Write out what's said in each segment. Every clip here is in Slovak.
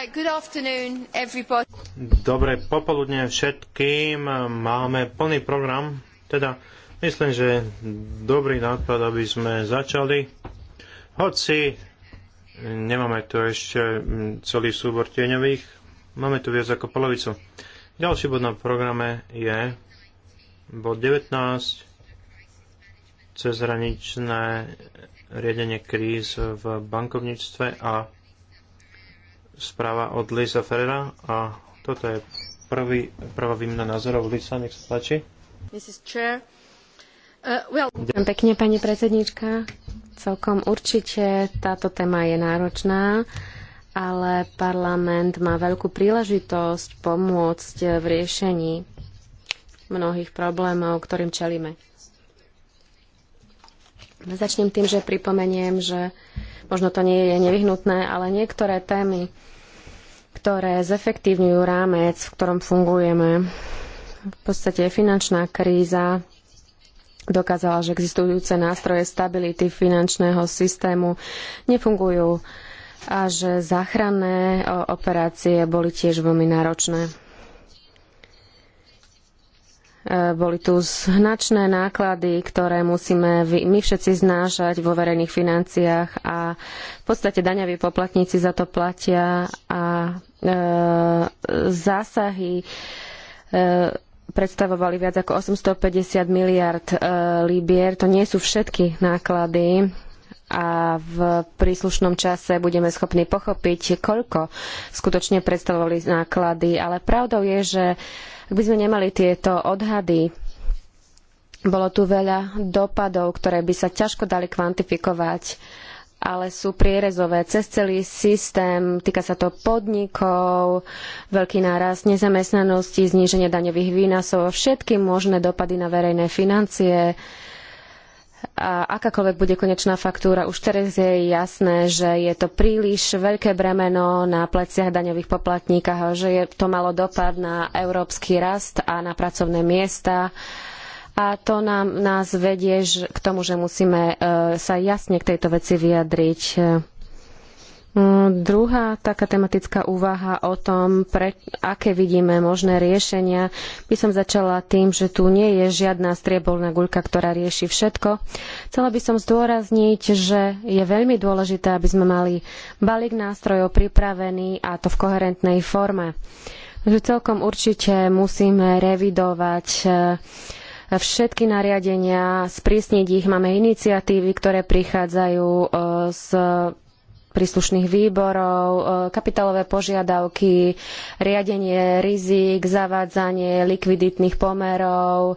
Right, good afternoon, everybody. Dobre popoludne všetkým. Máme plný program, teda myslím, že dobrý nápad, aby sme začali. Hoci nemáme tu ešte mm, celý súbor tieňových, máme tu viac ako polovicu. Ďalší bod na programe je bod 19 cezhraničné riadenie kríz v bankovníctve a správa od Lisa Ferrera a toto je prvý, prvá výmena názorov. Lisa, nech sa páči. Mrs. Chair. Uh, well... Ďakujem pekne, pani predsednička. Celkom určite táto téma je náročná, ale parlament má veľkú príležitosť pomôcť v riešení mnohých problémov, ktorým čelíme. Začnem tým, že pripomeniem, že možno to nie je nevyhnutné, ale niektoré témy ktoré zefektívňujú rámec, v ktorom fungujeme. V podstate finančná kríza dokázala, že existujúce nástroje stability finančného systému nefungujú a že záchranné operácie boli tiež veľmi náročné. E, boli tu značné náklady, ktoré musíme my všetci znášať vo verejných financiách a v podstate daňoví poplatníci za to platia a e, zásahy e, predstavovali viac ako 850 miliard e, libier. To nie sú všetky náklady a v príslušnom čase budeme schopní pochopiť, koľko skutočne predstavovali náklady. Ale pravdou je, že ak by sme nemali tieto odhady, bolo tu veľa dopadov, ktoré by sa ťažko dali kvantifikovať, ale sú prierezové cez celý systém. Týka sa to podnikov, veľký nárast nezamestnanosti, zníženie daňových výnosov, všetky možné dopady na verejné financie, a akákoľvek bude konečná faktúra, už teraz je jasné, že je to príliš veľké bremeno na pleciach daňových poplatníkov, že je, to malo dopad na európsky rast a na pracovné miesta. A to nám, nás vedie k tomu, že musíme e, sa jasne k tejto veci vyjadriť. Mm, druhá taká tematická úvaha o tom, pre, aké vidíme možné riešenia, by som začala tým, že tu nie je žiadna striebolná guľka, ktorá rieši všetko. Chcela by som zdôrazniť, že je veľmi dôležité, aby sme mali balík nástrojov pripravený a to v koherentnej forme. Že celkom určite musíme revidovať e, všetky nariadenia, sprísniť ich. Máme iniciatívy, ktoré prichádzajú e, z príslušných výborov, e, kapitálové požiadavky, riadenie rizik, zavádzanie likviditných pomerov, e,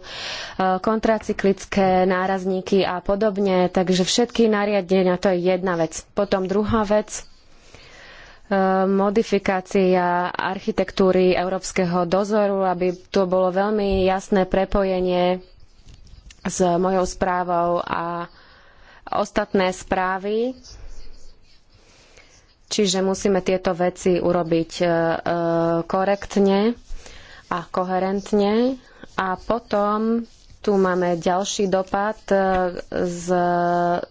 kontracyklické nárazníky a podobne. Takže všetky nariadenia, to je jedna vec. Potom druhá vec, e, modifikácia architektúry európskeho dozoru, aby to bolo veľmi jasné prepojenie s mojou správou a ostatné správy Čiže musíme tieto veci urobiť e, e, korektne a koherentne. A potom tu máme ďalší dopad e, z,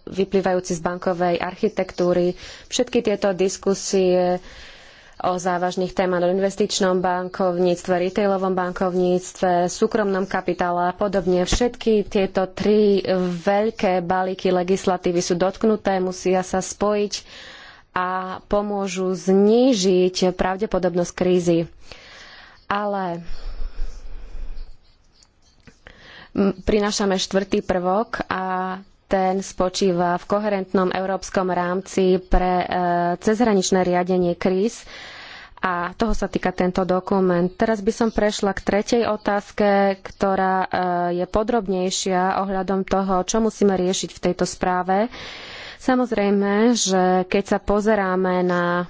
vyplývajúci z bankovej architektúry. Všetky tieto diskusie o závažných témach o investičnom bankovníctve, retailovom bankovníctve, súkromnom kapitále a podobne. Všetky tieto tri veľké balíky legislatívy sú dotknuté, musia sa spojiť a pomôžu znížiť pravdepodobnosť krízy. Ale prinášame štvrtý prvok a ten spočíva v koherentnom európskom rámci pre e, cezhraničné riadenie kríz a toho sa týka tento dokument. Teraz by som prešla k tretej otázke, ktorá e, je podrobnejšia ohľadom toho, čo musíme riešiť v tejto správe. Samozrejme, že keď sa pozeráme na e,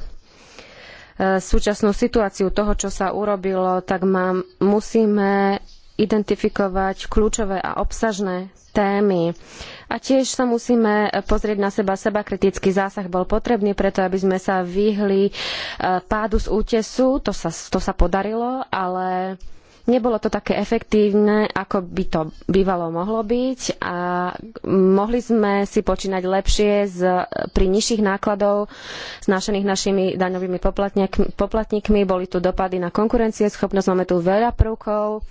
súčasnú situáciu toho, čo sa urobilo, tak mám, musíme identifikovať kľúčové a obsažné témy. A tiež sa musíme pozrieť na seba. Seba kritický zásah bol potrebný preto, aby sme sa vyhli e, pádu z útesu. To sa, to sa podarilo, ale Nebolo to také efektívne, ako by to bývalo mohlo byť a mohli sme si počínať lepšie z, pri nižších nákladov znašených našimi daňovými poplatníkmi. Boli tu dopady na konkurencieschopnosť, máme tu veľa prvkov e,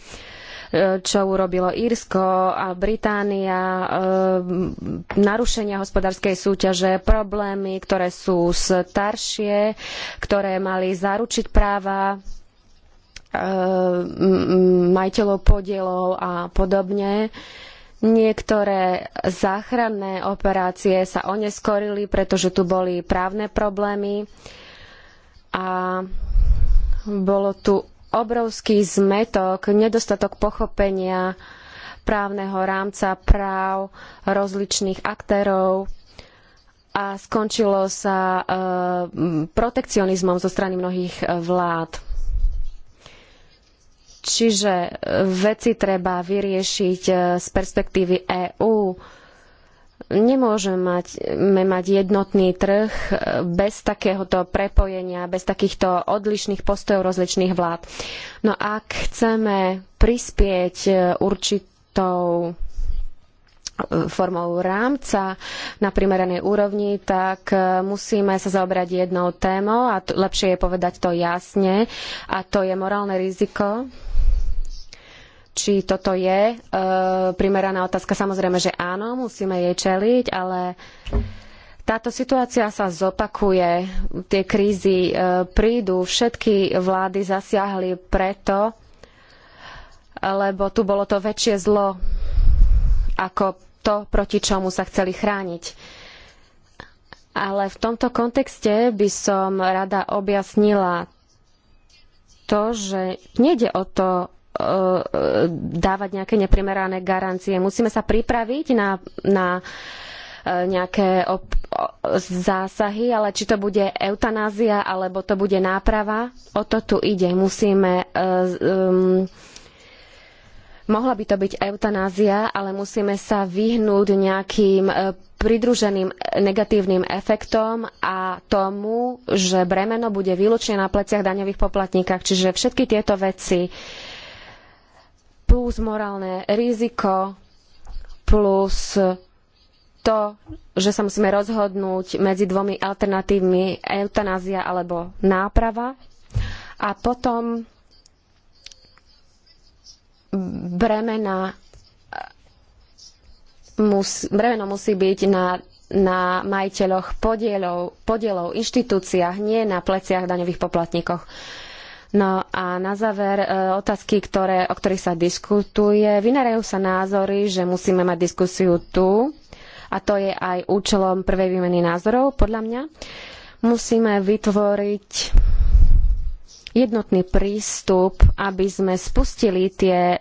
čo urobilo Írsko a Británia, e, narušenia hospodárskej súťaže, problémy, ktoré sú staršie, ktoré mali zaručiť práva Eh, majiteľov podielov a podobne. Niektoré záchranné operácie sa oneskorili, pretože tu boli právne problémy a bolo tu obrovský zmetok, nedostatok pochopenia právneho rámca práv rozličných aktérov a skončilo sa eh, protekcionizmom zo strany mnohých eh, vlád. Čiže e, veci treba vyriešiť e, z perspektívy EÚ. Nemôžeme mať, mať jednotný trh e, bez takéhoto prepojenia, bez takýchto odlišných postojov rozličných vlád. No ak chceme prispieť určitou formou rámca na primeranej úrovni, tak musíme sa zaobrať jednou témou a lepšie je povedať to jasne a to je morálne riziko či toto je e, primeraná otázka. Samozrejme, že áno, musíme jej čeliť, ale táto situácia sa zopakuje. Tie krízy e, prídu, všetky vlády zasiahli preto, lebo tu bolo to väčšie zlo ako to, proti čomu sa chceli chrániť. Ale v tomto kontexte by som rada objasnila to, že nejde o to E, dávať nejaké neprimerané garancie. Musíme sa pripraviť na, na e, nejaké zásahy, ale či to bude eutanázia alebo to bude náprava, o to tu ide. Musíme. Um, mohla by to byť eutanázia, ale musíme sa vyhnúť nejakým pridruženým negatívnym efektom a tomu, že bremeno bude výlučne na pleciach daňových poplatníkov. Čiže všetky tieto veci uh, plus morálne riziko, plus to, že sa musíme rozhodnúť medzi dvomi alternatívmi eutanázia alebo náprava. A potom bremena bremeno musí byť na, na majiteľoch podielov, podielov, inštitúciách, nie na pleciach daňových poplatníkov. No a na záver e, otázky, ktoré, o ktorých sa diskutuje. Vynárajú sa názory, že musíme mať diskusiu tu a to je aj účelom prvej výmeny názorov, podľa mňa. Musíme vytvoriť jednotný prístup, aby sme spustili tie e,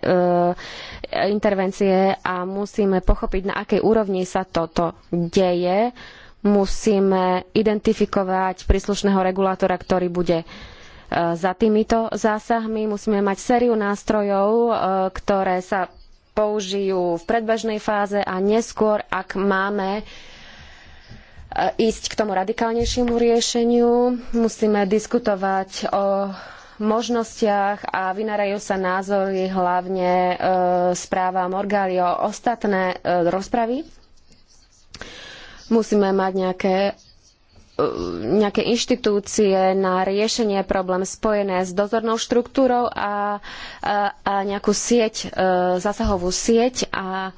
intervencie a musíme pochopiť, na akej úrovni sa toto deje. Musíme identifikovať príslušného regulátora, ktorý bude za týmito zásahmi. Musíme mať sériu nástrojov, e, ktoré sa použijú v predbežnej fáze a neskôr, ak máme e, ísť k tomu radikálnejšiemu riešeniu, musíme diskutovať o možnostiach a vynárajú sa názory hlavne e, správa o ostatné e, rozpravy. Musíme mať nejaké E, nejaké inštitúcie na riešenie problém spojené s dozornou štruktúrou a, a, a nejakú sieť, e, zásahovú sieť a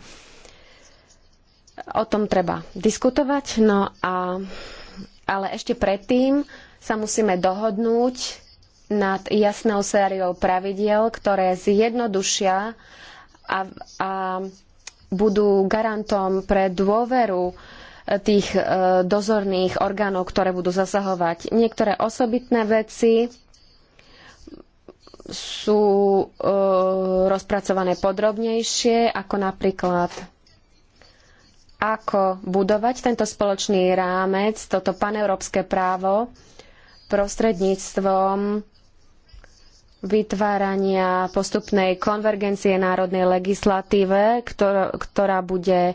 o tom treba diskutovať. No a, ale ešte predtým sa musíme dohodnúť nad jasnou sériou pravidiel, ktoré zjednodušia a, a budú garantom pre dôveru tých e, dozorných orgánov, ktoré budú zasahovať. Niektoré osobitné veci sú e, rozpracované podrobnejšie, ako napríklad ako budovať tento spoločný rámec, toto paneurópske právo prostredníctvom vytvárania postupnej konvergencie národnej legislatíve, ktorá, ktorá bude e,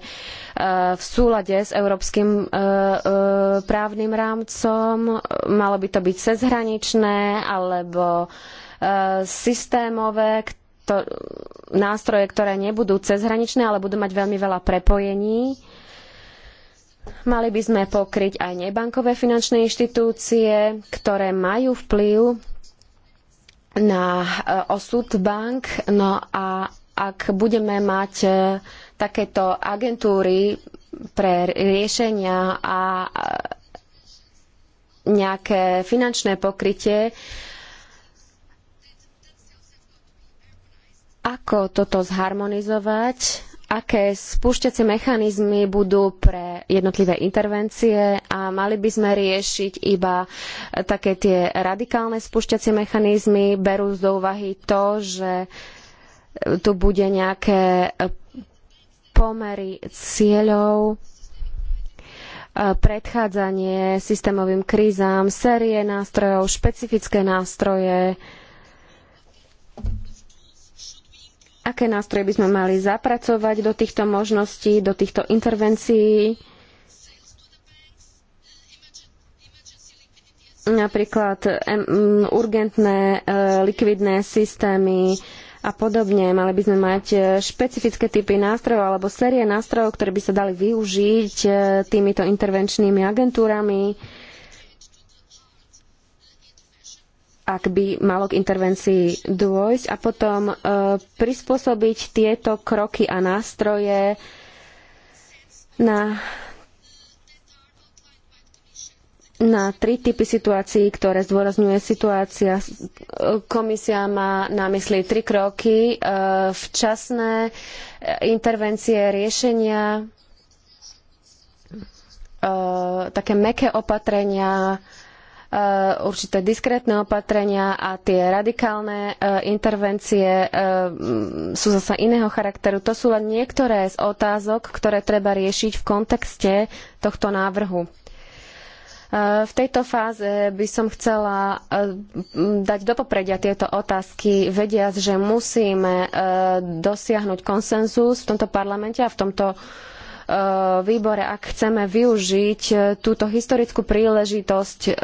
v súlade s európskym e, e, právnym rámcom. Malo by to byť cezhraničné alebo systémové nástroje, ktoré nebudú cezhraničné, ale budú mať veľmi veľa prepojení. Mali by sme pokryť aj nebankové finančné inštitúcie, ktoré majú vplyv na e, osud bank. No a ak budeme mať e, takéto agentúry pre riešenia a e, nejaké finančné pokrytie, ako toto zharmonizovať aké spúšťacie mechanizmy budú pre jednotlivé intervencie a mali by sme riešiť iba také tie radikálne spúšťacie mechanizmy, berú do úvahy to, že tu bude nejaké pomery cieľov, predchádzanie systémovým krízam, série nástrojov, špecifické nástroje, aké nástroje by sme mali zapracovať do týchto možností, do týchto intervencií. Napríklad um, urgentné uh, likvidné systémy a podobne. Mali by sme mať e, špecifické typy nástrojov alebo série nástrojov, ktoré by sa dali využiť uh, týmito intervenčnými agentúrami ak by malo k intervencii dôjsť a potom e, prispôsobiť tieto kroky a nástroje na, na tri typy situácií, ktoré zdôrazňuje situácia. E, komisia má na mysli tri kroky. E, včasné e, intervencie, riešenia, e, také meké opatrenia, Eh, určité diskrétne opatrenia a tie radikálne eh, intervencie eh, sú zasa iného charakteru. To sú len niektoré z otázok, ktoré treba riešiť v kontexte tohto návrhu. V tejto fáze by som chcela dať do popredia tieto otázky, vediac, že musíme dosiahnuť konsenzus v tomto parlamente a v tomto Eh, výbore, ak chceme využiť eh, túto historickú príležitosť eh,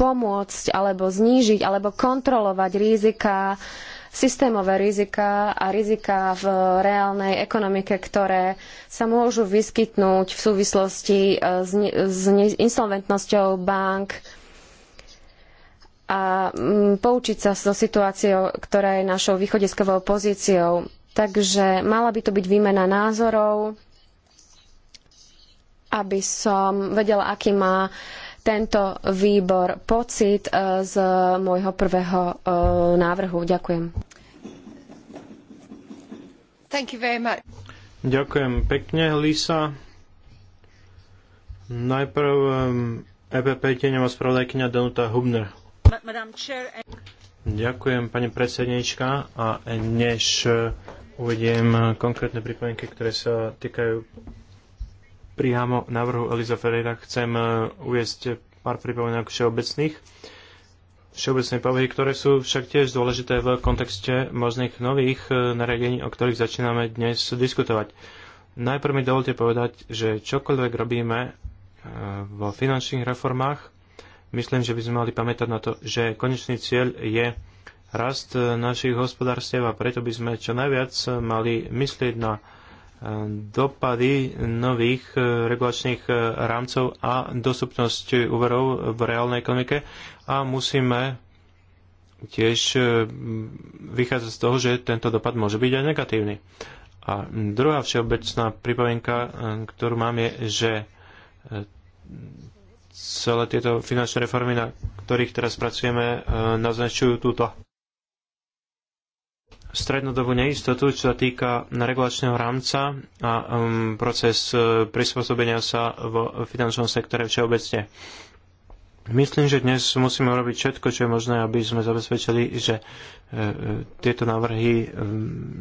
pomôcť alebo znížiť alebo kontrolovať rizika, systémové rizika a rizika v reálnej ekonomike, ktoré sa môžu vyskytnúť v súvislosti s, s insolventnosťou bank a mm, poučiť sa so situáciou, ktorá je našou východiskovou pozíciou. Takže mala by to byť výmena názorov, aby som vedela, aký má tento výbor pocit e, z môjho prvého e, návrhu. Ďakujem. Ďakujem pekne, Lisa. Najprv EPP e tieňová spravodajkynia Danuta Hubner. Eh, Ďakujem, pani predsednička. A než uvediem konkrétne pripomienky, ktoré sa týkajú priamo návrhu Eliza Ferreira chcem e, uviesť pár pripomienok všeobecných. Všeobecné povahy, ktoré sú však tiež dôležité v kontexte možných nových e, nariadení, o ktorých začíname dnes diskutovať. Najprv mi dovolte povedať, že čokoľvek robíme e, vo finančných reformách, myslím, že by sme mali pamätať na to, že konečný cieľ je rast našich hospodárstiev a preto by sme čo najviac mali myslieť na dopady nových e, regulačných e, rámcov a dostupnosť úverov v reálnej ekonomike a musíme tiež e, vychádzať z toho, že tento dopad môže byť aj negatívny. A druhá všeobecná pripomienka, ktorú mám, je, že celé tieto finančné reformy, na ktorých teraz pracujeme, naznačujú túto strednodobú neistotu, čo sa týka regulačného rámca a um, proces uh, prispôsobenia sa v finančnom sektore všeobecne. Myslím, že dnes musíme urobiť všetko, čo je možné, aby sme zabezpečili, že e, e, tieto návrhy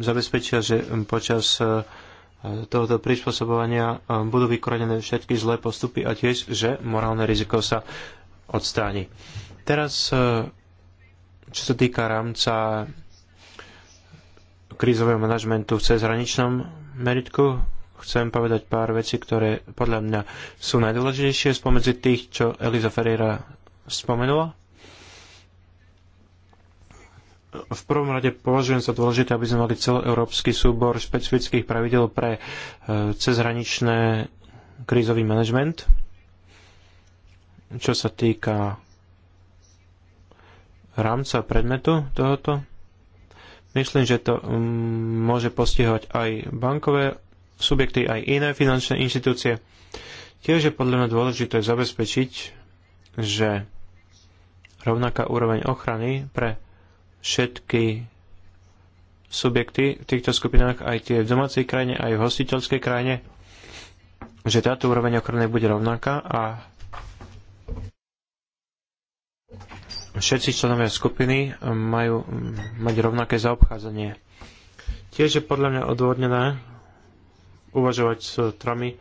zabezpečia, že počas tohoto prispôsobovania budú vykorenené všetky zlé postupy a tiež, že morálne riziko sa odstráni. Teraz, čo sa týka rámca krízového manažmentu v cezhraničnom meritku. Chcem povedať pár vecí, ktoré podľa mňa sú najdôležitejšie spomedzi tých, čo Eliza Ferreira spomenula. V prvom rade považujem sa dôležité, aby sme mali celoeurópsky súbor špecifických pravidel pre e, cezhraničné krízový manažment, čo sa týka rámca predmetu tohoto Myslím, že to mm, môže postihovať aj bankové subjekty, aj iné finančné inštitúcie. Tiež je podľa mňa dôležité zabezpečiť, že rovnaká úroveň ochrany pre všetky subjekty v týchto skupinách, aj tie v domácej krajine, aj v hostiteľskej krajine, že táto úroveň ochrany bude rovnaká a všetci členovia skupiny um, majú um, mať rovnaké zaobchádzanie. Tiež je podľa mňa odvodnené uvažovať s tromi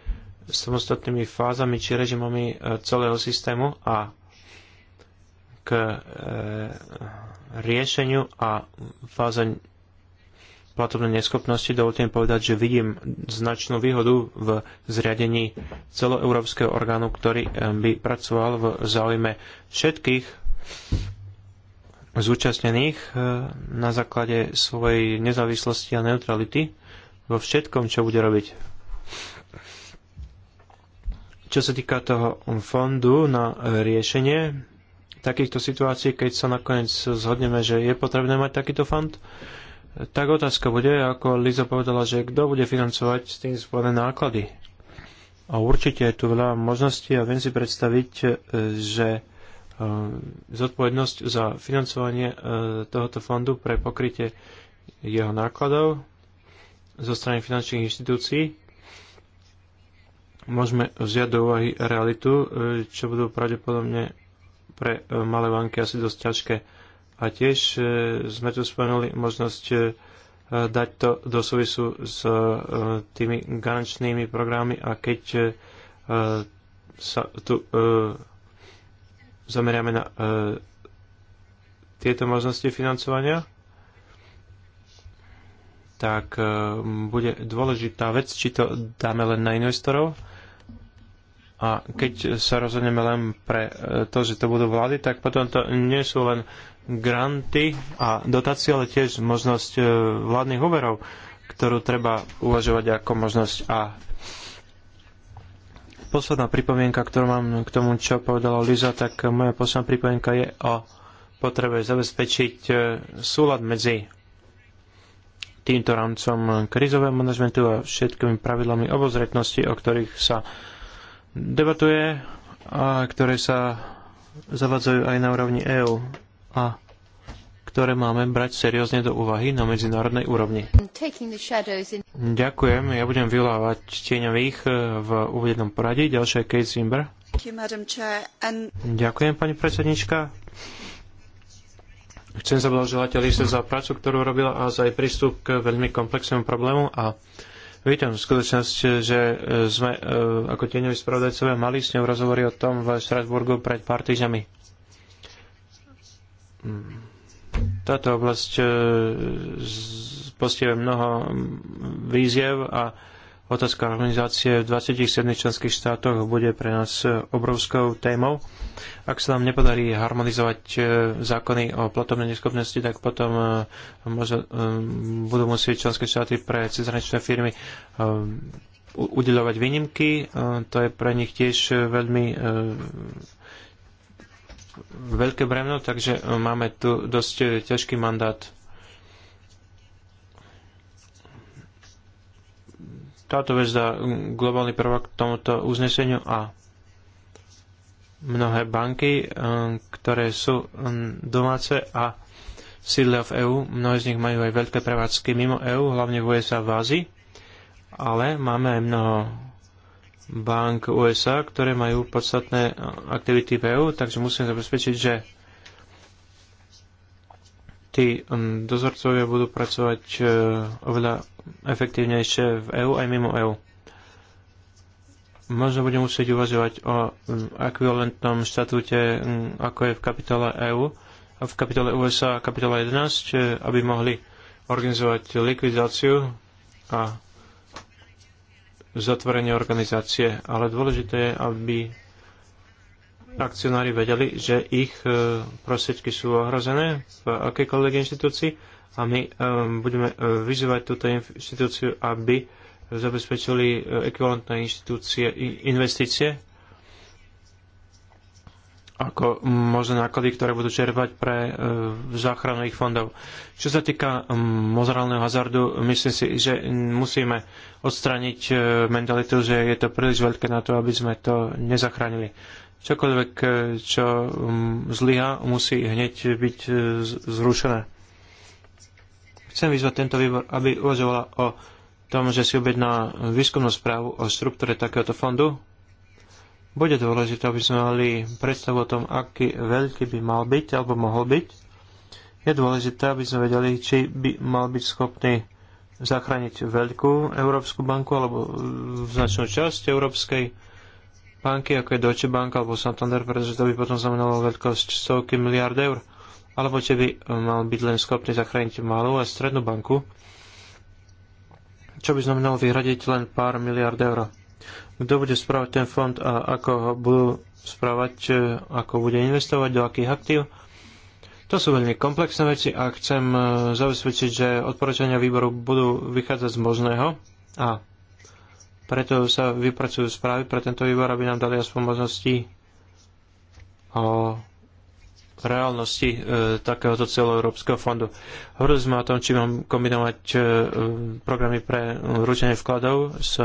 samostatnými fázami či režimami e, celého systému a k e, riešeniu a fáze platobnej neschopnosti, dovolte mi povedať, že vidím značnú výhodu v zriadení celoeurópskeho orgánu, ktorý e, by pracoval v záujme všetkých zúčastnených e, na základe svojej nezávislosti a neutrality vo všetkom, čo bude robiť. Čo sa týka toho fondu na riešenie takýchto situácií, keď sa nakoniec zhodneme, že je potrebné mať takýto fond, tak otázka bude, ako Liza povedala, že kto bude financovať s tým spojené náklady. A určite je tu veľa možností a viem si predstaviť, e, že E, zodpovednosť za financovanie e, tohoto fondu pre pokrytie jeho nákladov zo strany finančných inštitúcií. Môžeme vziať do úvahy realitu, e, čo budú pravdepodobne pre malé banky asi dosť ťažké. A tiež sme tu spomenuli možnosť dať to do súvisu s tými garančnými programy a keď sa tu zameriame na e, tieto možnosti financovania, tak e, bude dôležitá vec, či to dáme len na investorov. A keď sa rozhodneme len pre e, to, že to budú vlády, tak potom to nie sú len granty a dotácie, ale tiež možnosť e, vládnych úverov, ktorú treba uvažovať ako možnosť. A posledná pripomienka, ktorú mám k tomu, čo povedala Liza, tak moja posledná pripomienka je o potrebe zabezpečiť e, súlad medzi týmto rámcom krizového manažmentu a všetkými pravidlami obozretnosti, o ktorých sa debatuje a ktoré sa zavadzajú aj na úrovni EÚ. A ktoré máme brať seriózne do úvahy na medzinárodnej úrovni. Ďakujem, ja budem vylávať tieňových eh, v uvedenom poradí. Ďalšia je Kate Zimber. Ďakujem, pani predsednička. Chcem sa blahoželať Elise za prácu, ktorú robila a za jej prístup k veľmi komplexnému problému a vítam skutočnosť, že eh, sme eh, ako tieňoví spravodajcovia mali s ňou rozhovory o tom v Strasburgu pred pár týždňami mm. Táto oblasť e, postihuje mnoho výziev a otázka organizácie v 27 členských štátoch bude pre nás obrovskou témou. Ak sa nám nepodarí harmonizovať e, zákony o platovnej neschopnosti, tak potom e, možno, budú musieť členské štáty pre cezhraničné firmy udeľovať výnimky. To je pre nich tiež veľmi veľké bremno, takže e, máme tu dosť e, ťažký mandát. Táto vec dá globálny prvok k tomuto uzneseniu a mnohé banky, e, ktoré sú domáce a sídlia v EÚ, mnohé z nich majú aj veľké prevádzky mimo EÚ, hlavne v USA v Ázii, ale máme aj mnoho bank USA, ktoré majú podstatné aktivity v EU, takže musím zabezpečiť, že tí mm, dozorcovia budú pracovať e, oveľa efektívnejšie v EÚ aj mimo EU. Možno budem musieť uvažovať o mm, ekvivalentnom štatúte, mm, ako je v kapitole EU, v kapitole USA a 11, e, aby mohli organizovať likvidáciu a zatvorenie organizácie, ale dôležité je, aby akcionári vedeli, že ich e, prostriedky sú ohrozené v akejkoľvek inštitúcii a my e, budeme e, vyzývať túto inštitúciu, aby zabezpečili ekvivalentné inštitúcie, investície ako možné náklady, ktoré budú čerpať pre e, záchranu ich fondov. Čo sa týka mozorálneho hazardu, myslím si, že musíme odstraniť e, mentalitu, že je to príliš veľké na to, aby sme to nezachránili. Čokoľvek, e, čo zlyha, musí hneď byť e, zrušené. Chcem vyzvať tento výbor, aby uvažovala o tom, že si objedná výskumnú správu o štruktúre takéhoto fondu, bude dôležité, aby sme mali predstavu o tom, aký veľký by mal byť alebo mohol byť. Je dôležité, aby sme vedeli, či by mal byť schopný zachrániť veľkú Európsku banku alebo značnú časť Európskej banky, ako je Deutsche Bank alebo Santander, pretože to by potom znamenalo veľkosť stovky miliard eur. Alebo či by mal byť len schopný zachrániť malú a strednú banku, čo by znamenalo vyhradiť len pár miliard eur kto bude správať ten fond a ako ho budú správať, e, ako bude investovať, do akých aktív. To sú veľmi komplexné veci a chcem e, zabezpečiť, že odporúčania výboru budú vychádzať z možného a preto sa vypracujú správy pre tento výbor, aby nám dali aspoň možnosti o reálnosti e, takéhoto celoeurópskeho fondu. Hovorili sme o tom, či mám kombinovať e, programy pre ručenie vkladov s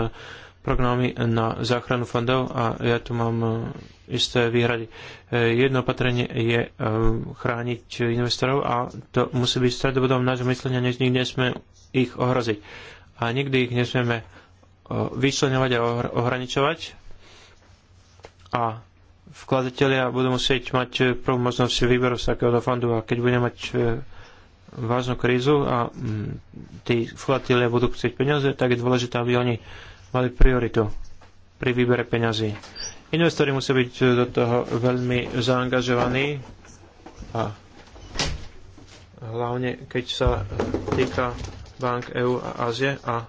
programy na záchranu fondov a ja tu mám e, isté výhrady. E, jedno opatrenie je e, chrániť investorov a to musí byť stredobodom nášho myslenia, než nikdy nesme ich ohroziť. A nikdy ich nesmieme vyčlenovať a ohraničovať. A vkladatelia budú musieť mať prvú možnosť výberu z takéhoto fondu a keď budeme mať vážnu krízu a mm, tí vkladatelia budú chcieť peniaze, tak je dôležité, aby oni mali prioritu pri výbere peňazí. Investori musia byť e, do toho veľmi zaangažovaní a hlavne keď sa e, týka bank EU a Ázie a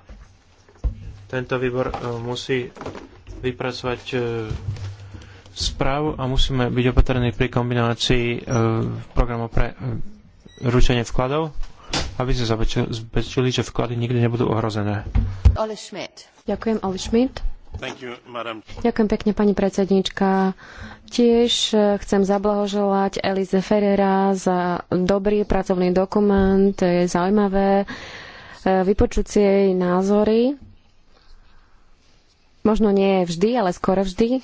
tento výbor e, musí vypracovať správu a musíme byť opatrení pri kombinácii programov pre ručenie vkladov aby sme zabezpečili, že vklady nikdy nebudú ohrozené. Ole Schmidt. Ďakujem, Ole Schmidt. You, Ďakujem pekne, pani predsednička. Tiež eh, chcem zablahoželať Elize Ferrera za dobrý pracovný dokument. Je zaujímavé eh, vypočuť si jej názory. Možno nie vždy, ale skoro vždy,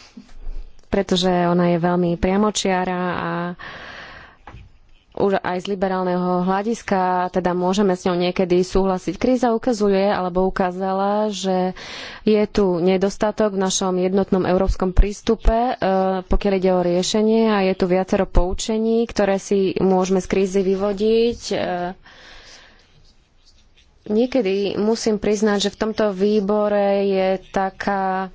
pretože ona je veľmi priamočiara a už aj z liberálneho hľadiska, teda môžeme s ňou niekedy súhlasiť. Kríza ukazuje alebo ukázala, že je tu nedostatok v našom jednotnom európskom prístupe, e, pokiaľ ide o riešenie a je tu viacero poučení, ktoré si môžeme z krízy vyvodiť. E, niekedy musím priznať, že v tomto výbore je taká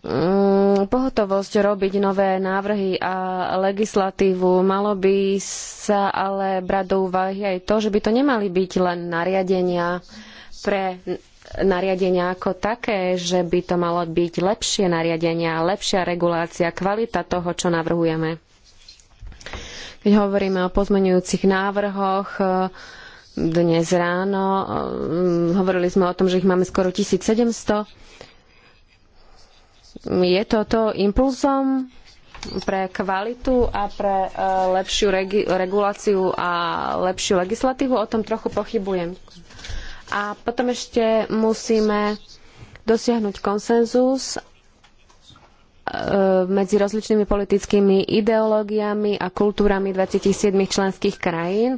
Mm, pohotovosť robiť nové návrhy a legislatívu. Malo by sa ale brať do úvahy aj to, že by to nemali byť len nariadenia pre nariadenia ako také, že by to malo byť lepšie nariadenia, lepšia regulácia, kvalita toho, čo navrhujeme. Keď hovoríme o pozmenujúcich návrhoch, e, dnes ráno e, hovorili sme o tom, že ich máme skoro 1700 je toto impulzom pre kvalitu a pre e, lepšiu reguláciu a lepšiu legislatívu? O tom trochu pochybujem. A potom ešte musíme dosiahnuť konsenzus e, medzi rozličnými politickými ideológiami a kultúrami 27 členských krajín,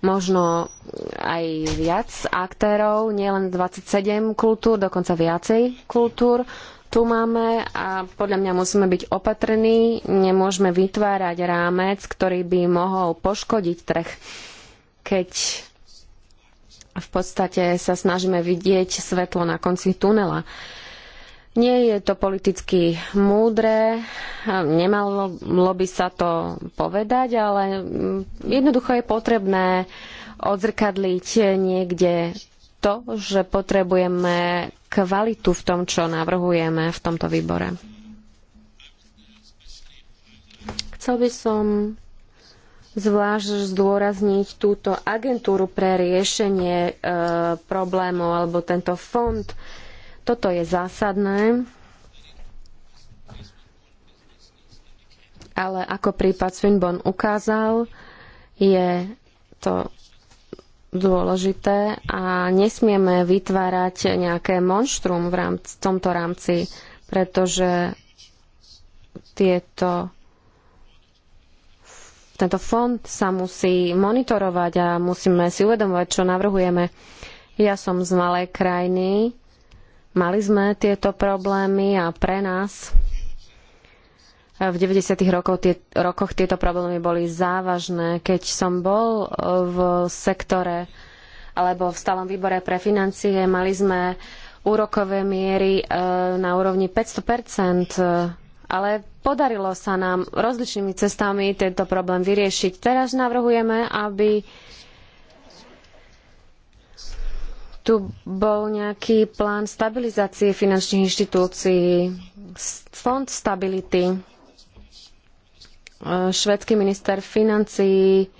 možno aj viac aktérov, nielen 27 kultúr, dokonca viacej kultúr tu máme a podľa mňa musíme byť opatrní. Nemôžeme vytvárať rámec, ktorý by mohol poškodiť trh, keď v podstate sa snažíme vidieť svetlo na konci tunela. Nie je to politicky múdre, nemalo by sa to povedať, ale jednoducho je potrebné odzrkadliť niekde to, že potrebujeme kvalitu v tom, čo navrhujeme v tomto výbore. Chcel by som zvlášť zdôrazniť túto agentúru pre riešenie e, problémov alebo tento fond. Toto je zásadné. Ale ako prípad Swinburne ukázal, je to dôležité a nesmieme vytvárať nejaké monštrum v, rámci, v tomto rámci, pretože tieto tento fond sa musí monitorovať a musíme si uvedomovať, čo navrhujeme. Ja som z malej krajiny, mali sme tieto problémy a pre nás v 90. Rokov, tie, rokoch tieto problémy boli závažné. Keď som bol e, v sektore alebo v stálom výbore pre financie, mali sme úrokové miery e, na úrovni 500 e, ale podarilo sa nám rozličnými cestami tento problém vyriešiť. Teraz navrhujeme, aby tu bol nejaký plán stabilizácie finančných inštitúcií, fond stability švedský minister financií,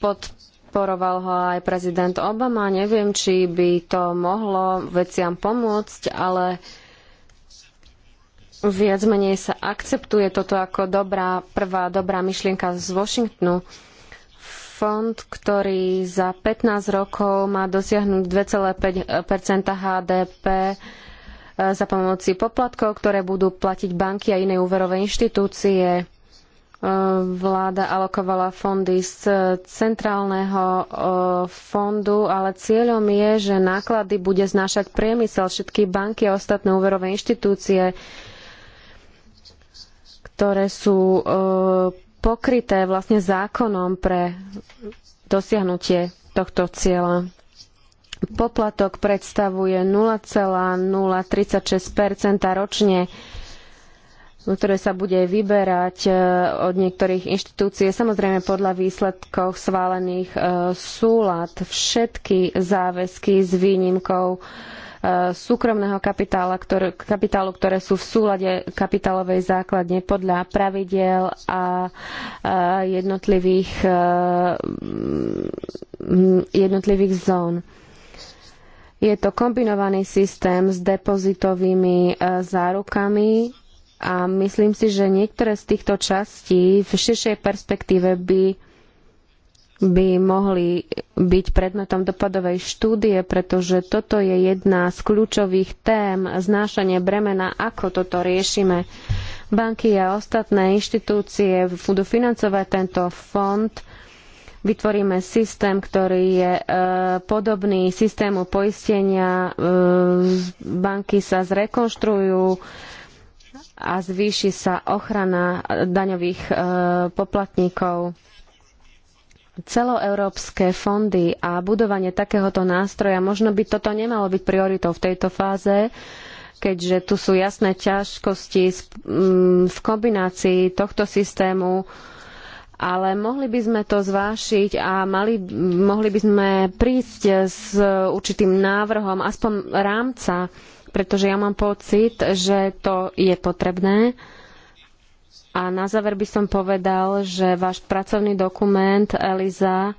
podporoval ho aj prezident Obama. Neviem, či by to mohlo veciam pomôcť, ale viac menej sa akceptuje toto ako dobrá, prvá dobrá myšlienka z Washingtonu. Fond, ktorý za 15 rokov má dosiahnuť 2,5 HDP, za pomoci poplatkov, ktoré budú platiť banky a iné úverové inštitúcie. E, vláda alokovala fondy z centrálneho e, fondu, ale cieľom je, že náklady bude znášať priemysel, všetky banky a ostatné úverové inštitúcie, ktoré sú e, pokryté vlastne zákonom pre dosiahnutie tohto cieľa. Poplatok predstavuje 0,036 ročne ktoré sa bude vyberať e, od niektorých inštitúcií, samozrejme podľa výsledkov schválených e, súlad. Všetky záväzky s výnimkou e, súkromného ktoré, kapitálu, ktoré sú v súlade kapitálovej základne podľa pravidiel a jednotlivých, jednotlivých zón. Je to kombinovaný systém s depozitovými e, zárukami a myslím si, že niektoré z týchto častí v širšej perspektíve by, by mohli byť predmetom dopadovej štúdie, pretože toto je jedna z kľúčových tém znášanie bremena, ako toto riešime. Banky a ostatné inštitúcie budú financovať tento fond – vytvoríme systém, ktorý je e, podobný systému poistenia, e, banky sa zrekonštruujú a zvýši sa ochrana daňových e, poplatníkov. Celoeurópske fondy a budovanie takéhoto nástroja, možno by toto nemalo byť prioritou v tejto fáze, keďže tu sú jasné ťažkosti v kombinácii tohto systému ale mohli by sme to zvášiť a mali, mohli by sme prísť s určitým návrhom, aspoň rámca, pretože ja mám pocit, že to je potrebné. A na záver by som povedal, že váš pracovný dokument, Eliza,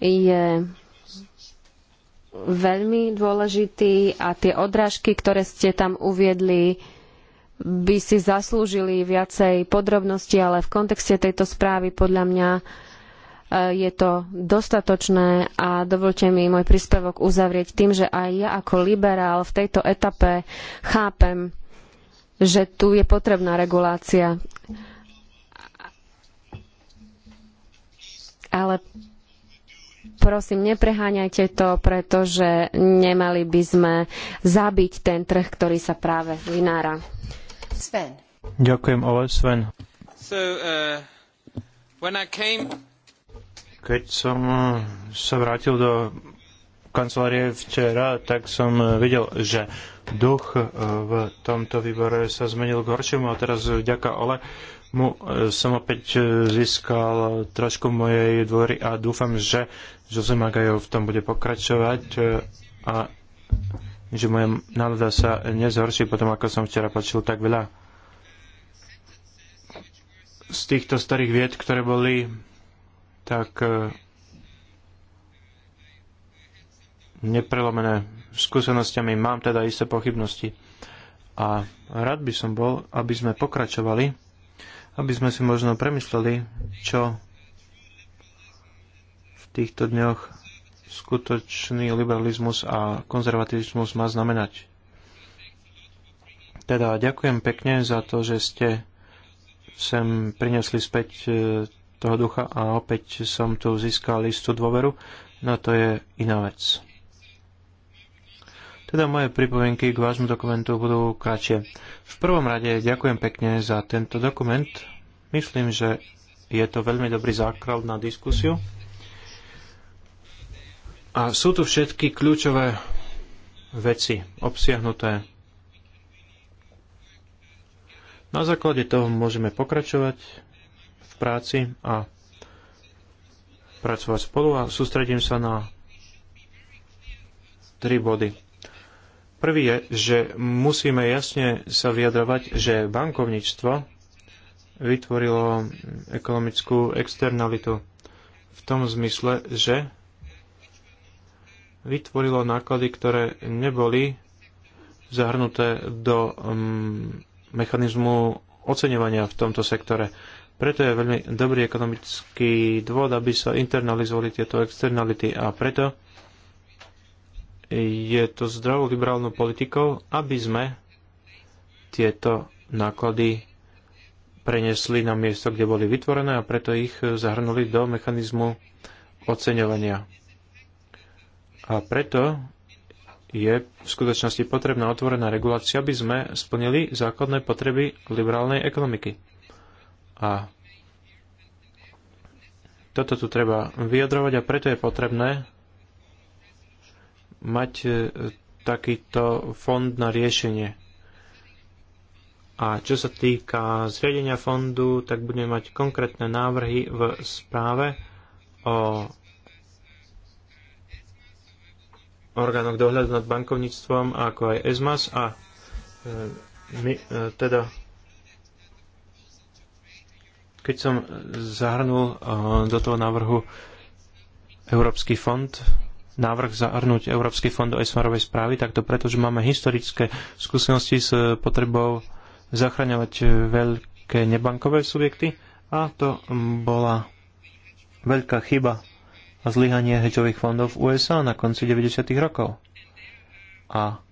je veľmi dôležitý a tie odrážky, ktoré ste tam uviedli, by si zaslúžili viacej podrobností, ale v kontexte tejto správy podľa mňa e, je to dostatočné a dovolte mi môj príspevok uzavrieť tým, že aj ja ako liberál v tejto etape chápem, že tu je potrebná regulácia. Ale prosím, nepreháňajte to, pretože nemali by sme zabiť ten trh, ktorý sa práve vynára. Sven. Ďakujem, Ole Sven. So, uh, when I came... Keď som uh, sa vrátil do kancelárie včera, tak som uh, videl, že duch uh, v tomto výbore sa zmenil k horšiemu a teraz vďaka Ole mu som opäť získal trošku mojej dvory a dúfam, že Jose Magajo v tom bude pokračovať a že moja nálada sa nezhorší potom, ako som včera počul tak veľa z týchto starých vied, ktoré boli, tak e, neprelomené skúsenostiami. Mám teda isté pochybnosti. A rád by som bol, aby sme pokračovali, aby sme si možno premysleli, čo v týchto dňoch skutočný liberalizmus a konzervativizmus má znamenať. Teda ďakujem pekne za to, že ste sem prinesli späť e, toho ducha a opäť som tu získal istú dôveru, no to je iná vec. Teda moje pripomienky k vášmu dokumentu budú kratšie. V prvom rade ďakujem pekne za tento dokument. Myslím, že je to veľmi dobrý základ na diskusiu a sú tu všetky kľúčové veci obsiahnuté. Na základe toho môžeme pokračovať v práci a pracovať spolu a sústredím sa na tri body. Prvý je, že musíme jasne sa vyjadrovať, že bankovníctvo vytvorilo ekonomickú externalitu v tom zmysle, že vytvorilo náklady, ktoré neboli zahrnuté do mm, mechanizmu oceňovania v tomto sektore. Preto je veľmi dobrý ekonomický dôvod, aby sa internalizovali tieto externality a preto je to zdravou liberálnou politikou, aby sme tieto náklady prenesli na miesto, kde boli vytvorené a preto ich zahrnuli do mechanizmu oceňovania. A preto je v skutočnosti potrebná otvorená regulácia, aby sme splnili základné potreby liberálnej ekonomiky. A toto tu treba vyjadrovať a preto je potrebné mať e, takýto fond na riešenie. A čo sa týka zriadenia fondu, tak budeme mať konkrétne návrhy v správe o orgánoch dohľadu nad bankovníctvom, ako aj ESMAS a e, my e, teda keď som zahrnul e, do toho návrhu Európsky fond, návrh zahrnúť Európsky fond do ESMARovej správy, tak to preto, že máme historické skúsenosti s potrebou zachraňovať veľké nebankové subjekty a to bola veľká chyba a zlyhanie hedžových fondov v USA na konci 90. rokov. A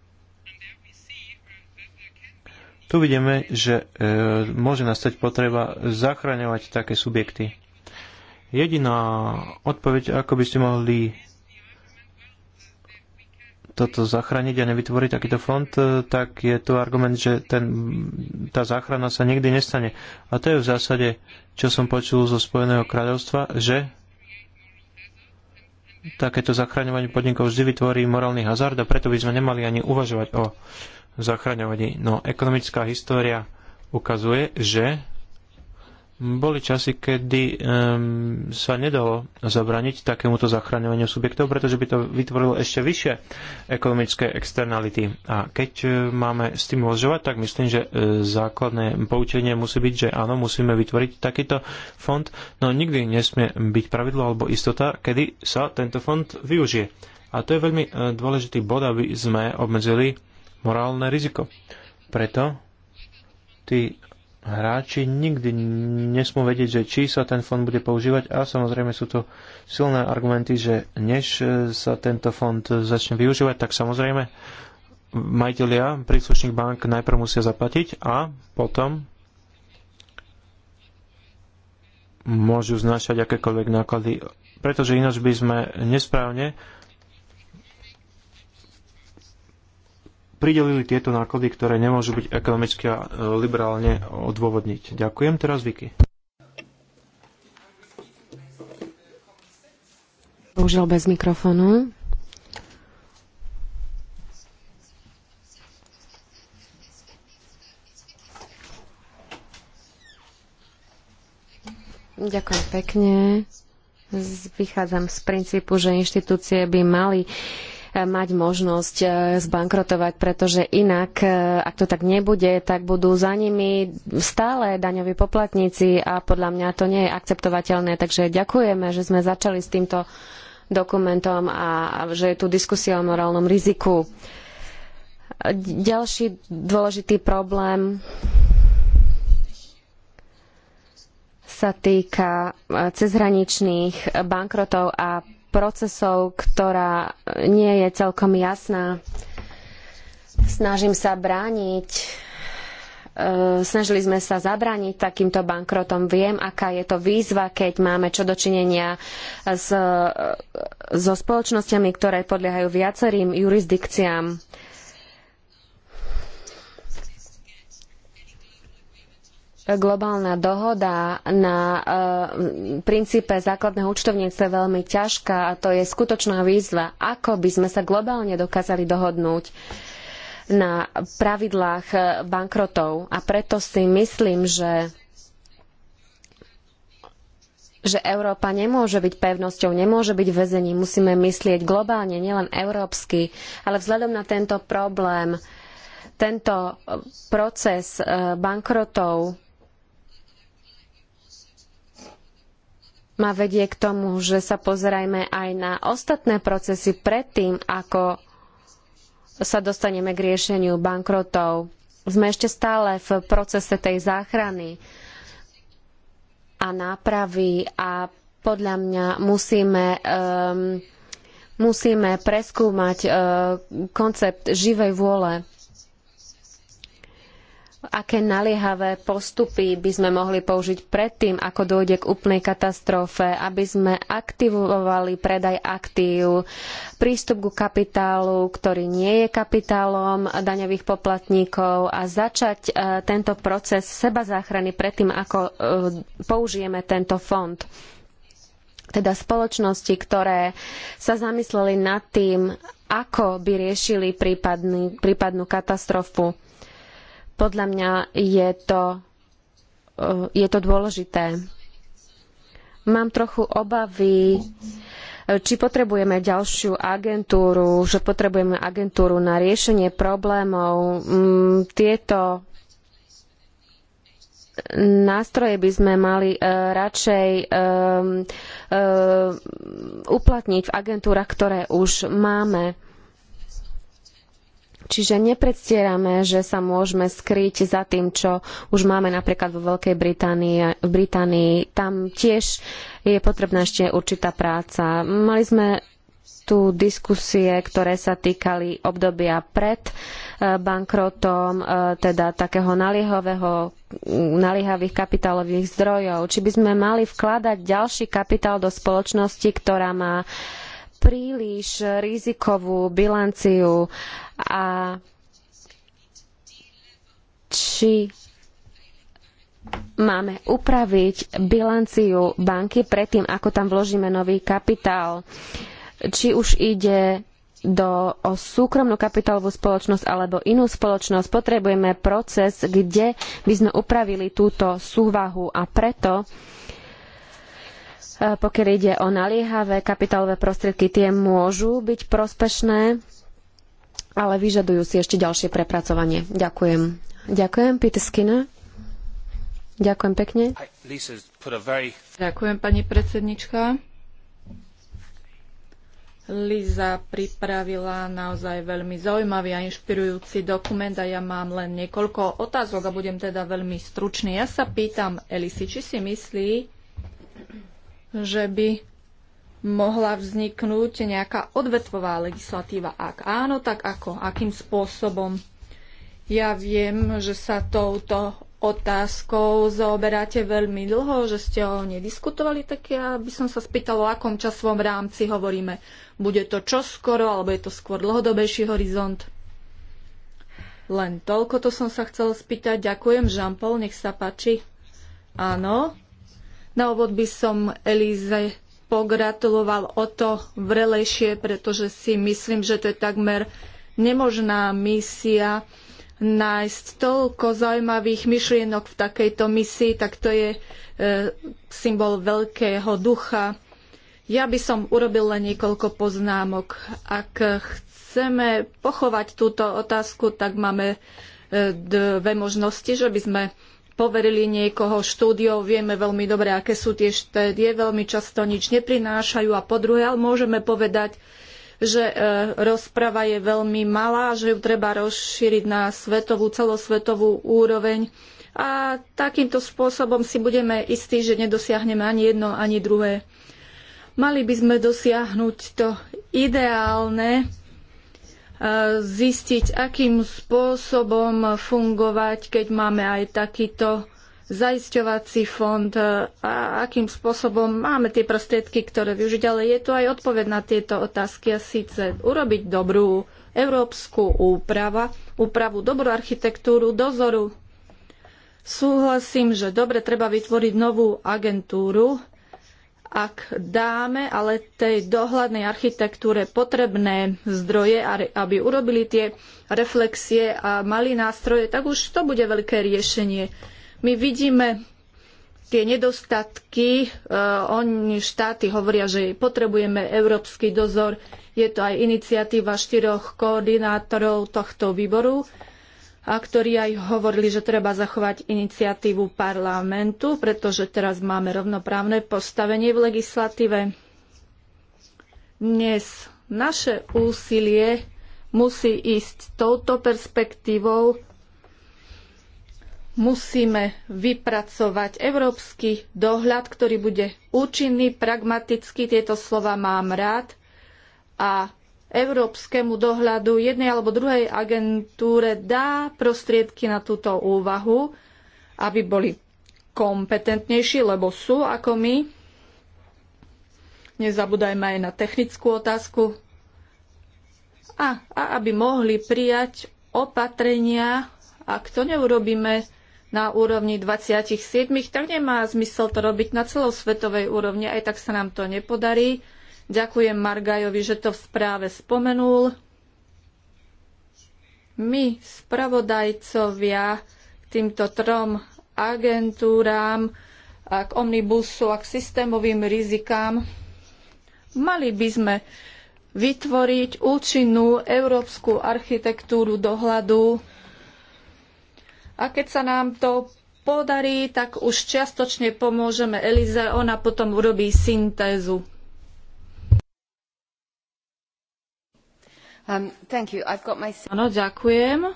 tu vidíme, že e, môže nastať potreba zachraňovať také subjekty. Jediná odpoveď, ako by ste mohli toto zachrániť a nevytvoriť takýto fond, e, tak je tu argument, že ten, tá záchrana sa nikdy nestane. A to je v zásade, čo som počul zo Spojeného kráľovstva, že takéto zachraňovanie podnikov vždy vytvorí morálny hazard a preto by sme nemali ani uvažovať o zachraňovaní. No ekonomická história ukazuje, že boli časy, kedy um, sa nedalo zabraniť takémuto zachraňovaniu subjektov, pretože by to vytvorilo ešte vyššie ekonomické externality. A keď uh, máme s tým uvažovať, tak myslím, že uh, základné poučenie musí byť, že áno, musíme vytvoriť takýto fond, no nikdy nesmie byť pravidlo alebo istota, kedy sa tento fond využije. A to je veľmi uh, dôležitý bod, aby sme obmedzili morálne riziko. Preto tí hráči nikdy nesmú vedieť, že či sa ten fond bude používať a samozrejme sú to silné argumenty, že než e, sa tento fond e, začne využívať, tak samozrejme majiteľia príslušných bank najprv musia zaplatiť a potom môžu znašať akékoľvek náklady, pretože ináč by sme nesprávne pridelili tieto náklady, ktoré nemôžu byť ekonomicky a e, liberálne odôvodniť. Ďakujem teraz Viki. Bohužiaľ bez mikrofónu. Ďakujem pekne. Vychádzam z princípu, že inštitúcie by mali uh, mať možnosť e, zbankrotovať, pretože inak, e, ak to tak nebude, tak budú za nimi stále daňoví poplatníci a podľa mňa to nie je akceptovateľné. Takže ďakujeme, že sme začali s týmto dokumentom a že je tu diskusia o morálnom riziku. Ďalší dôležitý problém sa týka e, cezhraničných bankrotov a procesov, ktorá nie je celkom jasná. Snažím sa brániť e, snažili sme sa zabrániť takýmto bankrotom. Viem, aká je to výzva, keď máme čo dočinenia s, e, so spoločnosťami, ktoré podliehajú viacerým jurisdikciám. globálna dohoda na eh, princípe základného účtovníctva je veľmi ťažká a to je skutočná výzva, ako by sme sa globálne dokázali dohodnúť na pravidlách eh, bankrotov. A preto si myslím, že že Európa nemôže byť pevnosťou, nemôže byť väzením. Musíme myslieť globálne, nielen európsky, ale vzhľadom na tento problém, tento eh, proces bankrotov ma vedie k tomu, že sa pozerajme aj na ostatné procesy predtým, ako sa dostaneme k riešeniu bankrotov. Sme ešte stále v procese tej záchrany a nápravy a podľa mňa musíme, um, musíme preskúmať ehm, koncept živej vôle aké naliehavé postupy by sme mohli použiť predtým, ako dôjde k úplnej katastrofe, aby sme aktivovali predaj aktív, prístup ku kapitálu, ktorý nie je kapitálom daňových poplatníkov a začať e, tento proces sebazáchrany predtým, ako e, použijeme tento fond teda spoločnosti, ktoré sa zamysleli nad tým, ako by riešili prípadný, prípadnú katastrofu podľa mňa je to, eh, je to dôležité. Mám trochu obavy, eh, či potrebujeme ďalšiu agentúru, že potrebujeme agentúru na riešenie problémov. Mm, tieto nástroje by sme mali eh, radšej uplatniť v agentúrach, ktoré už máme. Čiže nepredstierame, že sa môžeme skryť za tým, čo už máme napríklad vo Veľkej Británii. V Británii tam tiež je potrebná ešte určitá práca. Mali sme tu diskusie, ktoré sa týkali obdobia pred e, bankrotom, e, teda takého naliehového, naliehavých kapitálových zdrojov. Či by sme mali vkladať ďalší kapitál do spoločnosti, ktorá má príliš rizikovú bilanciu a či máme upraviť bilanciu banky predtým, ako tam vložíme nový kapitál. Či už ide do, o súkromnú kapitálovú spoločnosť alebo inú spoločnosť, potrebujeme proces, kde by sme upravili túto súvahu a preto e, pokiaľ ide o naliehavé kapitálové prostriedky, tie môžu byť prospešné ale vyžadujú si ešte ďalšie prepracovanie. Ďakujem. Ďakujem, Peter Skinner. Ďakujem pekne. Ďakujem, pani predsednička. Liza pripravila naozaj veľmi zaujímavý a inšpirujúci dokument a ja mám len niekoľko otázok a budem teda veľmi stručný. Ja sa pýtam Elisi, či si myslí, že by mohla vzniknúť nejaká odvetvová legislatíva. Ak áno, tak ako? Akým spôsobom? Ja viem, že sa touto otázkou zaoberáte veľmi dlho, že ste o nediskutovali, tak ja by som sa spýtala, o akom časovom rámci hovoríme. Bude to čoskoro, alebo je to skôr dlhodobejší horizont? Len toľko to som sa chcela spýtať. Ďakujem, Jean Paul, nech sa páči. Áno. Na úvod by som Elize pogratuloval o to vrelejšie, pretože si myslím, že to je takmer nemožná misia nájsť toľko zaujímavých myšlienok v takejto misii, tak to je e, symbol veľkého ducha. Ja by som urobil len niekoľko poznámok. Ak chceme pochovať túto otázku, tak máme e, dve možnosti, že by sme poverili niekoho štúdiou, vieme veľmi dobre, aké sú tie štúdie, veľmi často nič neprinášajú a po druhé, ale môžeme povedať, že e, rozprava je veľmi malá, že ju treba rozšíriť na svetovú, celosvetovú úroveň a takýmto spôsobom si budeme istí, že nedosiahneme ani jedno, ani druhé. Mali by sme dosiahnuť to ideálne, zistiť, akým spôsobom fungovať, keď máme aj takýto zaisťovací fond a akým spôsobom máme tie prostriedky, ktoré využiť, ale je tu aj odpoveď na tieto otázky a síce urobiť dobrú európsku úprava, úpravu, dobrú architektúru dozoru. Súhlasím, že dobre treba vytvoriť novú agentúru, ak dáme ale tej dohľadnej architektúre potrebné zdroje, aby urobili tie reflexie a mali nástroje, tak už to bude veľké riešenie. My vidíme tie nedostatky, e, oni štáty hovoria, že potrebujeme európsky dozor, je to aj iniciatíva štyroch koordinátorov tohto výboru a ktorí aj hovorili, že treba zachovať iniciatívu parlamentu, pretože teraz máme rovnoprávne postavenie v legislatíve. Dnes naše úsilie musí ísť touto perspektívou. Musíme vypracovať európsky dohľad, ktorý bude účinný, pragmatický. Tieto slova mám rád. A európskemu dohľadu jednej alebo druhej agentúre dá prostriedky na túto úvahu, aby boli kompetentnejší, lebo sú ako my. Nezabúdajme aj na technickú otázku. A, a aby mohli prijať opatrenia, ak to neurobíme na úrovni 27, tak nemá zmysel to robiť na celosvetovej úrovni, aj tak sa nám to nepodarí Ďakujem Margajovi, že to v správe spomenul. My, spravodajcovia, týmto trom agentúram, a k omnibusu a k systémovým rizikám, mali by sme vytvoriť účinnú európsku architektúru dohľadu. A keď sa nám to podarí, tak už čiastočne pomôžeme Elize, ona potom urobí syntézu. Um, Áno, ďakujem.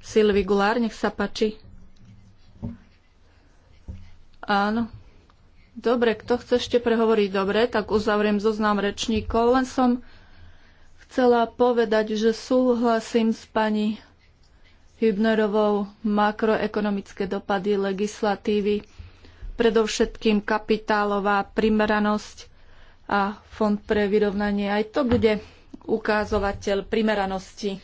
Silvi Gulár, nech sa páči. Áno. Dobre, kto chce ešte prehovoriť? Dobre, tak uzavriem zoznam rečníkov. Len som chcela povedať, že súhlasím s pani Hübnerovou makroekonomické dopady legislatívy, predovšetkým kapitálová primeranosť a Fond pre vyrovnanie. Aj to bude ukázovateľ primeranosti.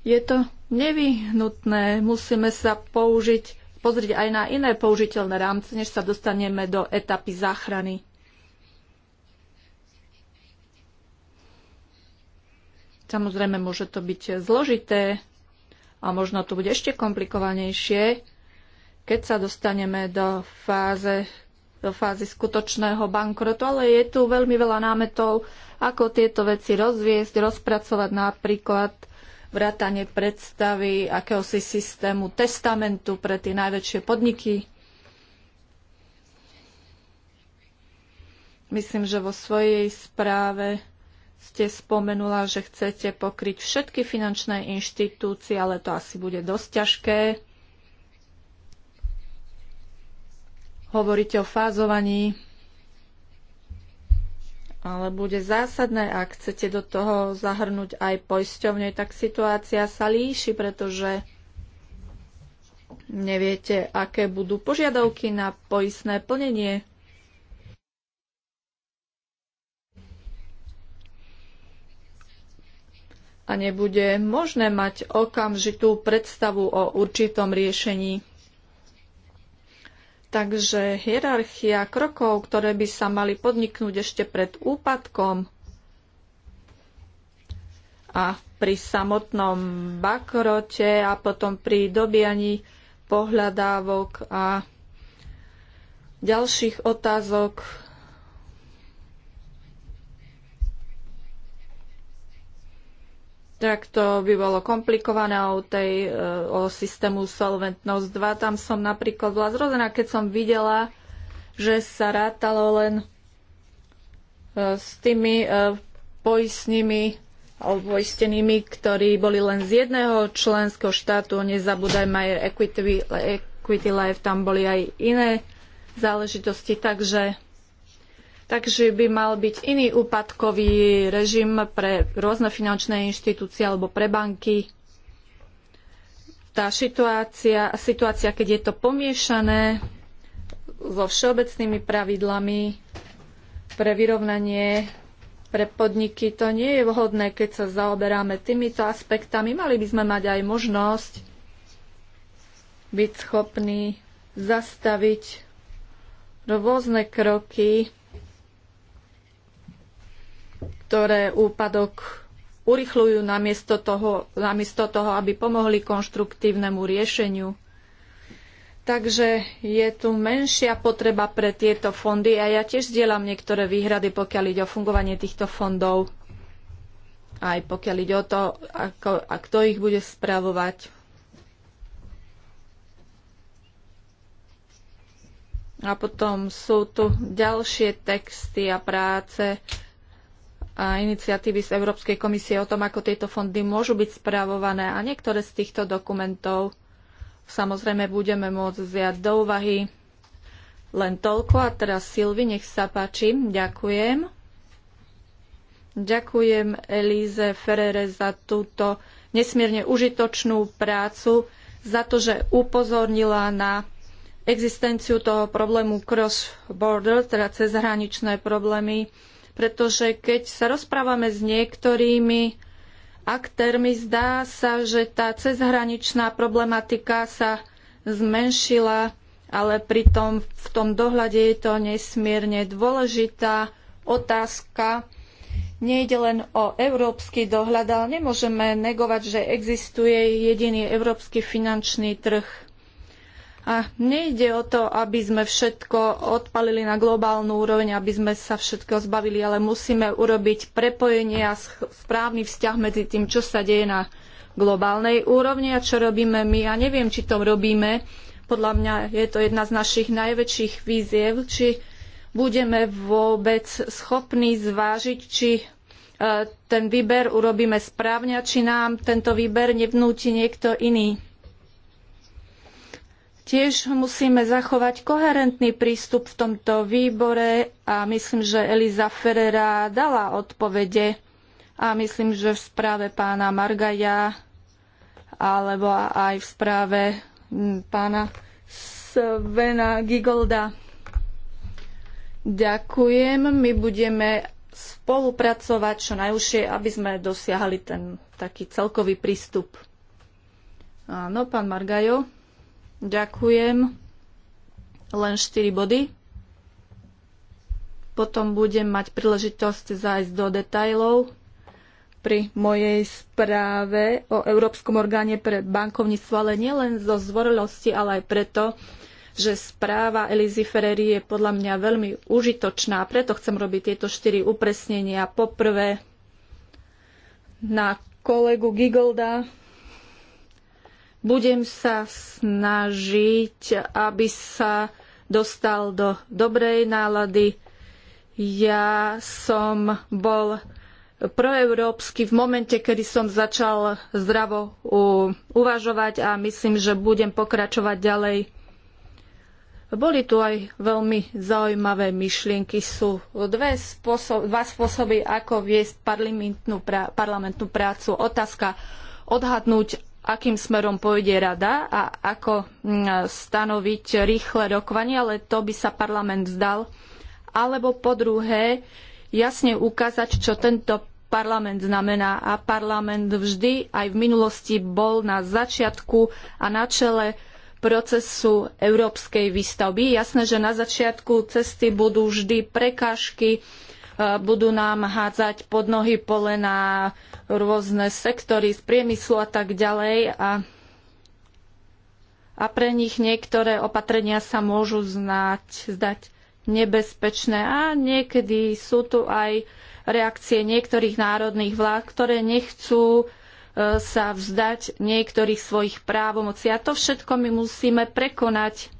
Je to nevyhnutné, musíme sa použiť, pozrieť aj na iné použiteľné rámce, než sa dostaneme do etapy záchrany. Samozrejme, môže to byť zložité a možno to bude ešte komplikovanejšie, keď sa dostaneme do fáze, do fázy skutočného bankrotu, ale je tu veľmi veľa námetov, ako tieto veci rozviesť, rozpracovať napríklad vrátanie predstavy akéhosi systému testamentu pre tie najväčšie podniky. Myslím, že vo svojej správe ste spomenula, že chcete pokryť všetky finančné inštitúcie, ale to asi bude dosť ťažké. Hovoríte o fázovaní, ale bude zásadné, ak chcete do toho zahrnúť aj poisťovne, tak situácia sa líši, pretože neviete, aké budú požiadavky na poistné plnenie. A nebude možné mať okamžitú predstavu o určitom riešení. Takže hierarchia krokov, ktoré by sa mali podniknúť ešte pred úpadkom a pri samotnom bakrote a potom pri dobianí pohľadávok a ďalších otázok tak to by bolo komplikované o, tej, e, o systému Solventnosť 2. Tam som napríklad bola zrozená, keď som videla, že sa rátalo len e, s tými e, poistnými alebo poistenými, ktorí boli len z jedného členského štátu. Nezabúdaj, aj Equity, Equity Life, tam boli aj iné záležitosti, takže Takže by mal byť iný úpadkový režim pre rôzne finančné inštitúcie alebo pre banky. Tá situácia, situácia keď je to pomiešané so všeobecnými pravidlami pre vyrovnanie pre podniky, to nie je vhodné, keď sa zaoberáme týmito aspektami. Mali by sme mať aj možnosť byť schopní zastaviť rôzne kroky ktoré úpadok urychľujú namiesto toho, namiesto toho, aby pomohli konštruktívnemu riešeniu. Takže je tu menšia potreba pre tieto fondy a ja tiež zdieľam niektoré výhrady, pokiaľ ide o fungovanie týchto fondov, aj pokiaľ ide o to, ako, a kto ich bude spravovať. A potom sú tu ďalšie texty a práce, a iniciatívy z Európskej komisie o tom, ako tieto fondy môžu byť správované a niektoré z týchto dokumentov samozrejme budeme môcť vziať do úvahy. Len toľko a teraz Silvi, nech sa páči. Ďakujem. Ďakujem Elíze Ferere za túto nesmierne užitočnú prácu, za to, že upozornila na existenciu toho problému cross-border, teda cezhraničné problémy pretože keď sa rozprávame s niektorými aktérmi, zdá sa, že tá cezhraničná problematika sa zmenšila, ale pritom v tom dohľade je to nesmierne dôležitá otázka. Nejde len o európsky dohľad, ale nemôžeme negovať, že existuje jediný európsky finančný trh a nejde o to, aby sme všetko odpalili na globálnu úroveň, aby sme sa všetko zbavili, ale musíme urobiť prepojenie a správny vzťah medzi tým, čo sa deje na globálnej úrovni a čo robíme my. A ja neviem, či to robíme. Podľa mňa je to jedna z našich najväčších víziev, či budeme vôbec schopní zvážiť, či e, ten výber urobíme správne a či nám tento výber nevnúti niekto iný. Tiež musíme zachovať koherentný prístup v tomto výbore a myslím, že Eliza Ferrera dala odpovede a myslím, že v správe pána Margaja alebo aj v správe mm, pána Svena Gigolda. Ďakujem, my budeme spolupracovať čo najúžšie, aby sme dosiahli ten taký celkový prístup. Áno, pán Margajo. Ďakujem. Len 4 body. Potom budem mať príležitosť zájsť do detajlov pri mojej správe o Európskom orgáne pre bankovníctvo, ale nielen zo zvorilosti, ale aj preto, že správa Elizy Ferreri je podľa mňa veľmi užitočná. Preto chcem robiť tieto štyri upresnenia. Poprvé na kolegu Gigolda budem sa snažiť, aby sa dostal do dobrej nálady. Ja som bol proeurópsky v momente, kedy som začal zdravo uvažovať a myslím, že budem pokračovať ďalej. Boli tu aj veľmi zaujímavé myšlienky. Sú dve spôsob, dva spôsoby, ako viesť parlamentnú, pra, parlamentnú prácu. Otázka odhadnúť, akým smerom pôjde rada a ako mm, stanoviť rýchle rokovanie, ale to by sa parlament vzdal. Alebo po druhé, jasne ukázať, čo tento parlament znamená. A parlament vždy aj v minulosti bol na začiatku a na čele procesu európskej výstavby. Jasné, že na začiatku cesty budú vždy prekážky, E, budú nám hádzať pod nohy pole na rôzne sektory z priemyslu a tak ďalej a, a pre nich niektoré opatrenia sa môžu znať, zdať nebezpečné a niekedy sú tu aj reakcie niektorých národných vlád, ktoré nechcú e, sa vzdať niektorých svojich právomocí. A to všetko my musíme prekonať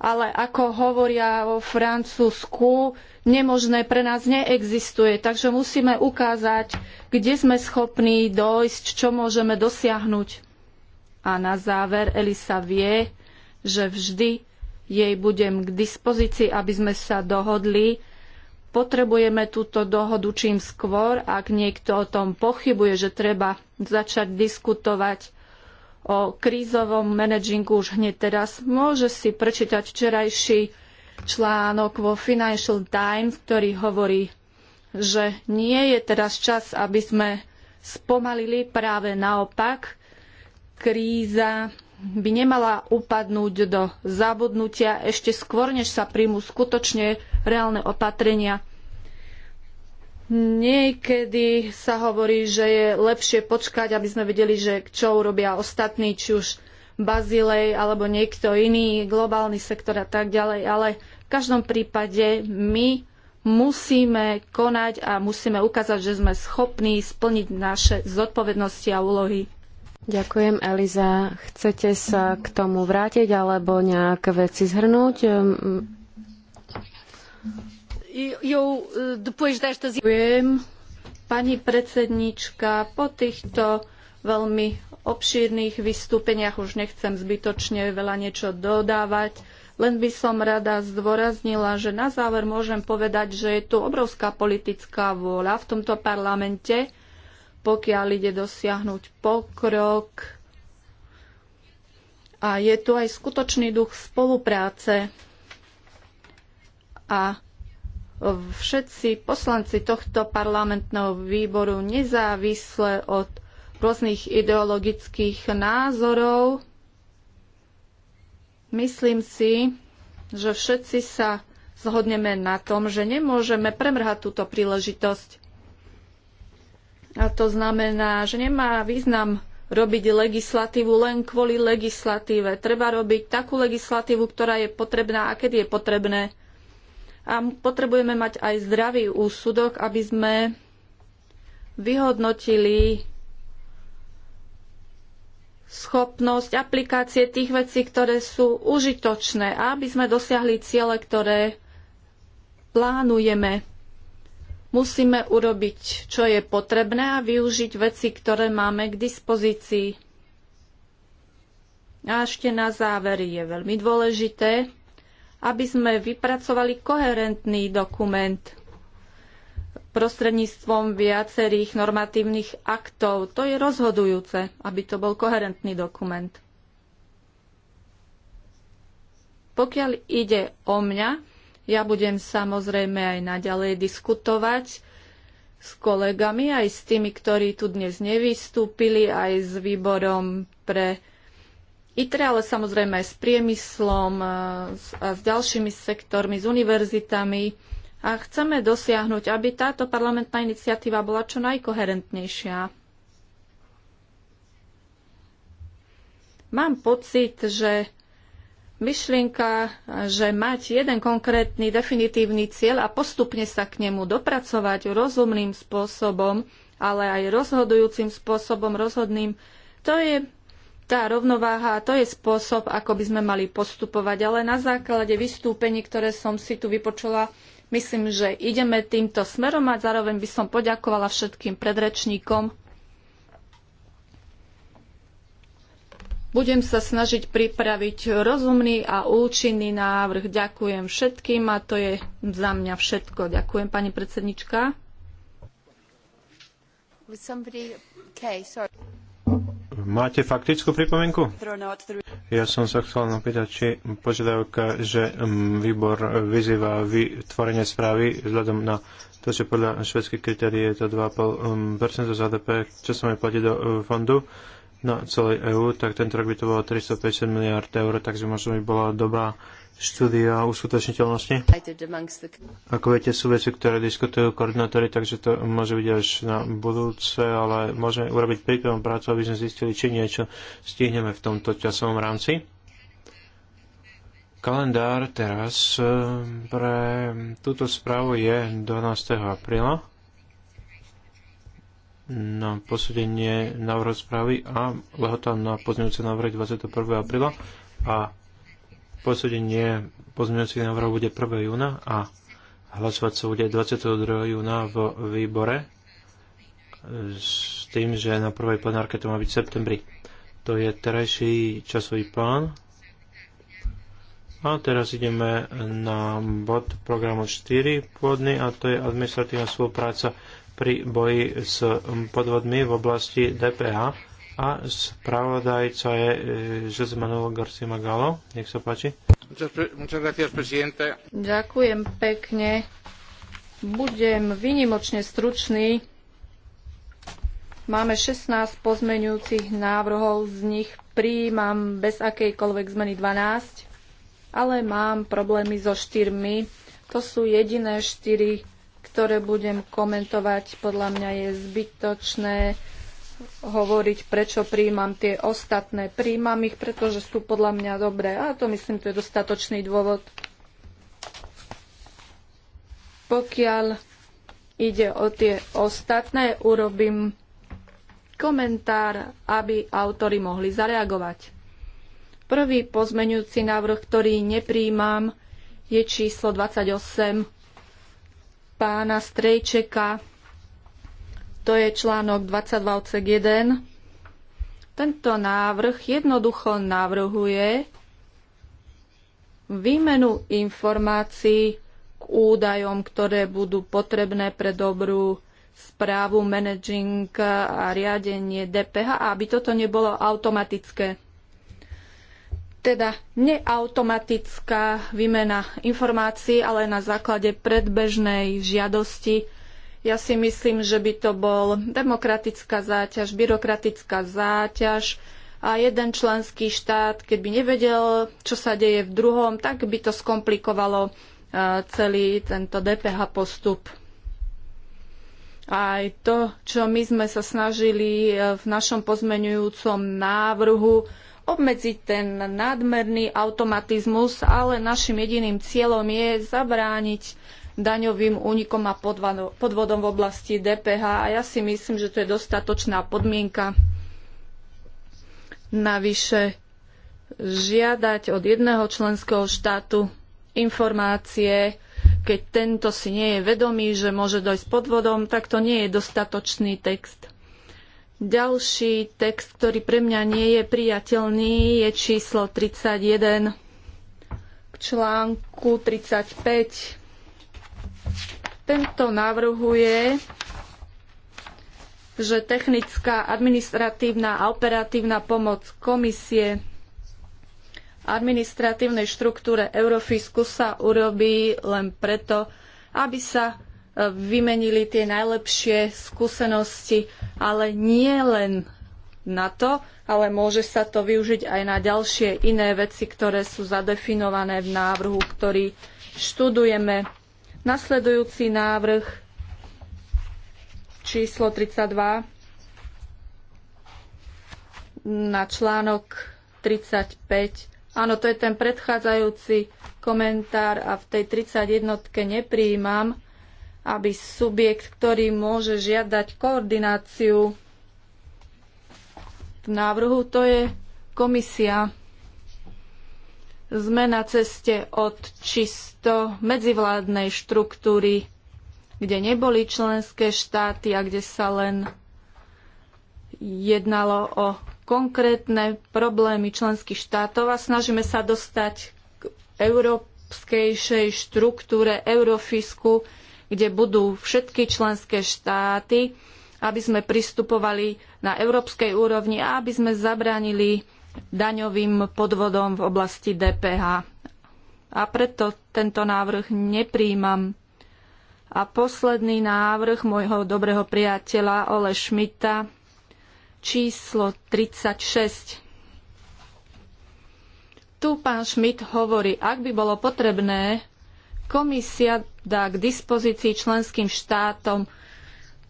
ale ako hovoria vo Francúzsku, nemožné pre nás neexistuje. Takže musíme ukázať, kde sme schopní dojsť, čo môžeme dosiahnuť. A na záver Elisa vie, že vždy jej budem k dispozícii, aby sme sa dohodli. Potrebujeme túto dohodu čím skôr, ak niekto o tom pochybuje, že treba začať diskutovať o krízovom managingu už hneď teraz. Môže si prečítať včerajší článok vo Financial Times, ktorý hovorí, že nie je teraz čas, aby sme spomalili, práve naopak. Kríza by nemala upadnúť do zabudnutia ešte skôr, než sa príjmú skutočne reálne opatrenia. Niekedy sa hovorí, že je lepšie počkať, aby sme vedeli, že čo urobia ostatní, či už Bazilej alebo niekto iný, globálny sektor a tak ďalej, ale v každom prípade my musíme konať a musíme ukázať, že sme schopní splniť naše zodpovednosti a úlohy. Ďakujem, Eliza. Chcete sa k tomu vrátiť alebo nejak veci zhrnúť? E, eu e, depois Pani predsednička, po týchto veľmi obšírnych vystúpeniach už nechcem zbytočne veľa niečo dodávať. Len by som rada zdôraznila, že na záver môžem povedať, že je tu obrovská politická vôľa v tomto parlamente, pokiaľ ide dosiahnuť pokrok. A je tu aj skutočný duch spolupráce. A všetci poslanci tohto parlamentného výboru nezávisle od rôznych ideologických názorov. Myslím si, že všetci sa zhodneme na tom, že nemôžeme premrhať túto príležitosť. A to znamená, že nemá význam robiť legislatívu len kvôli legislatíve. Treba robiť takú legislatívu, ktorá je potrebná a keď je potrebné a potrebujeme mať aj zdravý úsudok, aby sme vyhodnotili schopnosť aplikácie tých vecí, ktoré sú užitočné, aby sme dosiahli ciele, ktoré plánujeme. Musíme urobiť, čo je potrebné a využiť veci, ktoré máme k dispozícii. A ešte na záver je veľmi dôležité, aby sme vypracovali koherentný dokument prostredníctvom viacerých normatívnych aktov. To je rozhodujúce, aby to bol koherentný dokument. Pokiaľ ide o mňa, ja budem samozrejme aj naďalej diskutovať s kolegami, aj s tými, ktorí tu dnes nevystúpili, aj s výborom pre ITRE, ale samozrejme aj s priemyslom e, a s ďalšími sektormi, s univerzitami. A chceme dosiahnuť, aby táto parlamentná iniciatíva bola čo najkoherentnejšia. Mám pocit, že myšlienka, že mať jeden konkrétny definitívny cieľ a postupne sa k nemu dopracovať rozumným spôsobom, ale aj rozhodujúcim spôsobom, rozhodným, to je tá rovnováha, to je spôsob, ako by sme mali postupovať. Ale na základe vystúpení, ktoré som si tu vypočula, myslím, že ideme týmto smerom a zároveň by som poďakovala všetkým predrečníkom. Budem sa snažiť pripraviť rozumný a účinný návrh. Ďakujem všetkým a to je za mňa všetko. Ďakujem, pani predsednička. Okay, Máte faktickú pripomienku? Ja som sa chcel napýtať, či požiadavka, že mm, výbor vyzýva vytvorenie správy vzhľadom na to, že podľa švedských kritérií je to 2,5% mm, z HDP, čo sa mi platí do e, fondu na celej EÚ, tak tento rok by to bolo 350 miliard eur, takže možno by bola dobrá štúdia uskutočniteľnosti. Ako viete, sú veci, ktoré diskutujú koordinátori, takže to môže byť až na budúce, ale môžeme urobiť prípravnú prácu, aby sme zistili, či niečo stihneme v tomto časovom rámci. Kalendár teraz e, pre túto správu je 12. apríla na posúdenie návrhu správy a lehota na pozmeňujúce návrhy 21. apríla a posúdenie pozmeňujúcich návrhov bude 1. júna a hlasovať sa bude 22. júna v výbore s tým, že na prvej plenárke to má byť v septembri. To je terajší časový plán. A teraz ideme na bod programu 4 pôdny a to je administratívna spolupráca pri boji s podvodmi v oblasti DPH a spravodajca je e, José Manuel García Magalo. Nech sa páči. Ďakujem pekne. Budem vynimočne stručný. Máme 16 pozmenujúcich návrhov, z nich príjmam bez akejkoľvek zmeny 12, ale mám problémy so štyrmi. To sú jediné štyri, ktoré budem komentovať. Podľa mňa je zbytočné hovoriť, prečo príjmam tie ostatné. Príjmam ich, pretože sú podľa mňa dobré. A to myslím, to je dostatočný dôvod. Pokiaľ ide o tie ostatné, urobím komentár, aby autory mohli zareagovať. Prvý pozmenujúci návrh, ktorý nepríjmam, je číslo 28 pána Strejčeka to je článok 22 odsek 1. Tento návrh jednoducho navrhuje výmenu informácií k údajom, ktoré budú potrebné pre dobrú správu, managing a riadenie DPH, aby toto nebolo automatické. Teda neautomatická výmena informácií, ale na základe predbežnej žiadosti ja si myslím, že by to bol demokratická záťaž, byrokratická záťaž a jeden členský štát, keby nevedel, čo sa deje v druhom, tak by to skomplikovalo e, celý tento DPH postup. Aj to, čo my sme sa snažili e, v našom pozmenujúcom návrhu, obmedziť ten nadmerný automatizmus, ale našim jediným cieľom je zabrániť daňovým únikom a podvodom v oblasti DPH a ja si myslím, že to je dostatočná podmienka. Navyše žiadať od jedného členského štátu informácie, keď tento si nie je vedomý, že môže dojsť podvodom, tak to nie je dostatočný text. Ďalší text, ktorý pre mňa nie je priateľný, je číslo 31 k článku 35 tento navrhuje, že technická, administratívna a operatívna pomoc komisie administratívnej štruktúre Eurofisku sa urobí len preto, aby sa e, vymenili tie najlepšie skúsenosti, ale nie len na to, ale môže sa to využiť aj na ďalšie iné veci, ktoré sú zadefinované v návrhu, ktorý študujeme. Nasledujúci návrh číslo 32 na článok 35. Áno, to je ten predchádzajúci komentár a v tej 31 nepríjmam, aby subjekt, ktorý môže žiadať koordináciu v návrhu, to je komisia. Sme na ceste od čisto medzivládnej štruktúry, kde neboli členské štáty a kde sa len jednalo o konkrétne problémy členských štátov a snažíme sa dostať k európskejšej štruktúre Eurofisku, kde budú všetky členské štáty, aby sme pristupovali na európskej úrovni a aby sme zabránili daňovým podvodom v oblasti DPH. A preto tento návrh nepríjmam. A posledný návrh môjho dobrého priateľa Ole Šmita, číslo 36. Tu pán Šmit hovorí, ak by bolo potrebné, komisia dá k dispozícii členským štátom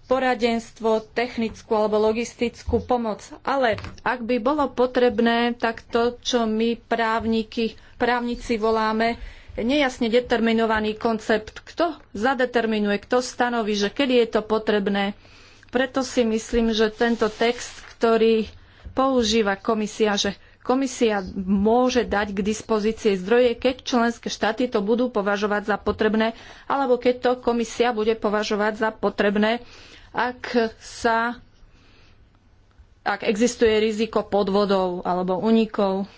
poradenstvo, technickú alebo logistickú pomoc. Ale ak by bolo potrebné, tak to, čo my právniky, právnici voláme, nejasne determinovaný koncept. Kto zadeterminuje, kto stanoví, že kedy je to potrebné. Preto si myslím, že tento text, ktorý používa komisia, že komisia môže dať k dispozícii zdroje, keď členské štáty to budú považovať za potrebné, alebo keď to komisia bude považovať za potrebné ak sa ak existuje riziko podvodov alebo unikov.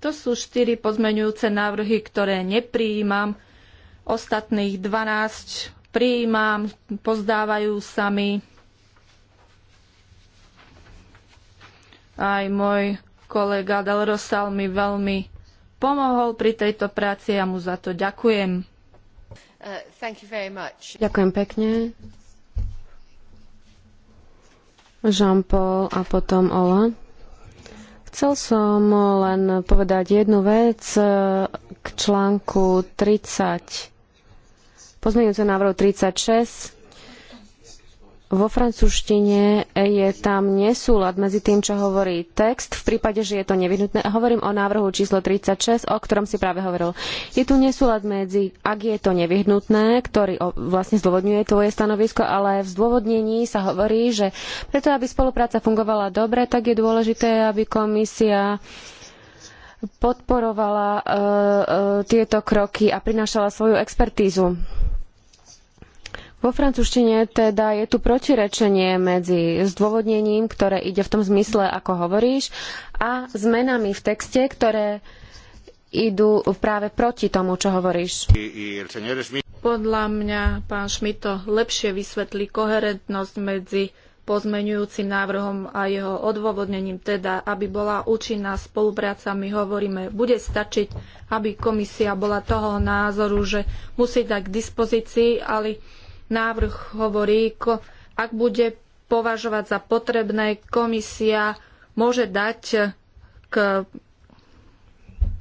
To sú štyri pozmeňujúce návrhy, ktoré neprijímam. Ostatných 12 prijímam, pozdávajú sa mi. Aj môj kolega Dalrosal mi veľmi pomohol pri tejto práci a ja mu za to ďakujem. Uh, ďakujem pekne. Jean-Paul a potom Ola. Chcel som len povedať jednu vec e, k článku 30. Pozmeňujúce návrhu 36 vo francúzštine je tam nesúlad medzi tým, čo hovorí text, v prípade, že je to nevyhnutné. Hovorím o návrhu číslo 36, o ktorom si práve hovoril. Je tu nesúlad medzi, ak je to nevyhnutné, ktorý vlastne zdôvodňuje tvoje stanovisko, ale v zdôvodnení sa hovorí, že preto, aby spolupráca fungovala dobre, tak je dôležité, aby komisia podporovala e, e, tieto kroky a prinášala svoju expertízu. Vo francúzštine teda je tu protirečenie medzi zdôvodnením, ktoré ide v tom zmysle, ako hovoríš, a zmenami v texte, ktoré idú práve proti tomu, čo hovoríš. Podľa mňa pán Šmito lepšie vysvetlí koherentnosť medzi pozmeňujúcim návrhom a jeho odôvodnením, teda aby bola účinná spolupráca, my hovoríme, bude stačiť, aby komisia bola toho názoru, že musí dať k dispozícii, ale návrh hovorí, ak bude považovať za potrebné, komisia môže dať k,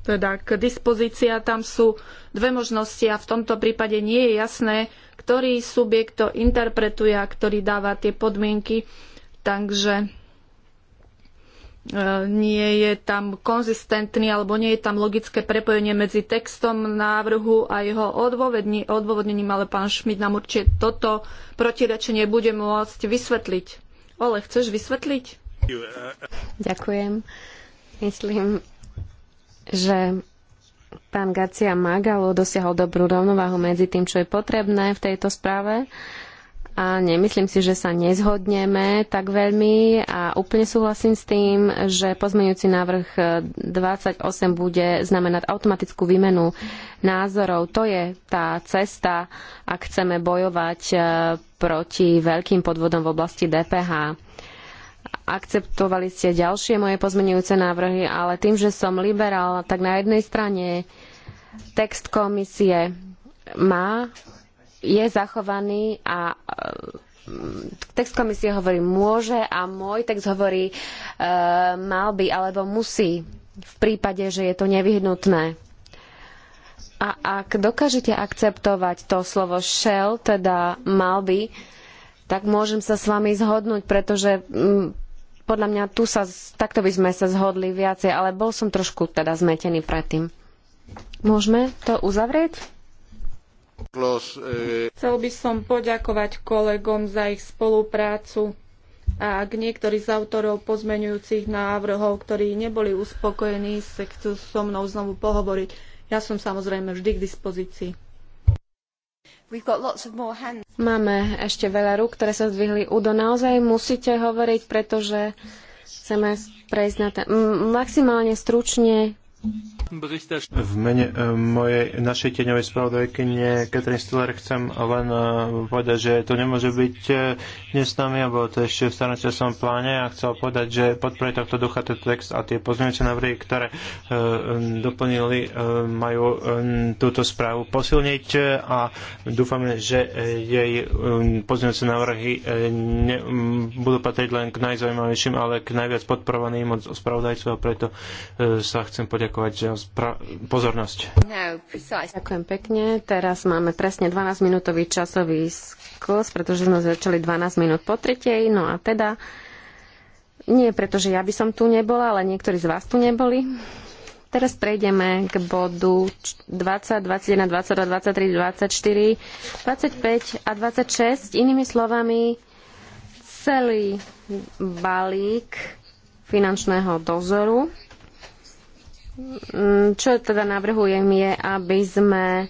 teda k dispozícii. Tam sú dve možnosti a v tomto prípade nie je jasné, ktorý subjekt to interpretuje a ktorý dáva tie podmienky. Takže nie je tam konzistentný alebo nie je tam logické prepojenie medzi textom návrhu a jeho odôvodnením, ale pán Šmit nám určite toto protirečenie bude môcť vysvetliť. Ole, chceš vysvetliť? Ďakujem. Myslím, že pán Garcia Magalo dosiahol dobrú rovnováhu medzi tým, čo je potrebné v tejto správe a nemyslím si, že sa nezhodneme tak veľmi a úplne súhlasím s tým, že pozmeňujúci návrh 28 bude znamenať automatickú výmenu názorov. To je tá cesta, ak chceme bojovať e, proti veľkým podvodom v oblasti DPH. Akceptovali ste ďalšie moje pozmeňujúce návrhy, ale tým, že som liberál, tak na jednej strane text komisie má je zachovaný a e, text komisie hovorí môže a môj text hovorí e, mal by alebo musí v prípade, že je to nevyhnutné. A ak dokážete akceptovať to slovo shall, teda mal by, tak môžem sa s vami zhodnúť, pretože m, mm, podľa mňa tu sa, takto by sme sa zhodli viacej, ale bol som trošku teda zmetený predtým. Môžeme to uzavrieť? Eh, Chcel by som poďakovať kolegom za ich spoluprácu a ak niektorí z autorov pozmenujúcich návrhov, ktorí neboli uspokojení, sa chcú so mnou znovu pohovoriť, ja som samozrejme vždy k dispozícii. Máme ešte veľa rúk, ktoré sa zdvihli. Udo, naozaj musíte hovoriť, pretože chceme prejsť na ten... Maximálne stručne v mene eh, mojej našej teňovej spravodajkyne Katrin Stiller chcem len eh, povedať, že to nemôže byť eh, dnes s nami, alebo to ešte v starom časovom pláne a chcel povedať, že podporuje tohto ducha ten text a tie pozmeňujúce návrhy, ktoré doplnili, majú túto správu posilniť a dúfame, že jej pozmeňujúce návrhy ne, mm, budú patriť len k najzaujímavejším, ale k najviac podporovaným od spravodajcov a preto sa chcem poďakovať poďakovať za pozornosť. No, Ďakujem pekne. Teraz máme presne 12-minútový časový skos, pretože sme začali 12 minút po tretej. No a teda, nie preto, že ja by som tu nebola, ale niektorí z vás tu neboli. Teraz prejdeme k bodu 20, 21, 22, 23, 24, 25 a 26. Inými slovami, celý balík finančného dozoru. Mm, čo teda navrhujem je, aby sme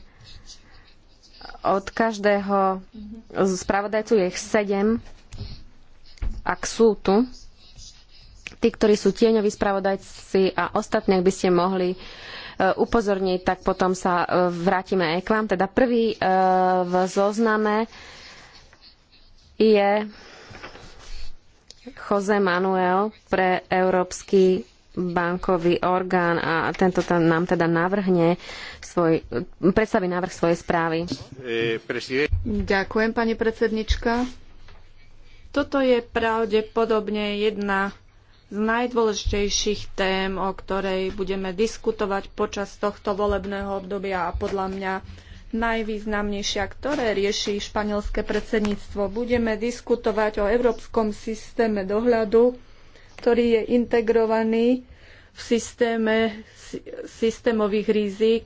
od každého spravodajcu je ich sedem, ak sú tu, tí, ktorí sú tieňoví spravodajci a ostatní, ak by ste mohli e, upozorniť, tak potom sa e, vrátime aj k vám. Teda prvý e, v zozname je Jose Manuel pre Európsky bankový orgán a tento tam nám teda navrhne svoj, predstaví návrh svojej správy. Ďakujem, pani predsednička. Toto je pravdepodobne jedna z najdôležitejších tém, o ktorej budeme diskutovať počas tohto volebného obdobia a podľa mňa najvýznamnejšia, ktoré rieši španielské predsedníctvo. Budeme diskutovať o európskom systéme dohľadu ktorý je integrovaný v systéme systémových rizík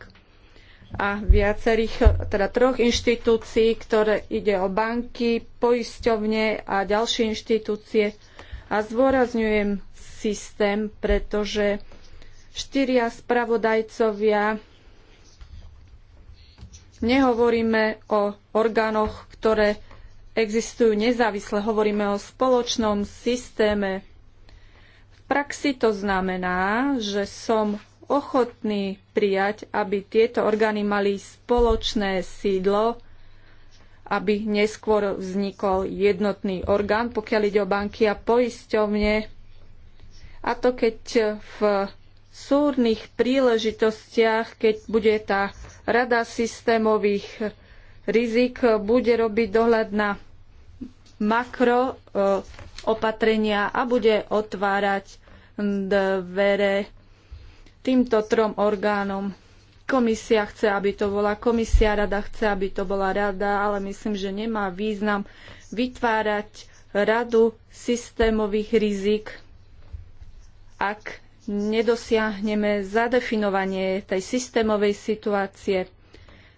a viacerých, teda troch inštitúcií, ktoré ide o banky, poisťovne a ďalšie inštitúcie. A zdôrazňujem systém, pretože štyria spravodajcovia nehovoríme o orgánoch, ktoré existujú nezávisle, hovoríme o spoločnom systéme praxi to znamená, že som ochotný prijať, aby tieto orgány mali spoločné sídlo, aby neskôr vznikol jednotný orgán, pokiaľ ide o banky a poisťovne. A to keď v súrnych príležitostiach, keď bude tá rada systémových rizik, bude robiť dohľad na makro e, opatrenia a bude otvárať dvere týmto trom orgánom. Komisia chce, aby to bola komisia, rada chce, aby to bola rada, ale myslím, že nemá význam vytvárať radu systémových rizik, ak nedosiahneme zadefinovanie tej systémovej situácie.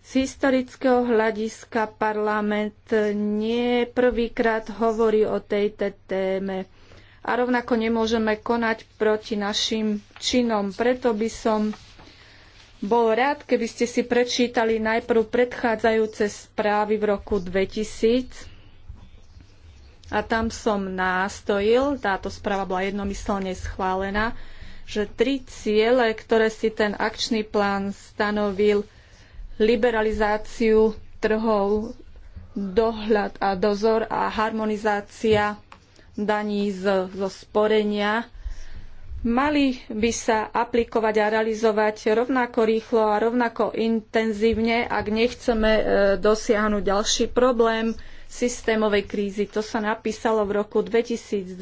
Z historického hľadiska parlament nie prvýkrát hovorí o tejto téme a rovnako nemôžeme konať proti našim činom. Preto by som bol rád, keby ste si prečítali najprv predchádzajúce správy v roku 2000 a tam som nástojil, táto správa bola jednomyselne schválená, že tri ciele, ktoré si ten akčný plán stanovil, liberalizáciu trhov, dohľad a dozor a harmonizácia daní z, zo sporenia mali by sa aplikovať a realizovať rovnako rýchlo a rovnako intenzívne, ak nechceme e, dosiahnuť ďalší problém systémovej krízy. To sa napísalo v roku 2002.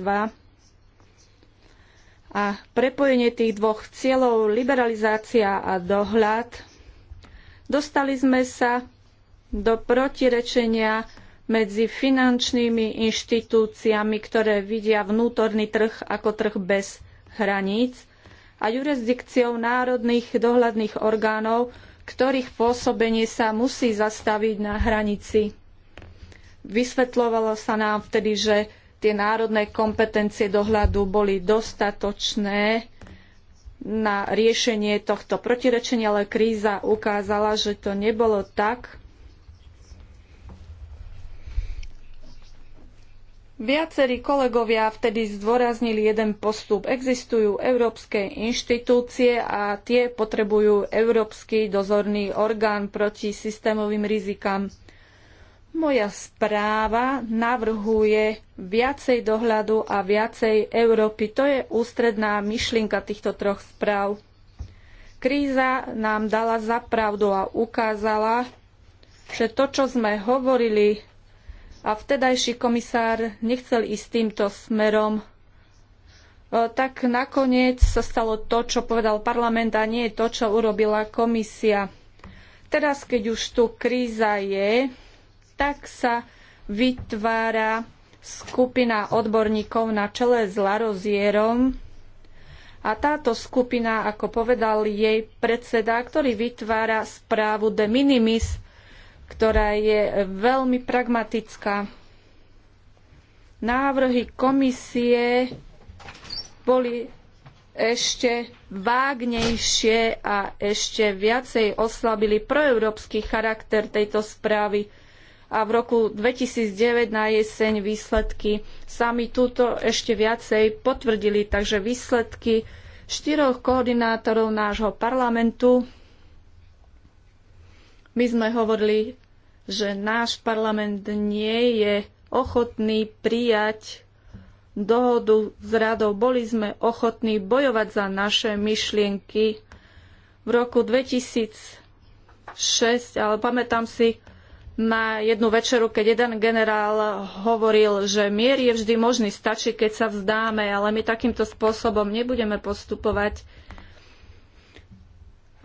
A prepojenie tých dvoch cieľov, liberalizácia a dohľad, Dostali sme sa do protirečenia medzi finančnými inštitúciami, ktoré vidia vnútorný trh ako trh bez hraníc a jurisdikciou národných dohľadných orgánov, ktorých pôsobenie sa musí zastaviť na hranici. Vysvetlovalo sa nám vtedy, že tie národné kompetencie dohľadu boli dostatočné na riešenie tohto protirečenia, ale kríza ukázala, že to nebolo tak. Viacerí kolegovia vtedy zdôraznili jeden postup. Existujú európske inštitúcie a tie potrebujú európsky dozorný orgán proti systémovým rizikám. Moja správa navrhuje viacej dohľadu a viacej Európy. To je ústredná myšlienka týchto troch správ. Kríza nám dala zapravdu a ukázala, že to, čo sme hovorili a vtedajší komisár nechcel ísť týmto smerom, e, tak nakoniec sa stalo to, čo povedal parlament a nie to, čo urobila komisia. Teraz, keď už tu kríza je, tak sa vytvára skupina odborníkov na čele s Larozierom a táto skupina, ako povedal jej predseda, ktorý vytvára správu de minimis, ktorá je veľmi pragmatická. Návrhy komisie boli ešte vágnejšie a ešte viacej oslabili proeurópsky charakter tejto správy a v roku 2009 na jeseň výsledky sami túto ešte viacej potvrdili. Takže výsledky štyroch koordinátorov nášho parlamentu. My sme hovorili, že náš parlament nie je ochotný prijať dohodu s radou. Boli sme ochotní bojovať za naše myšlienky. V roku 2006, ale pamätám si, na jednu večeru, keď jeden generál hovoril, že mier je vždy možný, stačí, keď sa vzdáme, ale my takýmto spôsobom nebudeme postupovať.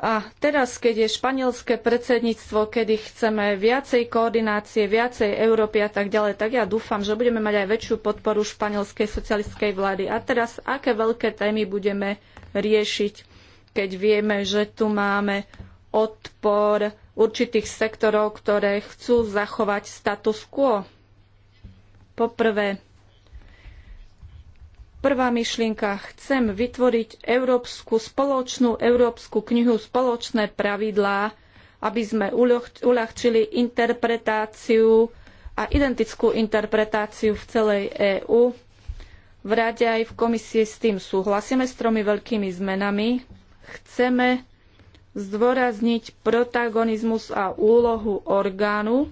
A teraz, keď je španielské predsedníctvo, kedy chceme viacej koordinácie, viacej Európy a tak ďalej, tak ja dúfam, že budeme mať aj väčšiu podporu španielskej socialistickej vlády. A teraz, aké veľké témy budeme riešiť, keď vieme, že tu máme odpor určitých sektorov, ktoré chcú zachovať status quo. Poprvé, Prvá myšlienka, chcem vytvoriť európsku spoločnú európsku knihu spoločné pravidlá, aby sme uľahčili interpretáciu a identickú interpretáciu v celej EÚ. V rade aj v komisii s tým súhlasíme s tromi veľkými zmenami. Chceme zdôrazniť protagonizmus a úlohu orgánu,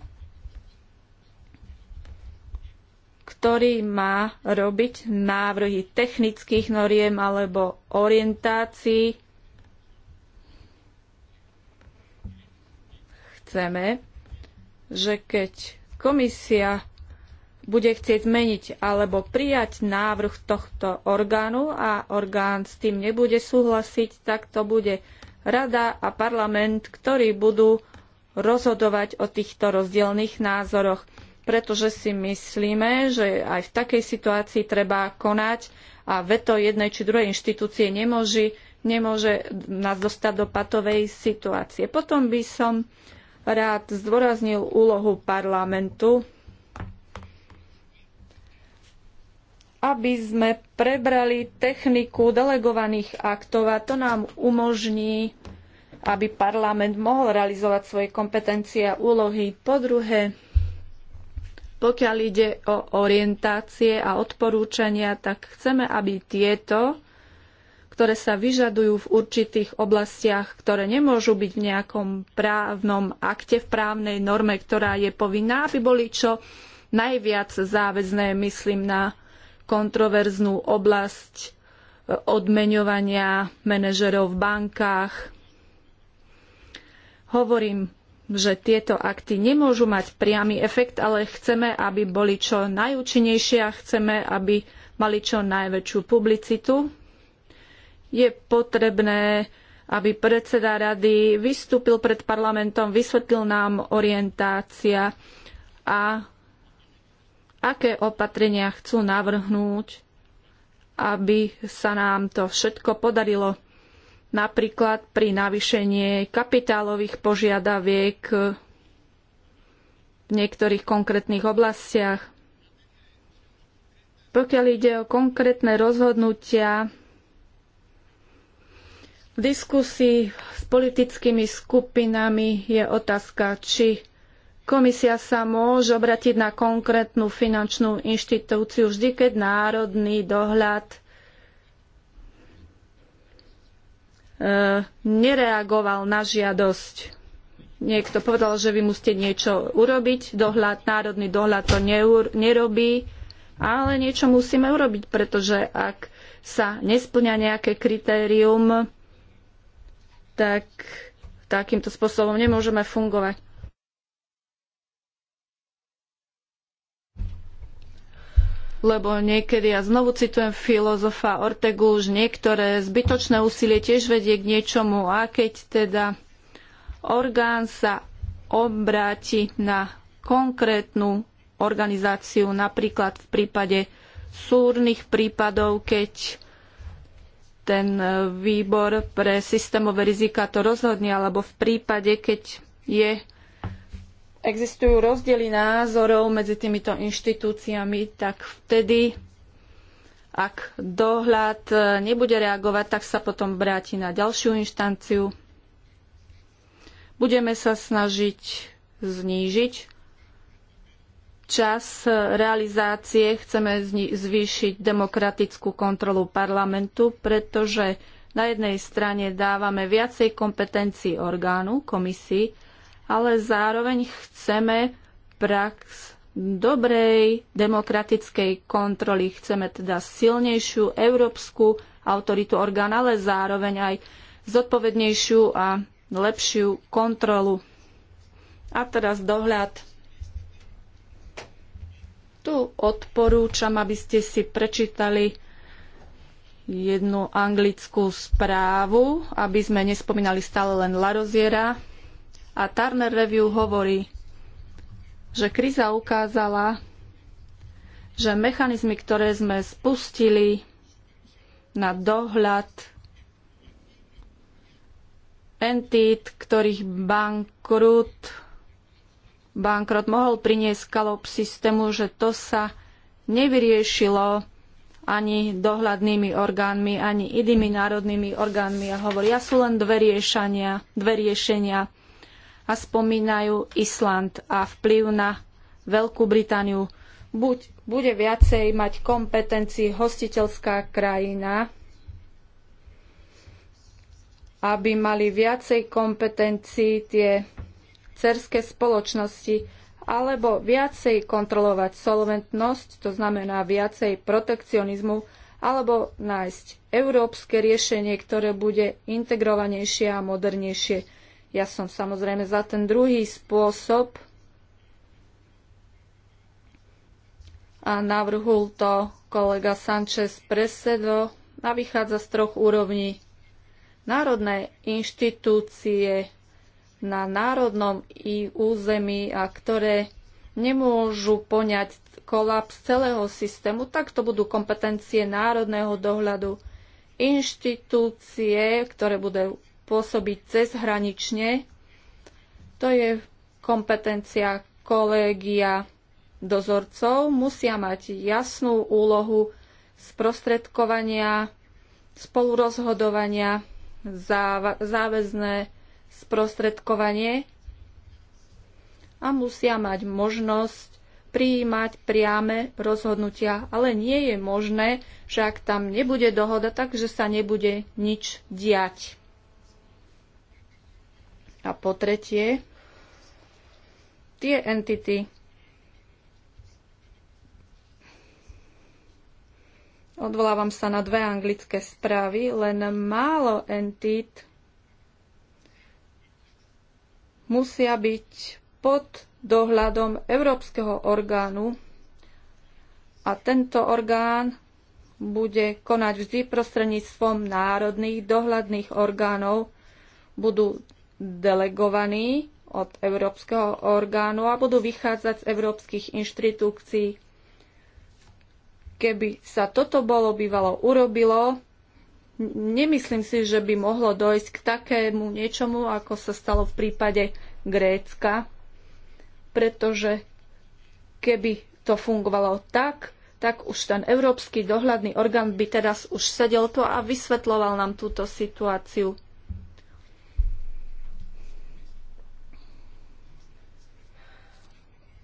ktorý má robiť návrhy technických noriem alebo orientácií. Chceme, že keď komisia bude chcieť zmeniť alebo prijať návrh tohto orgánu a orgán s tým nebude súhlasiť, tak to bude rada a parlament, ktorí budú rozhodovať o týchto rozdielnych názoroch, pretože si myslíme, že aj v takej situácii treba konať a veto jednej či druhej inštitúcie nemôže, nemôže nás dostať do patovej situácie. Potom by som rád zdôraznil úlohu parlamentu, aby sme prebrali techniku delegovaných aktov a to nám umožní aby parlament mohol realizovať svoje kompetencie a úlohy. Po druhé, pokiaľ ide o orientácie a odporúčania, tak chceme, aby tieto, ktoré sa vyžadujú v určitých oblastiach, ktoré nemôžu byť v nejakom právnom akte, v právnej norme, ktorá je povinná, aby boli čo najviac záväzné, myslím na kontroverznú oblasť odmeňovania manažerov v bankách, Hovorím, že tieto akty nemôžu mať priamy efekt, ale chceme, aby boli čo najúčinnejšie a chceme, aby mali čo najväčšiu publicitu. Je potrebné, aby predseda rady vystúpil pred parlamentom, vysvetlil nám orientácia a aké opatrenia chcú navrhnúť, aby sa nám to všetko podarilo napríklad pri navýšení kapitálových požiadaviek v niektorých konkrétnych oblastiach. Pokiaľ ide o konkrétne rozhodnutia, v diskusii s politickými skupinami je otázka, či komisia sa môže obratiť na konkrétnu finančnú inštitúciu vždy, keď národný dohľad E, nereagoval na žiadosť. Niekto povedal, že vy musíte niečo urobiť, dohľad, národný dohľad to nerobí, ale niečo musíme urobiť, pretože ak sa nesplňa nejaké kritérium, tak takýmto spôsobom nemôžeme fungovať. lebo niekedy, ja znovu citujem filozofa Ortegu, už niektoré zbytočné úsilie tiež vedie k niečomu a keď teda orgán sa obráti na konkrétnu organizáciu, napríklad v prípade súrnych prípadov, keď ten e, výbor pre systémové rizika to rozhodne, alebo v prípade, keď je existujú rozdiely názorov medzi týmito inštitúciami, tak vtedy, ak dohľad e, nebude reagovať, tak sa potom vráti na ďalšiu inštanciu. Budeme sa snažiť znížiť čas realizácie, chceme zvýšiť demokratickú kontrolu parlamentu, pretože na jednej strane dávame viacej kompetencií orgánu, komisii, ale zároveň chceme prax dobrej demokratickej kontroly. Chceme teda silnejšiu európsku autoritu orgán, ale zároveň aj zodpovednejšiu a lepšiu kontrolu. A teraz dohľad. Tu odporúčam, aby ste si prečítali jednu anglickú správu, aby sme nespomínali stále len Laroziera, a Turner Review hovorí, že kríza ukázala, že mechanizmy, ktoré sme spustili na dohľad entít, ktorých bankrut, bankrot mohol priniesť kalop systému, že to sa nevyriešilo ani dohľadnými orgánmi, ani inými národnými orgánmi. A hovoria, sú len dve riešenia. Dve riešenia a spomínajú Island a vplyv na Veľkú Britániu. Buď bude viacej mať kompetencií hostiteľská krajina, aby mali viacej kompetencií tie cerské spoločnosti, alebo viacej kontrolovať solventnosť, to znamená viacej protekcionizmu, alebo nájsť európske riešenie, ktoré bude integrovanejšie a modernejšie. Ja som samozrejme za ten druhý spôsob a navrhul to kolega Sanchez Presedo a vychádza z troch úrovní. Národné inštitúcie na národnom i území a ktoré nemôžu poňať kolaps celého systému, tak to budú kompetencie národného dohľadu. Inštitúcie, ktoré budú pôsobiť cezhranične. To je kompetencia kolégia dozorcov. Musia mať jasnú úlohu sprostredkovania, spolurozhodovania, záväzné sprostredkovanie a musia mať možnosť prijímať priame rozhodnutia, ale nie je možné, že ak tam nebude dohoda, takže sa nebude nič diať. A po tretie, tie entity, Odvolávam sa na dve anglické správy, len málo entít musia byť pod dohľadom Európskeho orgánu a tento orgán bude konať vždy prostredníctvom národných dohľadných orgánov, budú delegovaní od európskeho orgánu a budú vychádzať z európskych inštitúcií. Keby sa toto bolo bývalo urobilo, nemyslím si, že by mohlo dojsť k takému niečomu, ako sa stalo v prípade Grécka, pretože keby to fungovalo tak, tak už ten európsky dohľadný orgán by teraz už sedel to a vysvetloval nám túto situáciu.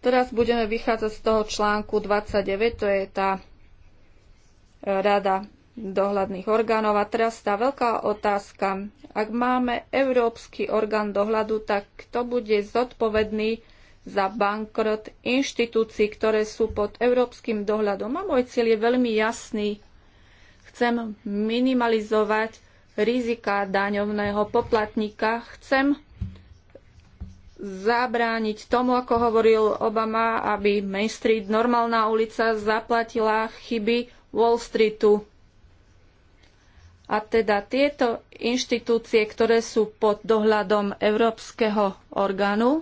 Teraz budeme vychádzať z toho článku 29, to je tá e, rada dohľadných orgánov. A teraz tá veľká otázka. Ak máme európsky orgán dohľadu, tak kto bude zodpovedný za bankrot inštitúcií, ktoré sú pod európskym dohľadom. A môj cieľ je veľmi jasný. Chcem minimalizovať rizika daňovného poplatníka. Chcem zabrániť tomu, ako hovoril Obama, aby Main Street, normálna ulica, zaplatila chyby Wall Streetu. A teda tieto inštitúcie, ktoré sú pod dohľadom Európskeho orgánu,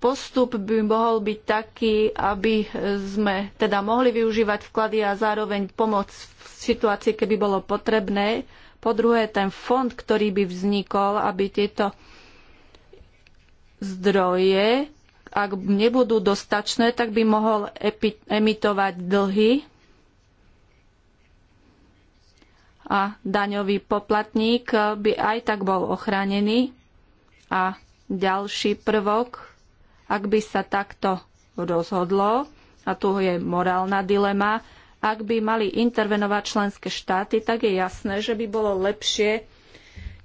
postup by mohol byť taký, aby sme teda mohli využívať vklady a zároveň pomoc v situácii, keby bolo potrebné po druhé, ten fond, ktorý by vznikol, aby tieto zdroje, ak nebudú dostačné, tak by mohol emitovať dlhy a daňový poplatník by aj tak bol ochránený. A ďalší prvok, ak by sa takto rozhodlo, a tu je morálna dilema, ak by mali intervenovať členské štáty, tak je jasné, že by bolo lepšie,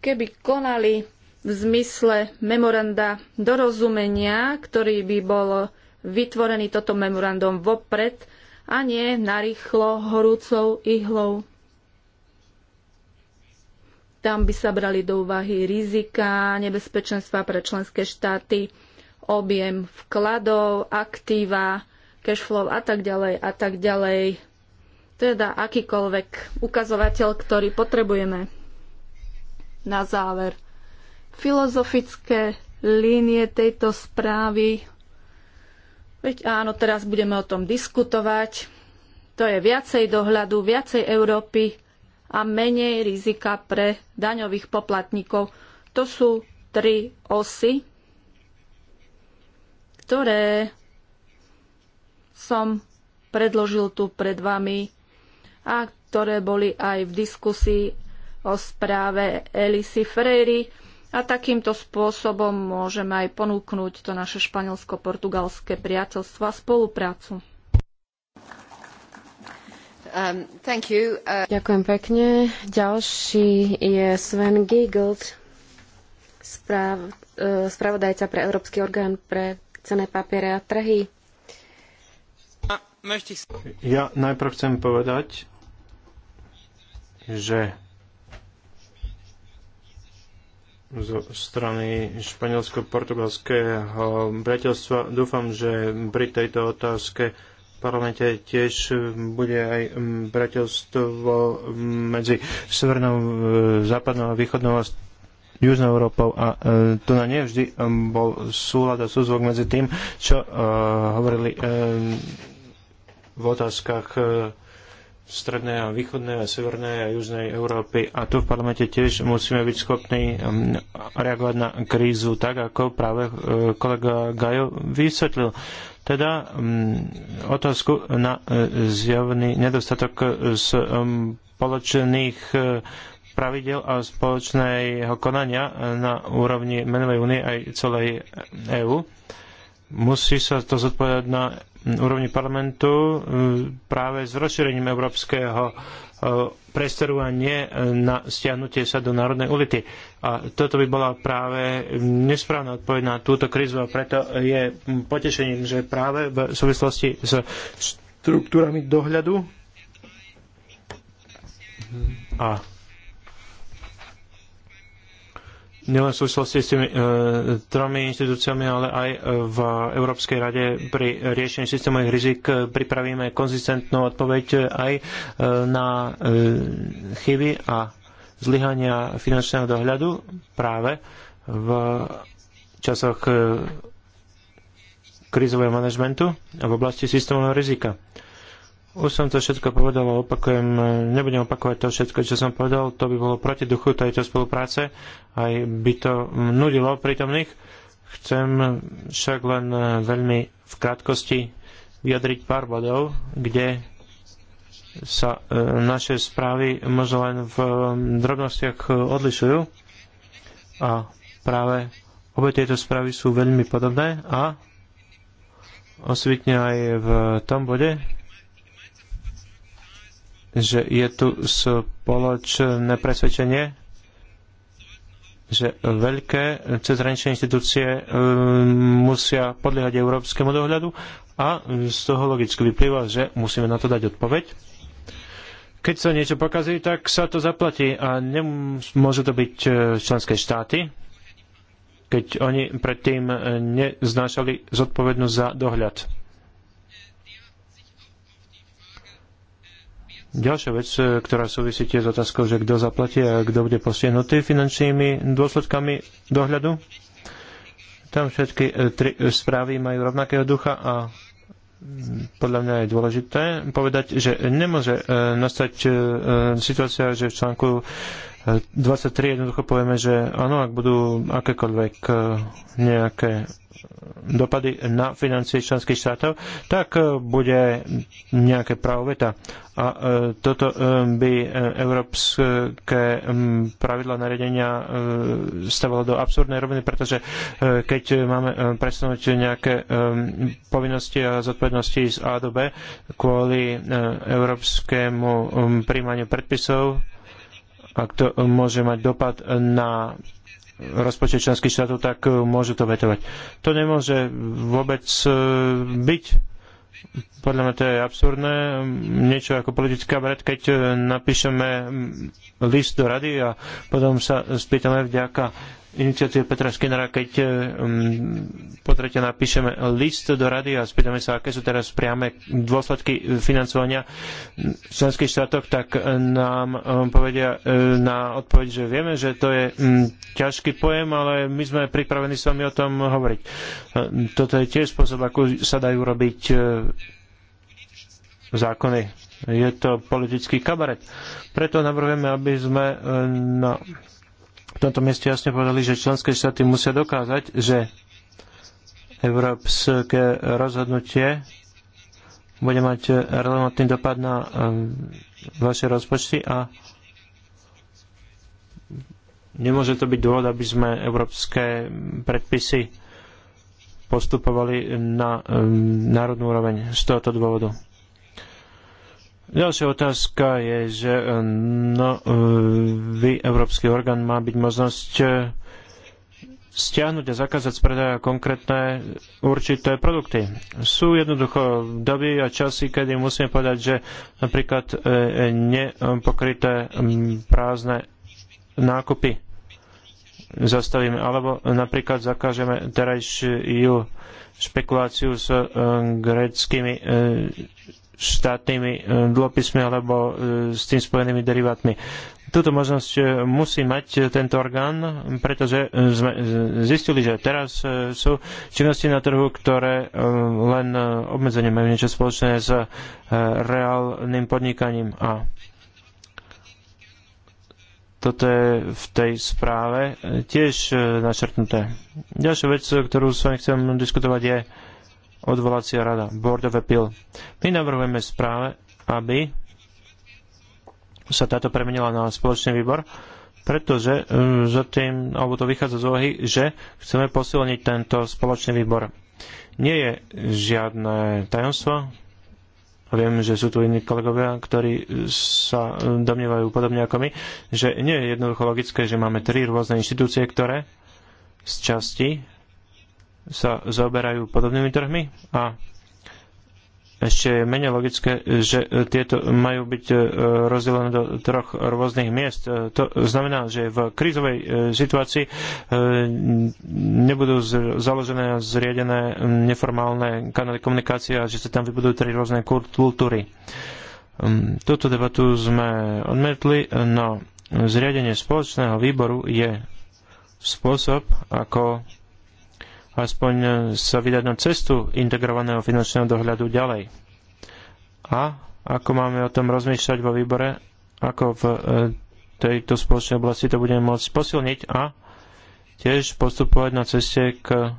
keby konali v zmysle memoranda dorozumenia, ktorý by bol vytvorený toto memorandum vopred a nie narýchlo horúcou ihlou. Tam by sa brali do úvahy rizika, nebezpečenstva pre členské štáty, objem vkladov, aktíva, cashflow a tak ďalej a tak ďalej. Teda akýkoľvek ukazovateľ, ktorý potrebujeme. Na záver, filozofické línie tejto správy. Veď áno, teraz budeme o tom diskutovať. To je viacej dohľadu, viacej Európy a menej rizika pre daňových poplatníkov. To sú tri osy, ktoré som predložil tu pred vami a ktoré boli aj v diskusii o správe Elisy Freire. A takýmto spôsobom môžeme aj ponúknuť to naše španielsko-portugalské priateľstvo a spoluprácu. Um, uh... Ďakujem pekne. Ďalší je Sven Giegelt, správ, uh, spravodajca pre Európsky orgán pre cenné papiere a trhy. Ja najprv chcem povedať, že zo strany španielsko-portugalského priateľstva. Dúfam, že pri tejto otázke v parlamente tiež bude aj priateľstvo medzi Severnou, e, Západnou a Východnou a Južnou Európou a e, tu na nie vždy bol súlad a súzvok medzi tým, čo e, hovorili e, v otázkach e, strednej a východnej a severnej a južnej Európy. A tu v parlamente tiež musíme byť schopní um, reagovať na krízu tak, ako práve uh, kolega Gajo vysvetlil. Teda um, otázku na uh, zjavný nedostatok um, spoločných uh, pravidel a spoločného konania na úrovni menovej únie aj celej EÚ. EU musí sa to zodpovedať na úrovni parlamentu e, práve s rozšírením európskeho e, priestoru a nie e, na stiahnutie sa do národnej ulity. A toto by bola práve nesprávna odpoveď na túto krízu a preto je potešením, že práve v súvislosti s štruktúrami dohľadu a nielen v súvislosti s tými e, tromi inštitúciami, ale aj v Európskej rade pri riešení systémových rizik pripravíme konzistentnú odpoveď aj e, na e, chyby a zlyhania finančného dohľadu práve v časoch e, krizového manažmentu a v oblasti systémového rizika. E, už som to všetko povedal a opakujem, nebudem opakovať to všetko, čo som povedal, to by bolo proti duchu tejto spolupráce, aj by to nudilo prítomných. Chcem však len veľmi v krátkosti vyjadriť pár bodov, kde sa e, naše správy možno len v e, drobnostiach odlišujú a práve obe tieto správy sú veľmi podobné a osvitne aj v tom bode, že je tu spoločné presvedčenie, že veľké cezhraničné inštitúcie um, musia podliehať európskemu dohľadu a z toho logicky vyplýva, že musíme na to dať odpoveď. Keď sa niečo pokazí, tak sa to zaplatí a nemôžu to byť e, členské štáty, keď oni predtým e, neznášali zodpovednosť za dohľad Ďalšia vec, e, ktorá súvisí tiež s otázkou, že kto zaplatí a kto bude postihnutý finančnými dôsledkami dohľadu. Tam všetky e, tri správy majú rovnakého ducha a podľa mňa je dôležité povedať, že nemôže e, nastať situácia, že v článku 23 jednoducho povieme, že áno, ak budú akékoľvek nejaké dopady na financie členských štátov, tak e, bude nejaké právo veta. A e, toto e, by európske pravidla nariadenia stavalo do absurdnej roviny, pretože keď máme presunúť nejaké povinnosti a zodpovednosti z A do B kvôli európskemu príjmaniu predpisov, ak to môže mať dopad na rozpočet členských štátov, tak e, môžu to vetovať. To nemôže vôbec e, byť. Podľa mňa to je absurdné. Niečo ako politická vred, keď e, napíšeme list do rady a potom sa spýtame vďaka iniciatíve Petra Skinnera, keď eh, mm, po tretie napíšeme list do rady a spýtame sa, aké sú teraz priame dôsledky eh, financovania v členských štátoch, tak eh, nám povedia na odpoveď, že vieme, že to je mm, ťažký pojem, ale my sme pripravení s vami o tom hovoriť. Toto je tiež spôsob, ako sa dajú robiť zákony. Je to politický kabaret. Preto navrhujeme, aby sme na no, v tomto mieste jasne povedali, že členské štáty musia dokázať, že európske rozhodnutie bude mať relevantný dopad na um, vaše rozpočty a nemôže to byť dôvod, aby sme európske predpisy postupovali na um, národnú úroveň z tohoto dôvodu. Ďalšia otázka je, že e, no, e, vy, Európsky orgán, má byť možnosť e, stiahnuť a zakázať spredaja konkrétne určité produkty. Sú jednoducho doby a časy, kedy musíme povedať, že napríklad nepokryté prázdne nákupy zastavíme, alebo napríklad zakážeme terajšiu špekuláciu s gréckými štátnymi e, dlhopismi alebo e, s tým spojenými derivátmi. Túto možnosť e, musí mať tento orgán, pretože sme zistili, že teraz sú činnosti na trhu, ktoré len obmedzenie majú niečo spoločné s reálnym podnikaním. A toto je v tej správe tiež načrtnuté. Ďalšia vec, ktorú s vami chcem diskutovať, je odvolacia rada, Board of Appeal. My navrhujeme správe, aby sa táto premenila na spoločný výbor, pretože e, za tým, alebo to vychádza z úvahy, že chceme posilniť tento spoločný výbor. Nie je žiadne tajomstvo, Viem, že sú tu iní kolegovia, ktorí sa e, domnievajú podobne ako my, že nie je jednoducho logické, že máme tri rôzne inštitúcie, ktoré z časti sa zaoberajú podobnými trhmi a ešte je menej logické, že tieto majú byť e, rozdelené do troch rôznych miest. E, to znamená, že v krízovej e, situácii nebudú založené a zriedené neformálne kanály komunikácie a že sa tam vybudú tri rôzne kultúry. Ehm, Toto debatu sme odmietli, no zriadenie spoločného výboru je spôsob, ako aspoň e, sa vydať na cestu integrovaného finančného dohľadu ďalej. A ako máme o tom rozmýšľať vo výbore, ako v e, tejto spoločnej oblasti to budeme môcť posilniť a tiež postupovať na ceste k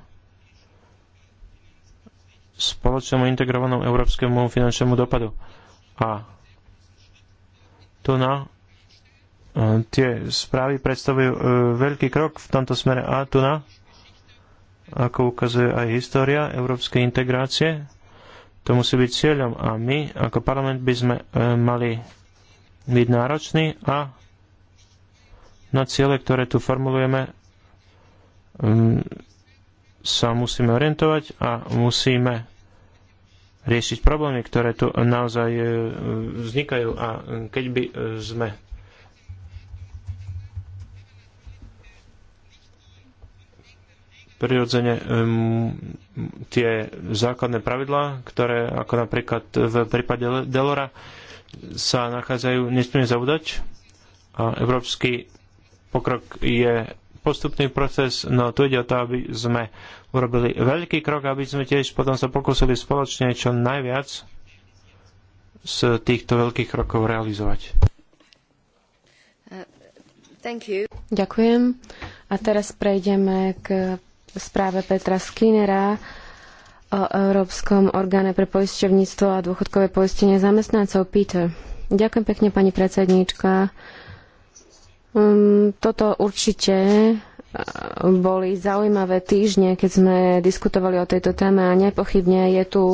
spoločnému integrovanému európskemu finančnému dopadu. A tu na e, tie správy predstavujú veľký krok v tomto smere a tu na ako ukazuje aj história európskej integrácie. To musí byť cieľom a my ako parlament by sme e, mali byť nároční a na ciele, ktoré tu formulujeme, sa musíme orientovať a musíme riešiť problémy, ktoré tu naozaj e, vznikajú. A keď by e, sme prirodzene tie základné pravidlá, ktoré ako napríklad v prípade Delora sa nachádzajú, nesmierne zaudať. A európsky pokrok je postupný proces, no tu ide o to, aby sme urobili veľký krok, aby sme tiež potom sa pokúsili spoločne čo najviac z týchto veľkých krokov realizovať. Uh, you. Ďakujem. A teraz prejdeme k správe Petra Skinnera o Európskom orgáne pre poisťovníctvo a dôchodkové poistenie zamestnancov. Peter. Ďakujem pekne, pani predsedníčka. Um, toto určite uh, boli zaujímavé týždne, keď sme diskutovali o tejto téme a nepochybne je tu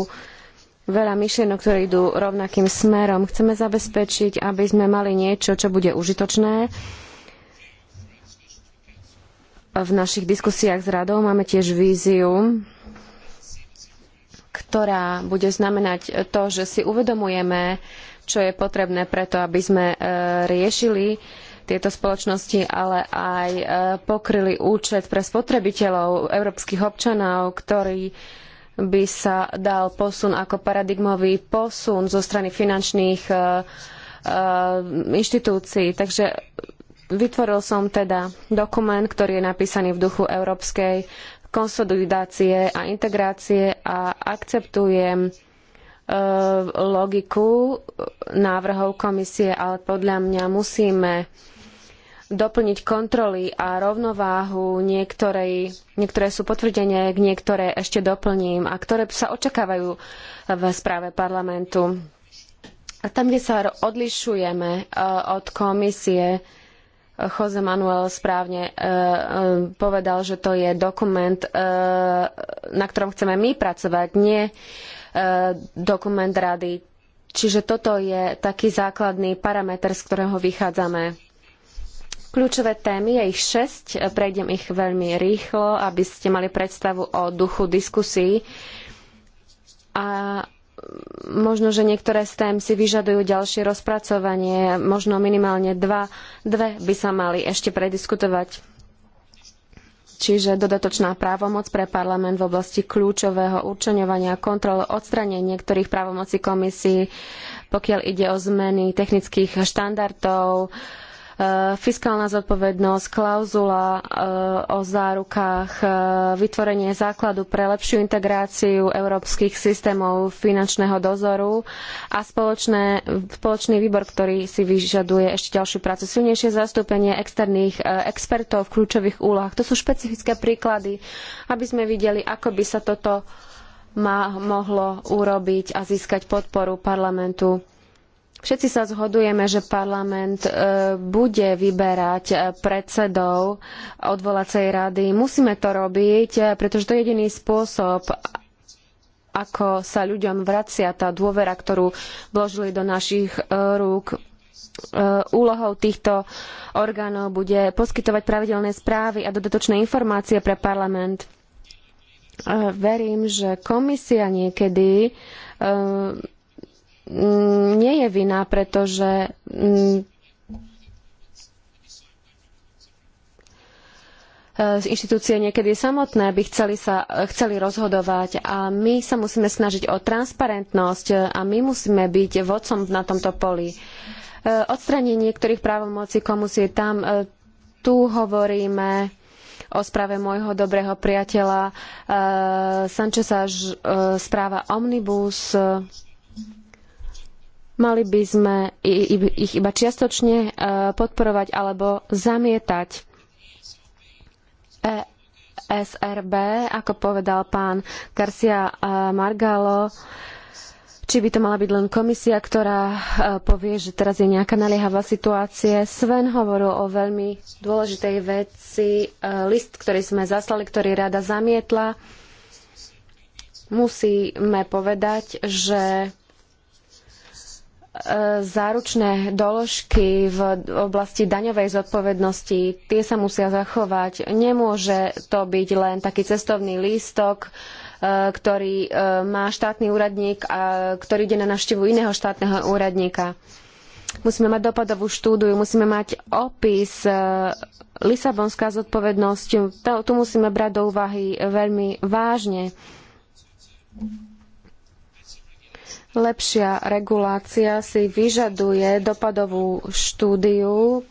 veľa myšlienok, ktoré idú rovnakým smerom. Chceme zabezpečiť, aby sme mali niečo, čo bude užitočné v našich diskusiách s radou máme tiež víziu, ktorá bude znamenať to, že si uvedomujeme, čo je potrebné preto, aby sme e, riešili tieto spoločnosti, ale aj e, pokryli účet pre spotrebiteľov, európskych občanov, ktorý by sa dal posun ako paradigmový posun zo strany finančných e, inštitúcií. Takže Vytvoril som teda dokument, ktorý je napísaný v duchu európskej konsolidácie a integrácie a akceptujem e, logiku návrhov komisie, ale podľa mňa musíme doplniť kontroly a rovnováhu niektorej, niektoré sú potvrdenia, niektoré ešte doplním a ktoré sa očakávajú v správe parlamentu. A tam, kde sa odlišujeme e, od komisie, Jose Manuel správne e, e, povedal, že to je dokument, e, na ktorom chceme my pracovať, nie dokument rady. Čiže toto je taký základný parameter, z ktorého vychádzame. Kľúčové témy je ich šesť, prejdem ich veľmi rýchlo, aby ste mali predstavu o duchu diskusí. A možno, že niektoré z tém si vyžadujú ďalšie rozpracovanie, možno minimálne dva, dve by sa mali ešte prediskutovať. Čiže dodatočná právomoc pre parlament v oblasti kľúčového určeňovania kontrol, odstranenie niektorých právomocí komisií, pokiaľ ide o zmeny technických štandardov, uh, Eh, fiskálna zodpovednosť, klauzula eh, o zárukách, eh, vytvorenie základu pre lepšiu integráciu európskych systémov finančného dozoru a spoločné, spoločný výbor, ktorý si vyžaduje ešte ďalšiu prácu. Silnejšie zastúpenie externých expertov v kľúčových úlohách. To sú špecifické príklady, aby sme videli, ako by sa toto mohlo urobiť a získať podporu parlamentu Všetci sa zhodujeme, že parlament e, bude vyberať e, predsedov odvolacej rady. Musíme to robiť, e, pretože to je jediný spôsob, ako sa ľuďom vracia tá dôvera, ktorú vložili do našich rúk. Úlohou týchto orgánov bude poskytovať pravidelné správy a dodatočné informácie pre parlament. Verím, že komisia niekedy Mm, nie je vina, pretože mm, e, inštitúcie niekedy samotné by chceli, sa, chceli rozhodovať a my sa musíme snažiť o transparentnosť a my musíme byť vodcom na tomto poli. E, odstranenie niektorých právomocí komusie tam, e, tu hovoríme o správe môjho dobrého priateľa Sančesa správa Omnibus, Mali by sme ich iba čiastočne e, podporovať alebo zamietať. ESRB, ako povedal pán Garcia e, Margalo, či by to mala byť len komisia, ktorá e, povie, že teraz je nejaká naliehavá situácia. Sven hovoril o veľmi dôležitej veci. List, ktorý sme zaslali, ktorý rada zamietla. Musíme povedať, že záručné doložky v oblasti daňovej zodpovednosti, tie sa musia zachovať. Nemôže to byť len taký cestovný lístok, e, ktorý e, má štátny úradník a ktorý ide na návštevu iného štátneho úradníka. Musíme mať dopadovú štúdiu, musíme mať opis, e, Lisabonská zodpovednosť, tu musíme brať do úvahy veľmi vážne. Lepšia regulácia si vyžaduje dopadovú štúdiu,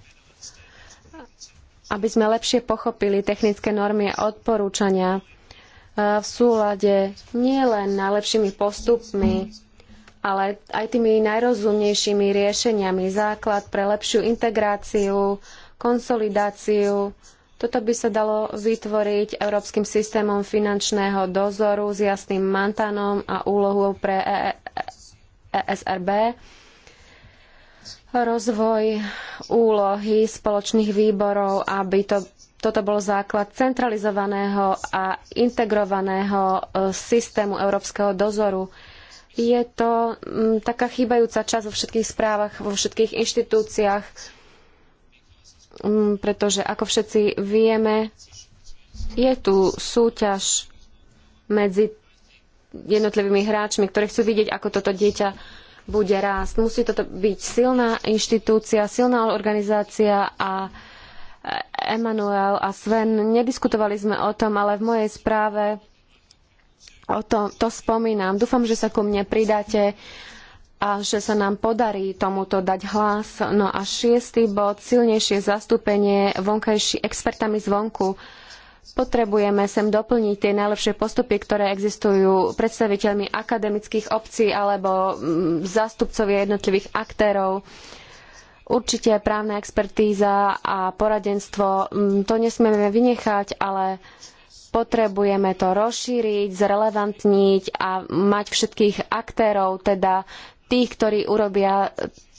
aby sme lepšie pochopili technické normy a odporúčania e, v súlade nielen najlepšími postupmi, ale aj tými najrozumnejšími riešeniami. Základ pre lepšiu integráciu, konsolidáciu. Toto by sa dalo vytvoriť európskym systémom finančného dozoru s jasným mantanom a úlohou pre e e ESRB, rozvoj úlohy spoločných výborov, aby to, toto bol základ centralizovaného a integrovaného e, systému európskeho dozoru. Je to m, taká chýbajúca časť vo všetkých správach, vo všetkých inštitúciách, m, pretože ako všetci vieme, je tu súťaž medzi jednotlivými hráčmi, ktorí chcú vidieť, ako toto dieťa bude rásť. Musí toto byť silná inštitúcia, silná organizácia a Emanuel eh, a Sven, nediskutovali sme o tom, ale v mojej správe o tom, to spomínam. Dúfam, že sa ku mne pridáte a že sa nám podarí tomuto dať hlas. No a šiestý bod, silnejšie zastúpenie vonkajší, expertami zvonku. Uh, Potrebujeme sem doplniť tie najlepšie postupy, ktoré existujú predstaviteľmi akademických obcí alebo mm, zástupcovia jednotlivých aktérov. Určite právna expertíza a poradenstvo, mm, to nesmieme vynechať, ale potrebujeme to rozšíriť, zrelevantniť a mať všetkých aktérov, teda tých, ktorí urobia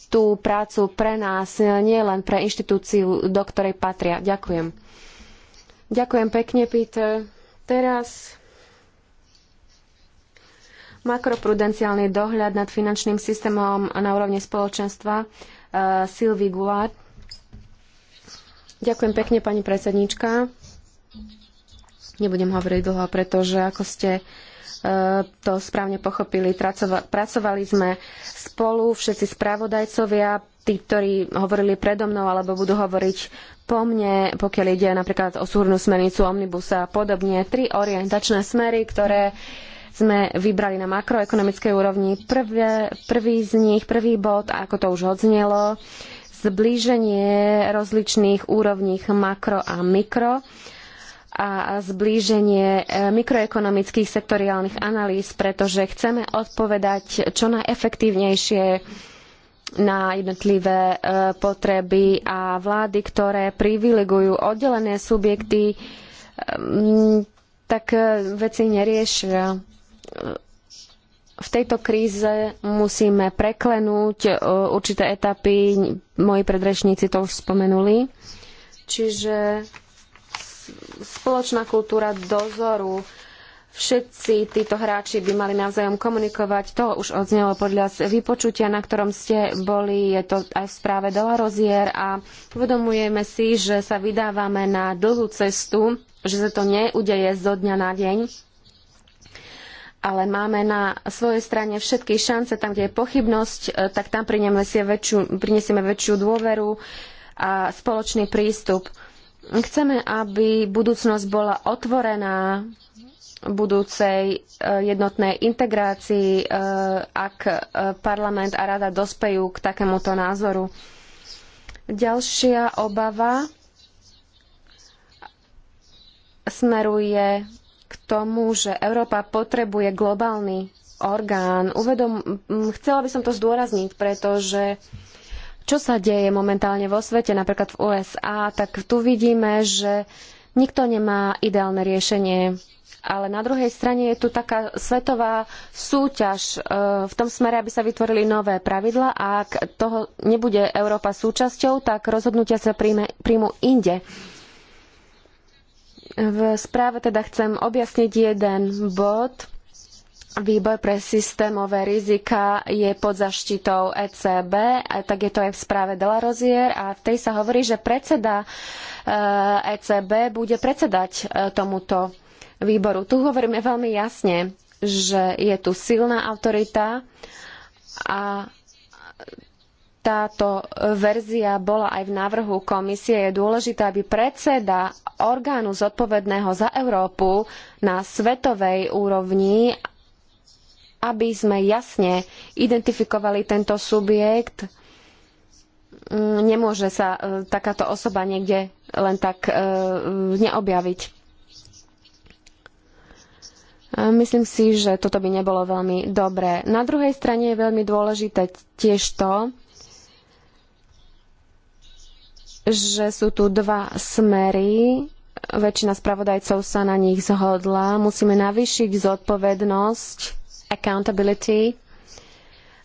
tú prácu pre nás, nie len pre inštitúciu, do ktorej patria. Ďakujem. Ďakujem pekne, Peter. Teraz makroprudenciálny dohľad nad finančným systémom na úrovni spoločenstva. Uh, Sylvie Gulard. Ďakujem pekne, pani predsedníčka. Nebudem hovoriť dlho, pretože ako ste eh, to správne pochopili. Pracovali sme spolu všetci spravodajcovia, tí, ktorí hovorili predo mnou alebo budú hovoriť po mne, pokiaľ ide napríklad o súhrnú smernicu Omnibusa a podobne, tri orientačné smery, ktoré sme vybrali na makroekonomickej úrovni. Prvé, prvý z nich, prvý bod, ako to už odznelo, zblíženie rozličných úrovní makro a mikro a zblíženie e, mikroekonomických sektoriálnych analýz, pretože chceme odpovedať čo najefektívnejšie na jednotlivé e, potreby a vlády, ktoré privilegujú oddelené subjekty, e, tak e, veci neriešia. V tejto kríze musíme preklenúť určité etapy, moji predrečníci to už spomenuli. Čiže spoločná kultúra dozoru Všetci títo hráči by mali navzájom komunikovať. To už odznelo podľa vypočutia, na ktorom ste boli. Je to aj v správe Dela Rozier a uvedomujeme si, že sa vydávame na dlhú cestu, že sa to neudeje zo dňa na deň. Ale máme na svojej strane všetky šance. Tam, kde je pochybnosť, e, tak tam väčšiu, prinesieme väčšiu dôveru a spoločný prístup. Chceme, aby budúcnosť bola otvorená budúcej e, jednotnej integrácii, e, ak e, parlament a rada dospejú k takémuto názoru. Ďalšia obava smeruje k tomu, že Európa potrebuje globálny orgán. Uvedom, chcela by som to zdôrazniť, pretože čo sa deje momentálne vo svete, napríklad v USA, tak tu vidíme, že nikto nemá ideálne riešenie ale na druhej strane je tu taká svetová súťaž e, v tom smere, aby sa vytvorili nové pravidlá a ak toho nebude Európa súčasťou, tak rozhodnutia sa príjmu inde. V správe teda chcem objasniť jeden bod. Výbor pre systémové rizika je pod zaštitou ECB, tak je to aj v správe de la Rozier a v tej sa hovorí, že predseda ECB e bude predsedať e, tomuto výboru. Tu hovoríme veľmi jasne, že je tu silná autorita a táto verzia bola aj v návrhu komisie, je dôležité, aby predseda orgánu zodpovedného za Európu na svetovej úrovni, aby sme jasne identifikovali tento subjekt. Nemôže sa e, takáto osoba niekde len tak e, neobjaviť. Myslím si, že toto by nebolo veľmi dobré. Na druhej strane je veľmi dôležité tiež to, že sú tu dva smery. Väčšina spravodajcov sa na nich zhodla. Musíme navýšiť zodpovednosť, accountability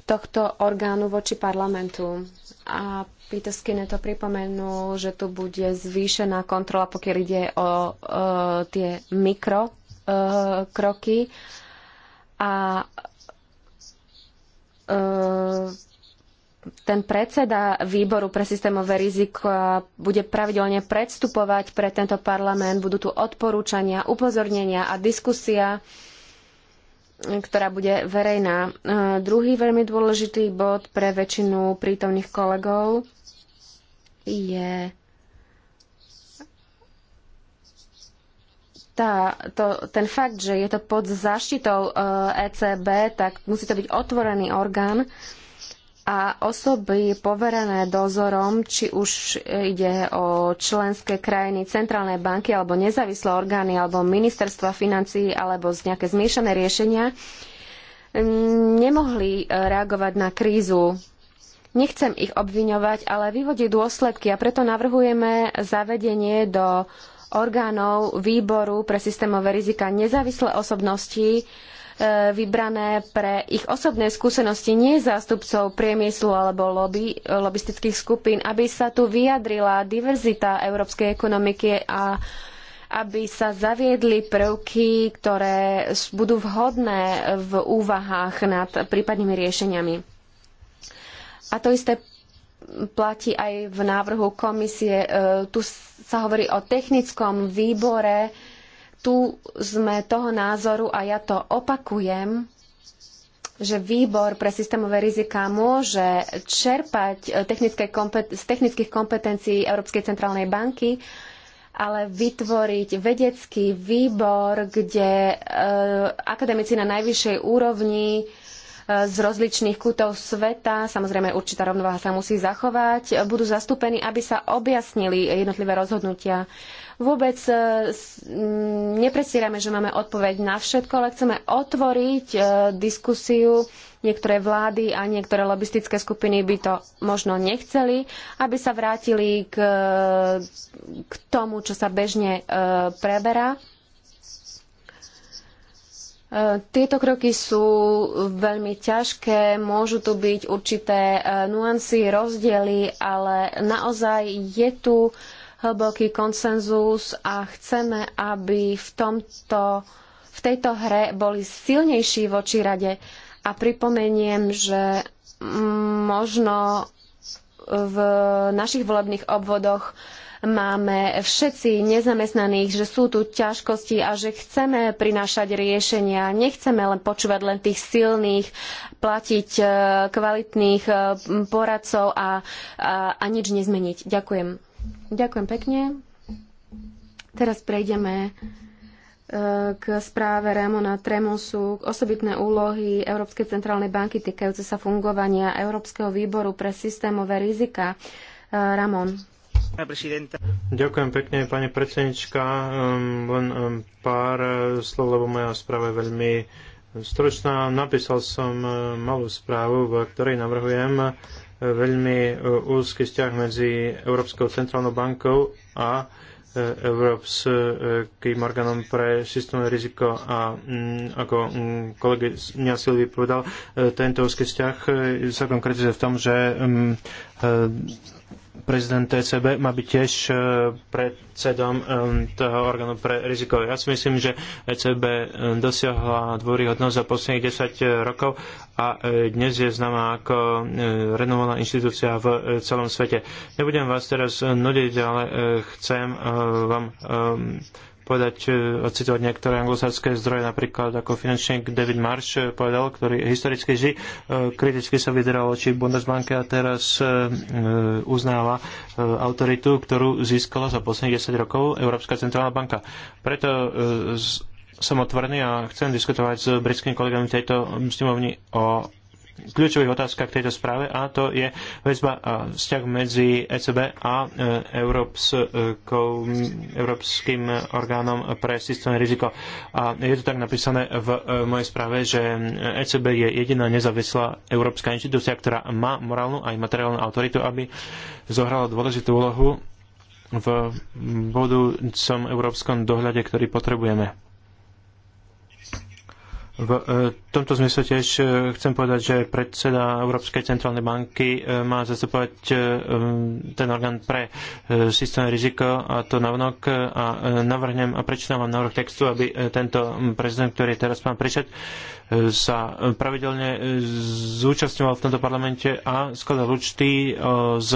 tohto orgánu voči parlamentu. A Peter Skinner to pripomenul, že tu bude zvýšená kontrola, pokiaľ ide o, o tie mikro Eh, kroky a eh, ten predseda výboru pre systémové riziko bude pravidelne predstupovať pre tento parlament. Budú tu odporúčania, upozornenia a diskusia, ktorá bude verejná. Eh, druhý veľmi dôležitý bod pre väčšinu prítomných kolegov je tá, to, ten fakt, že je to pod záštitou ECB, e tak musí to byť otvorený orgán a osoby poverené dozorom, či už ide o členské krajiny, centrálne banky alebo nezávislé orgány alebo ministerstva financí, alebo z nejaké zmiešané riešenia, nemohli e, reagovať na krízu. Nechcem ich obviňovať, ale vyvodiť dôsledky a preto navrhujeme zavedenie do orgánov výboru pre systémové rizika nezávislé osobnosti e, vybrané pre ich osobné skúsenosti, nie zástupcov priemyslu alebo lobby, e, lobistických skupín, aby sa tu vyjadrila diverzita európskej ekonomiky a aby sa zaviedli prvky, ktoré budú vhodné v úvahách nad prípadnými riešeniami. A to isté platí aj v návrhu komisie. E, tu sa hovorí o technickom výbore. Tu sme toho názoru a ja to opakujem, že výbor pre systémové riziká môže čerpať e, kompet z technických kompetencií Európskej centrálnej banky, ale vytvoriť vedecký výbor, kde e, akademici na najvyššej úrovni z rozličných kútov sveta. Samozrejme, určitá rovnováha sa musí zachovať. Budú zastúpení, aby sa objasnili jednotlivé rozhodnutia. Vôbec e, nepredstierame, že máme odpoveď na všetko, ale chceme otvoriť e, diskusiu. Niektoré vlády a niektoré lobistické skupiny by to možno nechceli, aby sa vrátili k, k tomu, čo sa bežne e, preberá tieto kroky sú veľmi ťažké, môžu tu byť určité e, nuancy, rozdiely, ale naozaj je tu hlboký konsenzus a chceme, aby v, tomto, v tejto hre boli silnejší voči rade. A pripomeniem, že možno v našich volebných obvodoch máme všetci nezamestnaných, že sú tu ťažkosti a že chceme prinášať riešenia. Nechceme len počúvať len tých silných, platiť e, kvalitných e, poradcov a, a, a nič nezmeniť. Ďakujem. Ďakujem pekne. Teraz prejdeme e, k správe Ramona Tremosu k osobitné úlohy Európskej centrálnej banky týkajúce sa fungovania Európskeho výboru pre systémové rizika. Ramon. Ďakujem pekne, pani predsednička. Hm, len hm, pár eh, slov, lebo moja správa je veľmi stručná. Napísal som eh, malú správu, v ktorej navrhujem eh, veľmi úzky vzťah medzi Európskou centrálnou bankou a Európskym orgánom pre systémové riziko a hm, ako kolegy mňa Silvi povedal, tento úzky vzťah sa konkretizuje v tom, že prezident ECB má byť tiež e, predsedom e, toho orgánu pre riziko. Ja si myslím, že ECB e, dosiahla dôryhodnosť za posledných 10 rokov a dnes je známa ako renovovaná inštitúcia v celom svete. Nebudem vás teraz nudiť, ale chcem vám povedať, e, ocitovať niektoré anglosaské zdroje, napríklad ako finančník David Marsh e, povedal, ktorý historicky vždy e, kriticky sa vyderal oči Bundesbanke a teraz uznáva autoritu, ktorú získala za posledných 10 rokov Európska centrálna banka. Preto som otvorený a chcem diskutovať s britským kolegami tejto snemovni o kľúčových otázkach tejto správe a to je väzba a vzťah medzi ECB a e, Európskym orgánom pre systémne riziko. A je to tak napísané v e, mojej správe, že ECB je jediná nezávislá európska inštitúcia, ktorá má morálnu aj materiálnu autoritu, aby zohrala dôležitú úlohu v budúcom európskom dohľade, ktorý potrebujeme. V e, tomto zmysle tiež e, chcem povedať, že predseda Európskej centrálnej banky e, má zastupovať ten orgán pre systém riziko a to navnok a navrhnem a prečítam vám návrh textu, aby tento prezident, ktorý je teraz pán Pričet, sa pravidelne zúčastňoval v tomto parlamente a skladal účty z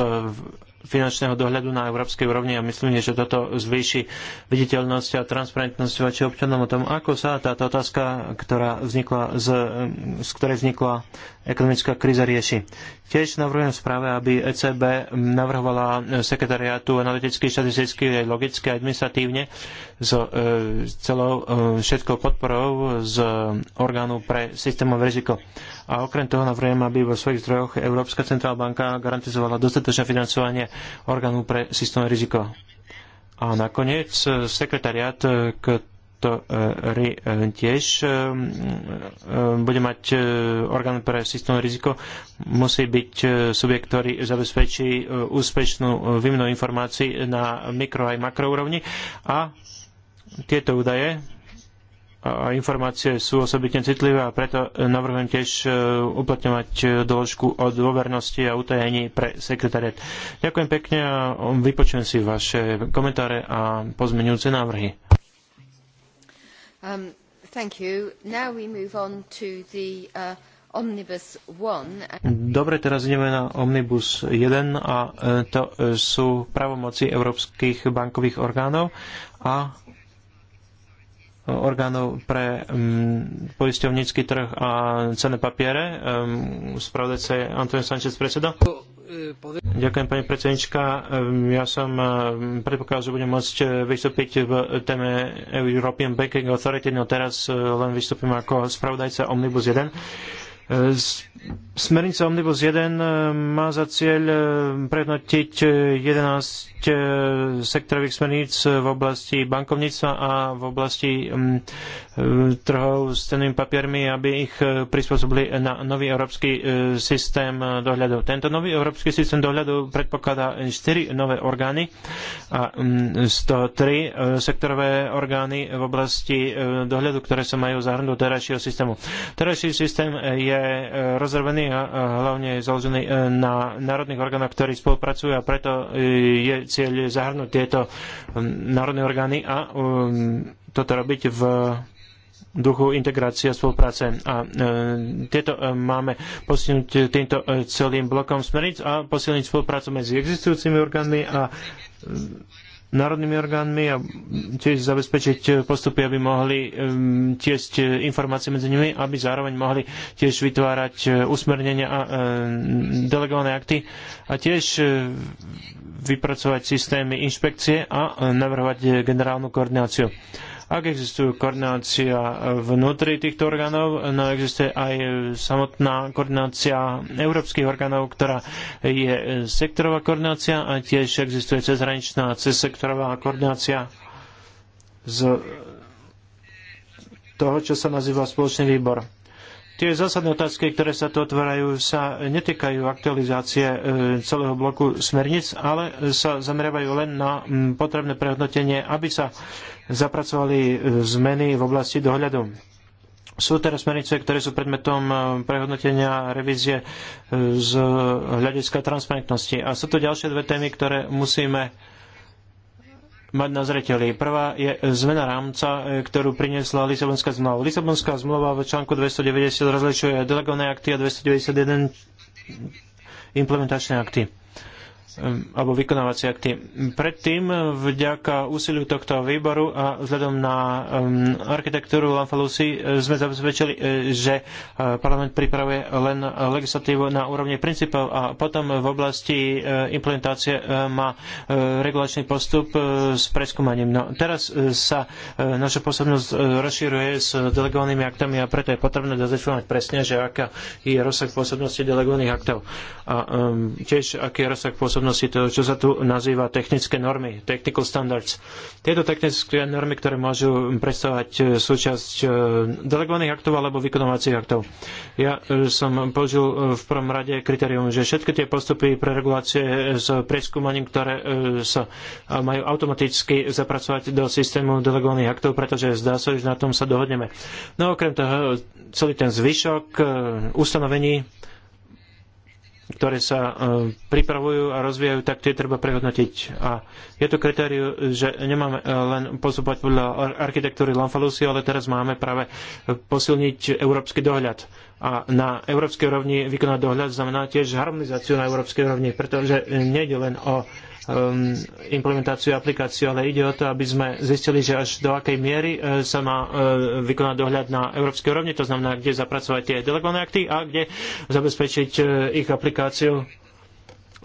finančného dohľadu na európskej úrovni a myslím, že toto zvýši viditeľnosť a transparentnosť voči občanom o tom, ako sa táto otázka, ktorá vznikla z, z ktorej vznikla ekonomická kríza rieši. Tiež navrhujem v správe, aby ECB navrhovala e, sekretariátu analyticky, štatisticky, logicky logicky, administratívne s e, celou e, všetkou podporou z orgánu pre systémové riziko. A okrem toho navrhujem, aby vo svojich zdrojoch Európska centrálna banka garantizovala dostatočné financovanie orgánu pre systémové riziko. A nakoniec e, sekretariát, e, k ktorý e, e, tiež e, bude mať orgán pre systém riziko, musí byť subjekt, ktorý zabezpečí úspešnú výmenu informácií na mikro aj makroúrovni a tieto údaje a informácie sú osobitne citlivé a preto navrhujem tiež uplatňovať doložku o dôvernosti a utajení pre sekretariat. Ďakujem pekne a vypočujem si vaše komentáre a pozmeňujúce návrhy. Um, thank you. Now we move on to the uh, Omnibus 1. Dobre, teraz ideme na Omnibus 1 a e, to e, sú pravomoci európskych bankových orgánov a e, orgánov pre um, poisťovnícky trh a cenné papiere. Um, Spravodajca je Antonio Sanchez, predseda. E, Ďakujem, pani predsednička. Ja som e, predpokladal, že budem môcť e, vystúpiť v téme European Banking Authority, no teraz len vystúpim ako spravodajca Omnibus 1 Smernica Omnibus 1 e, má za cieľ e, prednotiť 11 e, sektorových smerníc v oblasti bankovníctva a v oblasti mm, trhov s cennými papiermi, aby ich prispôsobili na nový európsky systém dohľadu. Tento nový európsky systém dohľadu predpokladá 4 nové orgány a 103 mm, sektorové orgány v oblasti dohľadu, ktoré sa majú zahrnúť do terajšieho systému. Terajší systém je je e, rozrobený a hlavne je založený e, na národných orgánoch, ktorí spolupracujú a preto e, je cieľ zahrnúť tieto národné orgány a um, toto robiť v duchu integrácie a spolupráce. A e, tieto e, máme posilniť týmto e, celým blokom smerníc a posilniť spoluprácu medzi existujúcimi orgánmi a e, národnými orgánmi a tiež zabezpečiť postupy, aby mohli tiesť informácie medzi nimi, aby zároveň mohli tiež vytvárať e, usmernenia a e, delegované akty a tiež e, vypracovať systémy inšpekcie a navrhovať generálnu koordináciu. Ak existuje koordinácia vnútri týchto orgánov, no existuje aj samotná koordinácia európskych orgánov, ktorá je sektorová koordinácia a tiež existuje cezhraničná cezsektorová koordinácia z toho, čo sa nazýva spoločný výbor. Tie zásadné otázky, ktoré sa tu otvárajú, sa netýkajú aktualizácie e, celého bloku smerníc, ale sa zameriavajú len na potrebné prehodnotenie, aby sa zapracovali e, zmeny v oblasti dohľadu. Sú teraz smernice, ktoré sú predmetom e, prehodnotenia revízie z hľadiska transparentnosti. A sú to ďalšie dve témy, ktoré musíme mať na zreteli. Prvá je zmena rámca, e, ktorú priniesla Lisabonská zmluva. Lisabonská zmluva v článku 290 rozlišuje delegované akty a 291 implementačné akty alebo vykonávacie akty. Predtým, vďaka úsiliu tohto výboru a vzhľadom na architektúru Lanfalusi, e, sme zabezpečili, e, že e, parlament pripravuje len legislatívu na úrovni princípov a potom v oblasti implementácie má regulačný postup s preskúmaním. No, teraz sa naša pôsobnosť rozširuje s delegovanými aktami a preto je potrebné zadefinovať presne, že aká je rozsah pôsobnosti delegovaných aktov a tiež aký je rozsah pôsobnosti pôsobnosti, to, čo sa tu nazýva technické normy, technical standards. Tieto technické normy, ktoré môžu predstavovať e, súčasť e, delegovaných aktov alebo vykonovacích aktov. Ja e, som použil v prvom rade kritérium, že všetky tie postupy pre regulácie s preskúmaním, ktoré sa majú automaticky zapracovať do systému delegovaných aktov, pretože zdá sa, že na tom sa dohodneme. No okrem toho, celý ten zvyšok ustanovení ktoré sa e, pripravujú a rozvíjajú, tak tie treba prehodnotiť. A je to kritériu, že nemáme e, len postupovať podľa architektúry Lamfalusy, ale teraz máme práve e, posilniť európsky dohľad a na európskej rovni vykonať dohľad znamená tiež harmonizáciu na európskej rovni, pretože nejde len o um, implementáciu aplikáciu, ale ide o to, aby sme zistili, že až do akej miery e, sa má e, vykonať dohľad na európskej rovni, to znamená, kde zapracovať tie delegované akty a kde zabezpečiť e, ich aplikáciu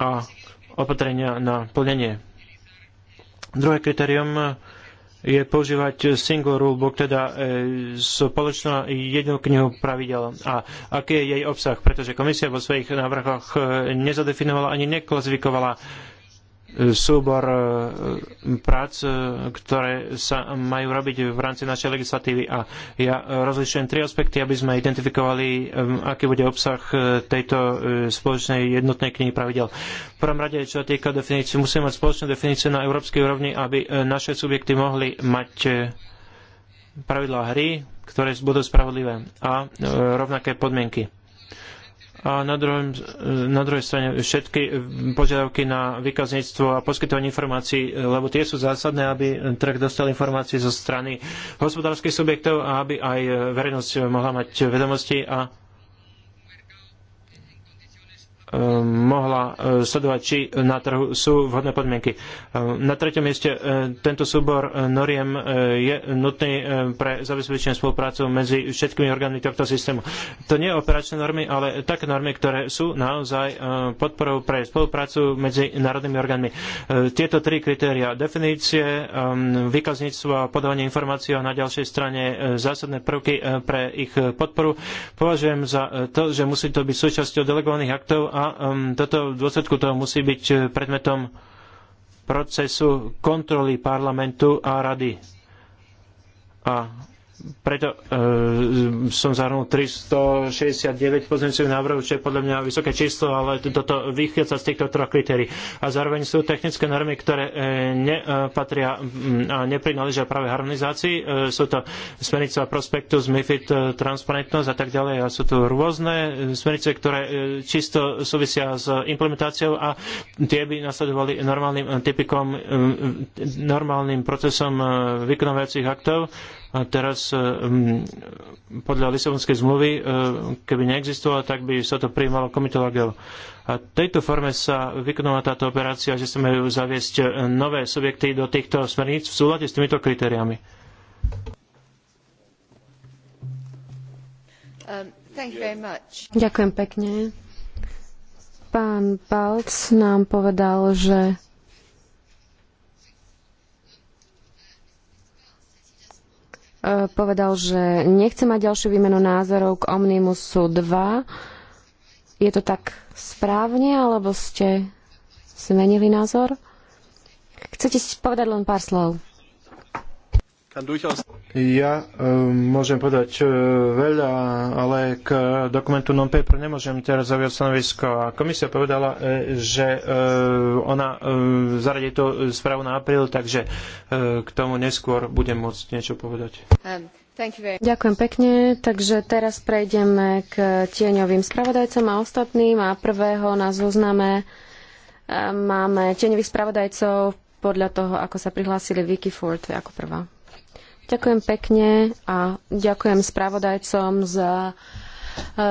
a opatrenia na plnenie. Druhé kritérium je používať single book, teda e, spoločná jednu knihu pravidel a aký je jej obsah, pretože komisia vo svojich návrhoch e, nezadefinovala ani neklasifikovala súbor e, prác, e, ktoré sa majú robiť v rámci našej legislatívy. A ja rozlišujem tri aspekty, aby sme identifikovali, e, aký bude obsah tejto spoločnej jednotnej knihy pravidel. V prvom rade, čo sa týka definície, musíme mať spoločnú definíciu na európskej úrovni, aby naše subjekty mohli mať pravidlá hry, ktoré budú spravodlivé a rovnaké podmienky a na, druhom, na druhej strane všetky požiadavky na výkazníctvo a poskytovanie informácií, lebo tie sú zásadné, aby trh dostal informácie zo strany hospodárskych subjektov a aby aj verejnosť mohla mať vedomosti a Eh, mohla eh, sledovať, či na trhu sú vhodné podmienky. Eh, na treťom mieste tento súbor noriem je nutný pre zabezpečenie spoluprácu medzi všetkými orgánmi tohto systému. To nie je operačné normy, ale také normy, ktoré sú naozaj podporou pre spoluprácu medzi národnými orgánmi. Tieto tri kritéria definície, výkazníctvo a podávanie informácií a na ďalšej strane zásadné prvky pre ich podporu považujem za to, že musí to byť súčasťou delegovaných aktov a a um, toto v dôsledku toho musí byť eh, predmetom procesu kontroly parlamentu a rady. A preto uh, som zahrnul 369 pozemcových návrhov, čo je podľa mňa vysoké číslo, ale toto vychádza z týchto troch kritérií. A zároveň sú technické normy, ktoré uh, nepatria a neprináležia práve harmonizácii. Uh, sú to a prospektu, MIFID, transparentnosť a tak ďalej. A sú tu rôzne smernice, ktoré uh, čisto súvisia s implementáciou a tie by nasledovali normálnym typikom, normálnym procesom vykonávajúcich aktov a teraz e, podľa Lisabonskej zmluvy, e, keby neexistovala, tak by sa to prijímalo komitológiou. A v tejto forme sa vykonala táto operácia, že sa majú zaviesť e, nové subjekty do týchto smerníc v súlade s týmito kritériami. Um, Ďakujem pekne. Pán Balc nám povedal, že E, povedal, že nechce mať ďalšiu výmenu názorov k Omnimusu 2. Je to tak správne, alebo ste zmenili názor? Chcete si povedať len pár slov? Ja e, môžem povedať e, veľa, ale k dokumentu non-paper nemôžem teraz zaujať stanovisko. A komisia povedala, e, že ona zaradí to správu na apríl, takže k tomu neskôr budem môcť niečo povedať. Um, Ďakujem pekne. Takže teraz prejdeme k tieňovým spravodajcom a ostatným. A prvého na zozname máme tieňových spravodajcov podľa toho, ako sa prihlásili Vicky Ford ako prvá. Ďakujem pekne a ďakujem spravodajcom za e,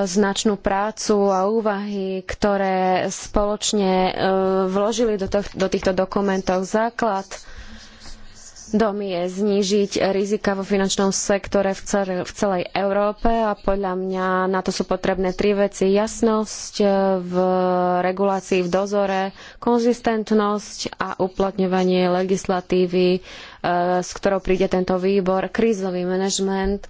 značnú prácu a úvahy, ktoré spoločne e, vložili do, týchto dokumentov. Základ domy je znížiť rizika vo finančnom sektore v, celej Európe a podľa mňa na to sú potrebné tri veci. Jasnosť e, v regulácii, v dozore, konzistentnosť a uplatňovanie legislatívy, e, s ktorou príde tento výbor, krízový manažment.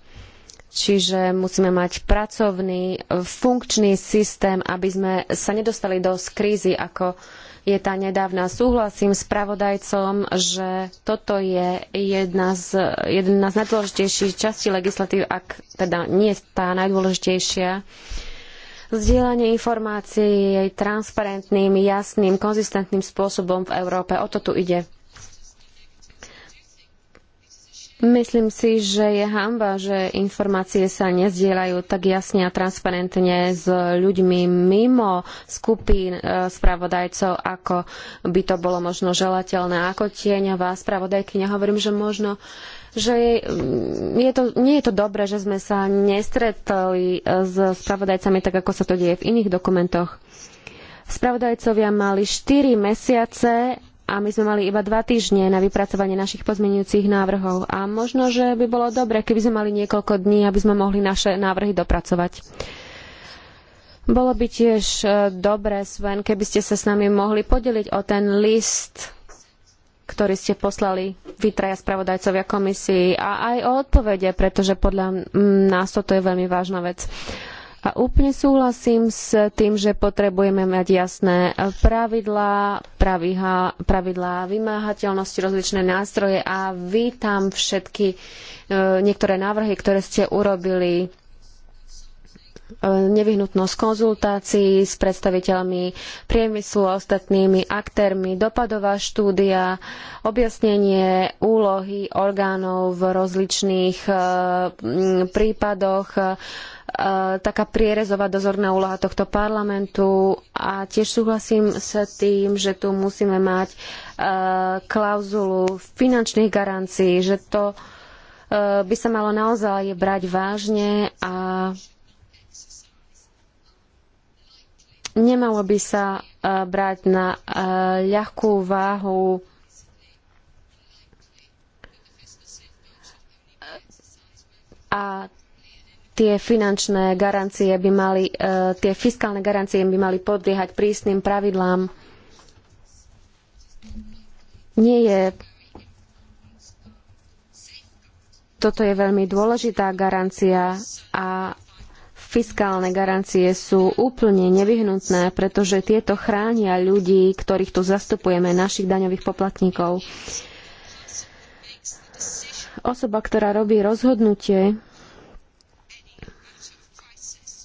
Čiže musíme mať pracovný, e, funkčný systém, aby sme sa nedostali do krízy ako je tá nedávna. Súhlasím s pravodajcom, že toto je jedna z, jedna z najdôležitejších častí legislatív, ak teda nie tá najdôležitejšia. Zdieľanie informácií je transparentným, jasným, konzistentným spôsobom v Európe. O to tu ide. Myslím si, že je hamba, že informácie sa nezdieľajú tak jasne a transparentne s ľuďmi mimo skupín e, spravodajcov, ako by to bolo možno želateľné. Ako tieňová spravodajkyňa hovorím, že možno že mm, je, to, nie je to dobré, že sme sa nestretli e, s spravodajcami tak, ako sa to deje v iných dokumentoch. Spravodajcovia mali štyri mesiace a my sme mali iba dva týždne na vypracovanie našich pozmenujúcich návrhov. A možno, že by bolo dobre, keby sme mali niekoľko dní, aby sme mohli naše návrhy dopracovať. Bolo by tiež e, dobre, Sven, keby ste sa s nami mohli podeliť o ten list, ktorý ste poslali vytraja spravodajcovia komisii a aj o odpovede, pretože podľa nás toto je veľmi vážna vec. A úplne súhlasím s tým, že potrebujeme mať jasné pravidlá, pravidlá, vymáhateľnosti, rozličné nástroje a vítam všetky e, niektoré návrhy, ktoré ste urobili nevyhnutnosť konzultácií s predstaviteľmi priemyslu a ostatnými aktérmi, dopadová štúdia, objasnenie úlohy orgánov v rozličných e, prípadoch, e, taká prierezová dozorná úloha tohto parlamentu a tiež súhlasím s tým, že tu musíme mať e, klauzulu finančných garancií, že to by sa malo naozaj brať vážne a Nemalo by sa e, brať na e, ľahkú váhu a tie finančné garancie by mali, e, tie fiskálne garancie by mali podliehať prísnym pravidlám. Nie je toto je veľmi dôležitá garancia a fiskálne garancie sú úplne nevyhnutné, pretože tieto chránia ľudí, ktorých tu zastupujeme, našich daňových poplatníkov. Osoba, ktorá robí rozhodnutie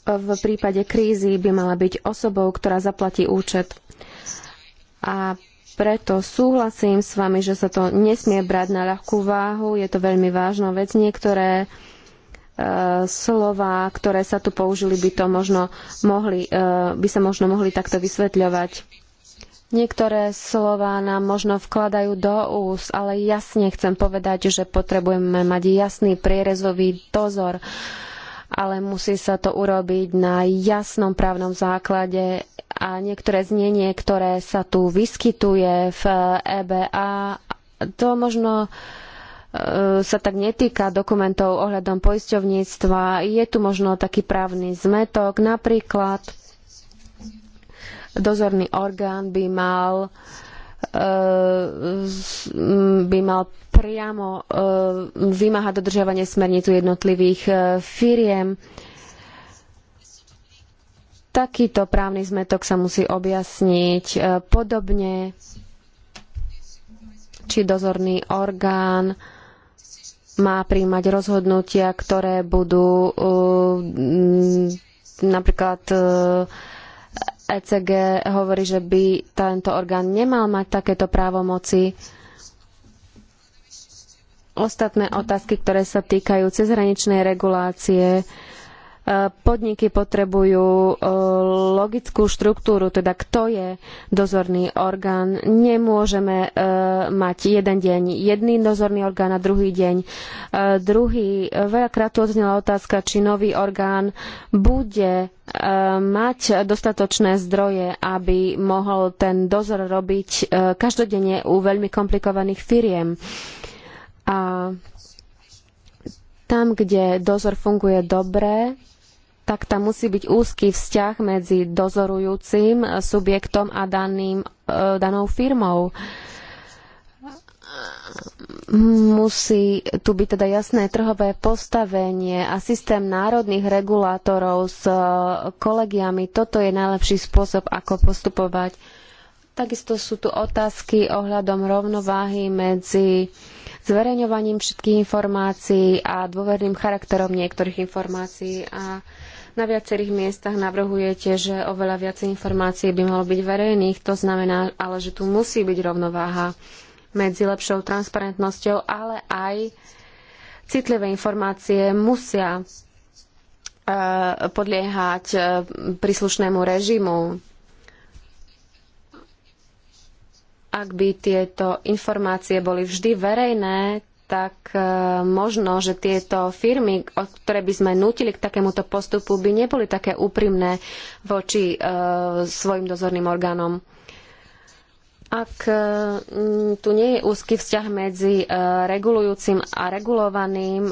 v prípade krízy, by mala byť osobou, ktorá zaplatí účet. A preto súhlasím s vami, že sa to nesmie brať na ľahkú váhu. Je to veľmi vážna vec. Niektoré slova, ktoré sa tu použili, by, to možno mohli, e, by sa možno mohli takto vysvetľovať. Niektoré slova nám možno vkladajú do úst, ale jasne chcem povedať, že potrebujeme mať jasný prierezový dozor, ale musí sa to urobiť na jasnom právnom základe a niektoré znenie, ktoré sa tu vyskytuje v EBA, to možno E, sa tak netýka dokumentov ohľadom poisťovníctva. Je tu možno taký právny zmetok. Napríklad dozorný orgán by mal e, by mal priamo e, vymáhať dodržiavanie smerníc jednotlivých firiem. Takýto právny zmetok sa musí objasniť podobne, či dozorný orgán má príjmať rozhodnutia, ktoré budú uh, napríklad uh, ECG hovorí, že by tento orgán nemal mať takéto právomoci. Ostatné otázky, ktoré sa týkajú cezhraničnej regulácie, podniky potrebujú e, logickú štruktúru, teda kto je dozorný orgán. Nemôžeme e, mať jeden deň jedný dozorný orgán a druhý deň e, druhý. Veľakrát tu odznela otázka, či nový orgán bude mať dostatočné zdroje, aby mohol ten dozor robiť každodenne u veľmi komplikovaných firiem. A tam, kde dozor funguje dobre, tak tam musí byť úzky vzťah medzi dozorujúcim subjektom a daným, e, danou firmou. Musí tu byť teda jasné trhové postavenie a systém národných regulátorov s e, kolegiami. Toto je najlepší spôsob, ako postupovať. Takisto sú tu otázky ohľadom rovnováhy medzi zverejňovaním všetkých informácií a dôverným charakterom niektorých informácií. A na viacerých miestach navrhujete, že oveľa viacej informácií by malo byť verejných, to znamená ale, že tu musí byť rovnováha medzi lepšou transparentnosťou, ale aj citlivé informácie musia e, podliehať e, príslušnému režimu. Ak by tieto informácie boli vždy verejné, tak e, možno, že tieto firmy, ktoré by sme nútili k takémuto postupu, by neboli také úprimné voči e, svojim dozorným orgánom. Ak e, tu nie je úzky vzťah medzi regulujúcim a regulovaným,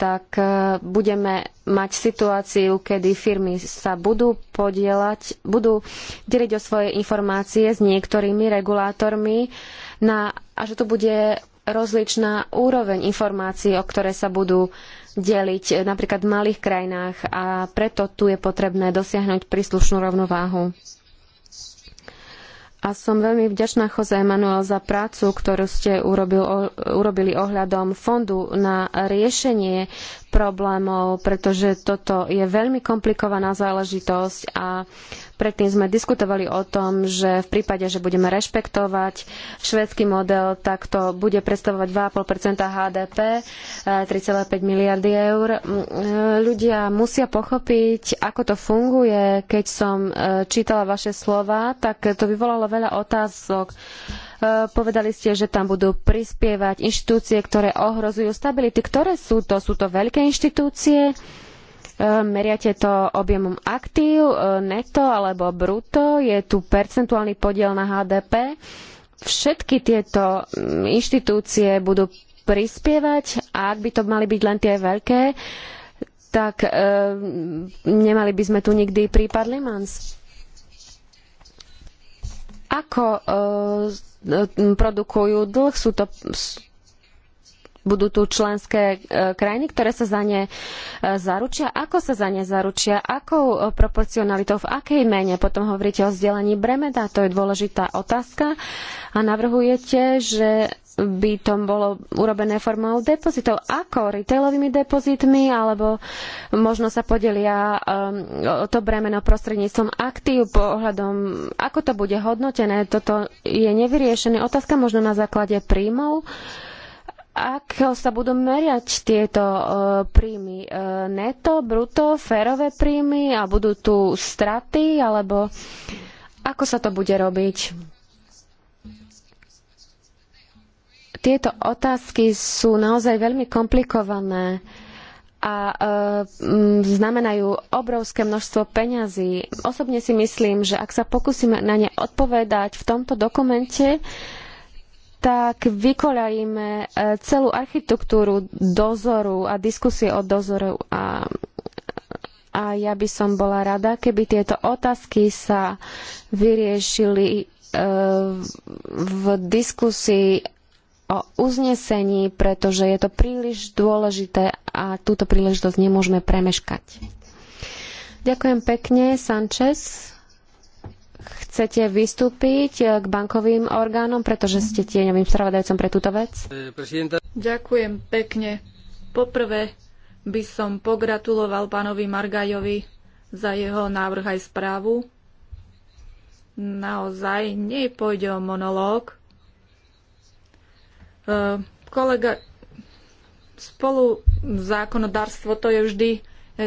tak budeme mať situáciu, kedy firmy sa budú podielať, budú deliť o svoje informácie s niektorými regulátormi na, a že to bude rozličná úroveň informácií, o ktoré sa budú deliť napríklad v malých krajinách a preto tu je potrebné dosiahnuť príslušnú rovnováhu. A som veľmi vďačná Jose Emanuel, za prácu, ktorú ste urobil, urobili ohľadom fondu na riešenie problémov, pretože toto je veľmi komplikovaná záležitosť a predtým sme diskutovali o tom, že v prípade, že budeme rešpektovať švédsky model, tak to bude predstavovať 2,5 HDP, 3,5 miliardy eur. Mm, eh, ľudia musia pochopiť, ako to funguje. Keď som eh, čítala vaše slova, tak to vyvolalo veľa otázok E, povedali ste, že tam budú prispievať inštitúcie, ktoré ohrozujú stabilitu. Ktoré sú to? Sú to veľké inštitúcie? E, meriate to objemom aktív, e, neto alebo bruto? Je tu percentuálny podiel na HDP? Všetky tieto inštitúcie budú prispievať a ak by to mali byť len tie veľké, tak e, nemali by sme tu nikdy prípad Limans ako e, produkujú dlh. Sú to, budú tu členské e, krajiny, ktoré sa za ne e, zaručia. Ako sa za ne zaručia? Akou proporcionalitou? V akej mene? Potom hovoríte o vzdelaní bremena. To je dôležitá otázka. A navrhujete, že by to bolo urobené formou depozitov. Ako? Retailovými depozitmi? Alebo možno sa podelia um, to bremeno prostredníctvom aktív po ohľadom, ako to bude hodnotené? Toto je nevyriešené. Otázka možno na základe príjmov. Ako sa budú merať tieto uh, príjmy? Uh, neto, bruto, férové príjmy a budú tu straty? Alebo ako sa to bude robiť? tieto otázky sú naozaj veľmi komplikované a e, znamenajú obrovské množstvo peňazí. Osobne si myslím, že ak sa pokúsime na ne odpovedať v tomto dokumente, tak vykoľajíme e, celú architektúru dozoru a diskusie o dozoru a, a ja by som bola rada, keby tieto otázky sa vyriešili e, v diskusii o uznesení, pretože je to príliš dôležité a túto príležitosť nemôžeme premeškať. Ďakujem pekne, Sanchez. Chcete vystúpiť eh, k bankovým orgánom, pretože ste tieňovým spravodajcom pre túto vec? Ďakujem pekne. Poprvé by som pogratuloval pánovi Margajovi za jeho návrh aj správu. Naozaj nepôjde o monológ, Eh, kolega, spolu zákonodárstvo to je vždy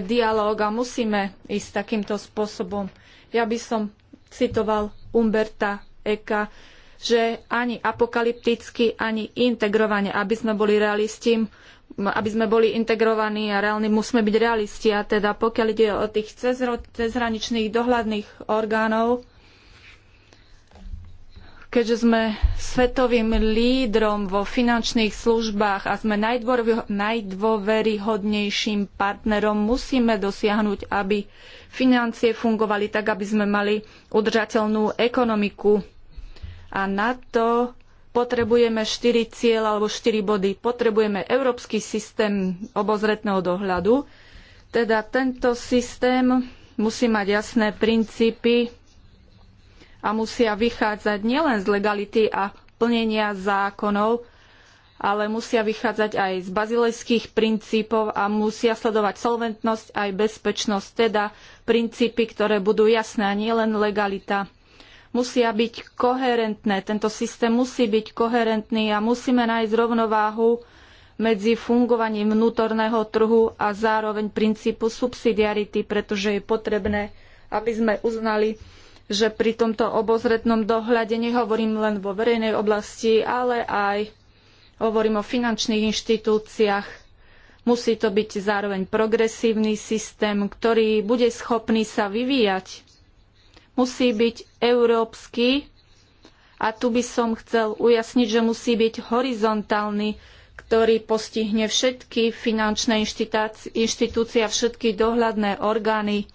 dialog a musíme ísť takýmto spôsobom. Ja by som citoval Umberta Eka, že ani apokalypticky, ani integrovane, aby sme boli realisti, aby sme boli integrovaní a reálni, musíme byť realisti. A teda pokiaľ ide o tých cezhraničných dohľadných orgánov, keďže sme svetovým lídrom vo finančných službách a sme najdôveryhodnejším partnerom, musíme dosiahnuť, aby financie fungovali tak, aby sme mali udržateľnú ekonomiku. A na to potrebujeme štyri cieľ alebo štyri body. Potrebujeme európsky systém obozretného dohľadu. Teda tento systém musí mať jasné princípy, a musia vychádzať nielen z legality a plnenia zákonov, ale musia vychádzať aj z bazilejských princípov a musia sledovať solventnosť aj bezpečnosť, teda princípy, ktoré budú jasné a nie len legalita. Musia byť koherentné, tento systém musí byť koherentný a musíme nájsť rovnováhu medzi fungovaním vnútorného trhu a zároveň princípu subsidiarity, pretože je potrebné, aby sme uznali že pri tomto obozretnom dohľade nehovorím len vo verejnej oblasti, ale aj hovorím o finančných inštitúciách. Musí to byť zároveň progresívny systém, ktorý bude schopný sa vyvíjať. Musí byť európsky a tu by som chcel ujasniť, že musí byť horizontálny, ktorý postihne všetky finančné inštitúcie a všetky dohľadné orgány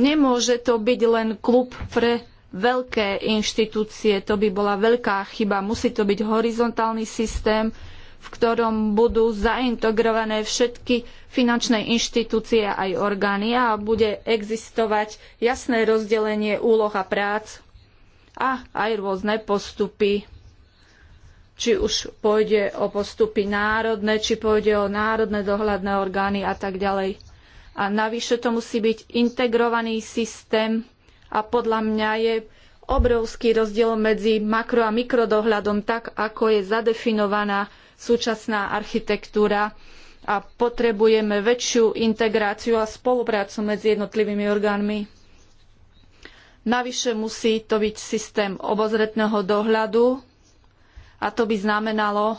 Nemôže to byť len klub pre veľké inštitúcie, to by bola veľká chyba. Musí to byť horizontálny systém, v ktorom budú zaintegrované všetky finančné inštitúcie aj orgány a bude existovať jasné rozdelenie úloh a prác a aj rôzne postupy či už pôjde o postupy národné, či pôjde o národné dohľadné orgány a tak ďalej. A navyše to musí byť integrovaný systém a podľa mňa je obrovský rozdiel medzi makro a mikrodohľadom, tak ako je zadefinovaná súčasná architektúra a potrebujeme väčšiu integráciu a spoluprácu medzi jednotlivými orgánmi. Navyše musí to byť systém obozretného dohľadu a to by znamenalo,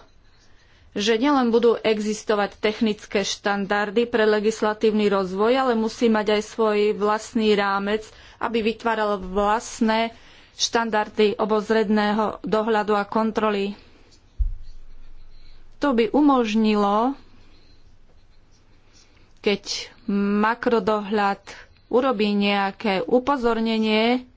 že nielen budú existovať technické štandardy pre legislatívny rozvoj, ale musí mať aj svoj vlastný rámec, aby vytváral vlastné štandardy obozredného dohľadu a kontroly. To by umožnilo, keď makrodohľad urobí nejaké upozornenie,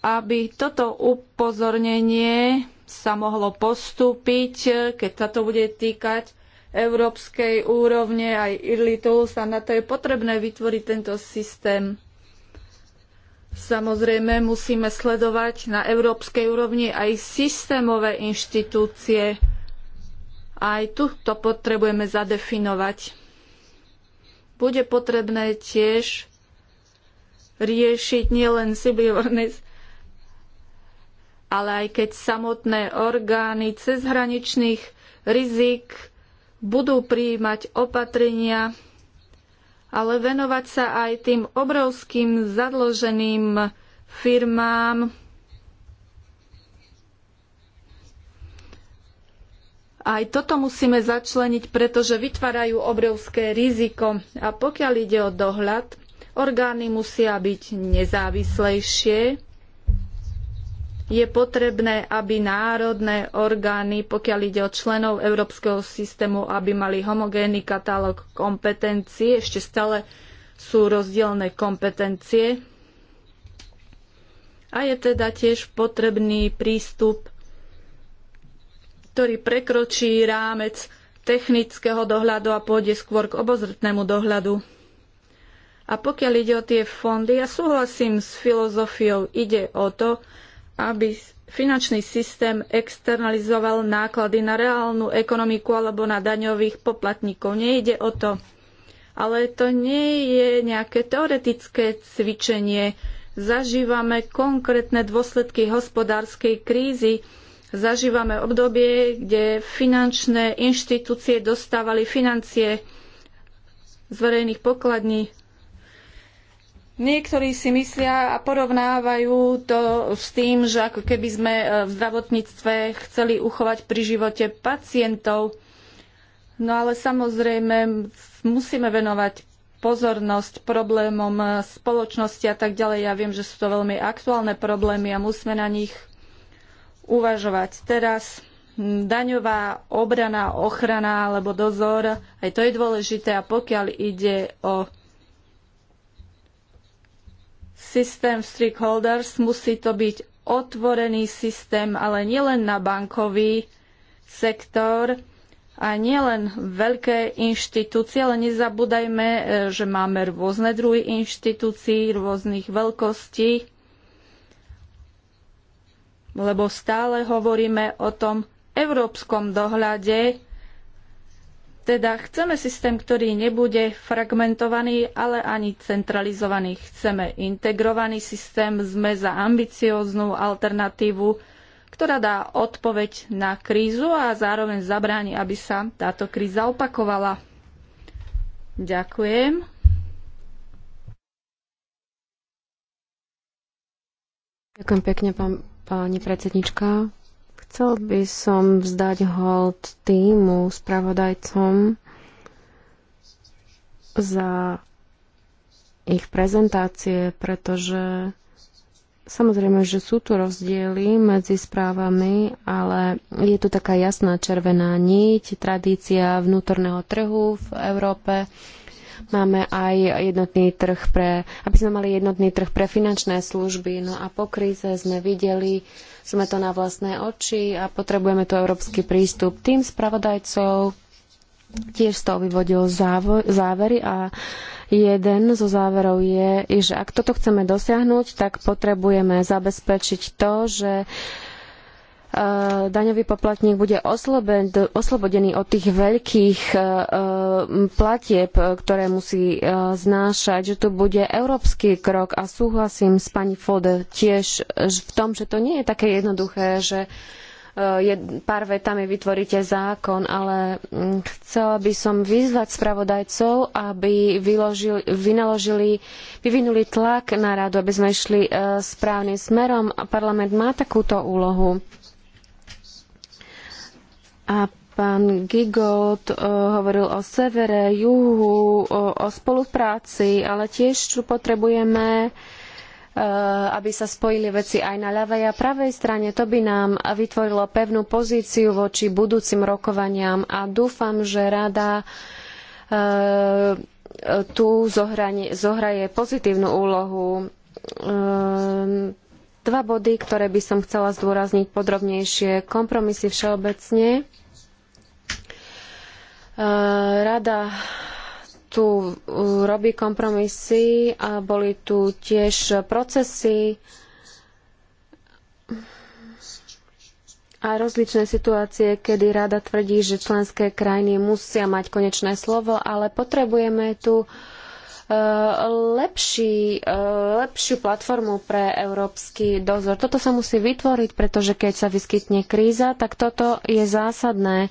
aby toto upozornenie sa mohlo postúpiť, e, keď sa to bude týkať európskej úrovne, aj Irlitus a na to je potrebné vytvoriť tento systém. Samozrejme musíme sledovať na európskej úrovni aj systémové inštitúcie. Aj tu to potrebujeme zadefinovať. Bude potrebné tiež riešiť nielen Sibylornis, ale aj keď samotné orgány cezhraničných rizik budú prijímať opatrenia, ale venovať sa aj tým obrovským zadloženým firmám aj toto musíme začleniť, pretože vytvárajú obrovské riziko. A pokiaľ ide o dohľad, orgány musia byť nezávislejšie je potrebné, aby národné orgány, pokiaľ ide o členov európskeho systému, aby mali homogénny katalóg kompetencií. Ešte stále sú rozdielne kompetencie. A je teda tiež potrebný prístup, ktorý prekročí rámec technického dohľadu a pôjde skôr k obozretnému dohľadu. A pokiaľ ide o tie fondy, ja súhlasím s filozofiou, ide o to, aby finančný systém externalizoval náklady na reálnu ekonomiku alebo na daňových poplatníkov. Nejde o to. Ale to nie je nejaké teoretické cvičenie. Zažívame konkrétne dôsledky hospodárskej krízy. Zažívame obdobie, kde finančné inštitúcie dostávali financie z verejných pokladní Niektorí si myslia a porovnávajú to s tým, že ako keby sme e, v zdravotníctve chceli uchovať pri živote pacientov. No ale samozrejme musíme venovať pozornosť problémom e, spoločnosti a tak ďalej. Ja viem, že sú to veľmi aktuálne problémy a musíme na nich uvažovať. Teraz daňová obrana, ochrana alebo dozor, aj to je dôležité a pokiaľ ide o systém stakeholders musí to byť otvorený systém, ale nielen na bankový sektor a nielen veľké inštitúcie, ale nezabúdajme, e, že máme rôzne druhy inštitúcií, rôznych veľkostí, lebo stále hovoríme o tom európskom dohľade, teda chceme systém, ktorý nebude fragmentovaný, ale ani centralizovaný. Chceme integrovaný systém, sme za ambicióznu alternatívu, ktorá dá odpoveď na krízu a zároveň zabráni, aby sa táto kríza opakovala. Ďakujem. Ďakujem pekne, pán, pani predsednička. Chcel by som vzdať hold týmu spravodajcom za ich prezentácie, pretože samozrejme, že sú tu rozdiely medzi správami, ale je tu taká jasná červená niť, tradícia vnútorného trhu v Európe. Máme aj jednotný trh pre, aby sme mali jednotný trh pre finančné služby. No a po kríze sme videli, sme to na vlastné oči a potrebujeme tu európsky prístup. Tým spravodajcov tiež z toho vyvodil závery a jeden zo záverov je, že ak toto chceme dosiahnuť, tak potrebujeme zabezpečiť to, že daňový poplatník bude oslobodený od tých veľkých e, e, platieb, e, ktoré musí znášať, že tu bude európsky krok a súhlasím s pani Fode tiež v tom, že to nie je také jednoduché, že pár vetami vytvoríte zákon, ale mm, chcela by som vyzvať spravodajcov, aby vynaložili, vyvinuli tlak na radu, aby sme išli správnym smerom a parlament má takúto úlohu a pán Gigot eh, hovoril o severe, juhu, o, spolupráci, ale tiež tu potrebujeme eh, aby sa spojili veci aj na ľavej a pravej strane. To by nám vytvorilo pevnú pozíciu voči budúcim rokovaniam a dúfam, že rada eh, tu zohraje pozitívnu úlohu ehm, dva body, ktoré by som chcela zdôrazniť podrobnejšie. Kompromisy všeobecne. E, rada tu e, robí kompromisy a boli tu tiež procesy a rozličné situácie, kedy rada tvrdí, že členské krajiny musia mať konečné slovo, ale potrebujeme tu uh, lepší, e, lepšiu platformu pre európsky dozor. Toto sa musí vytvoriť, pretože keď sa vyskytne kríza, tak toto je zásadné.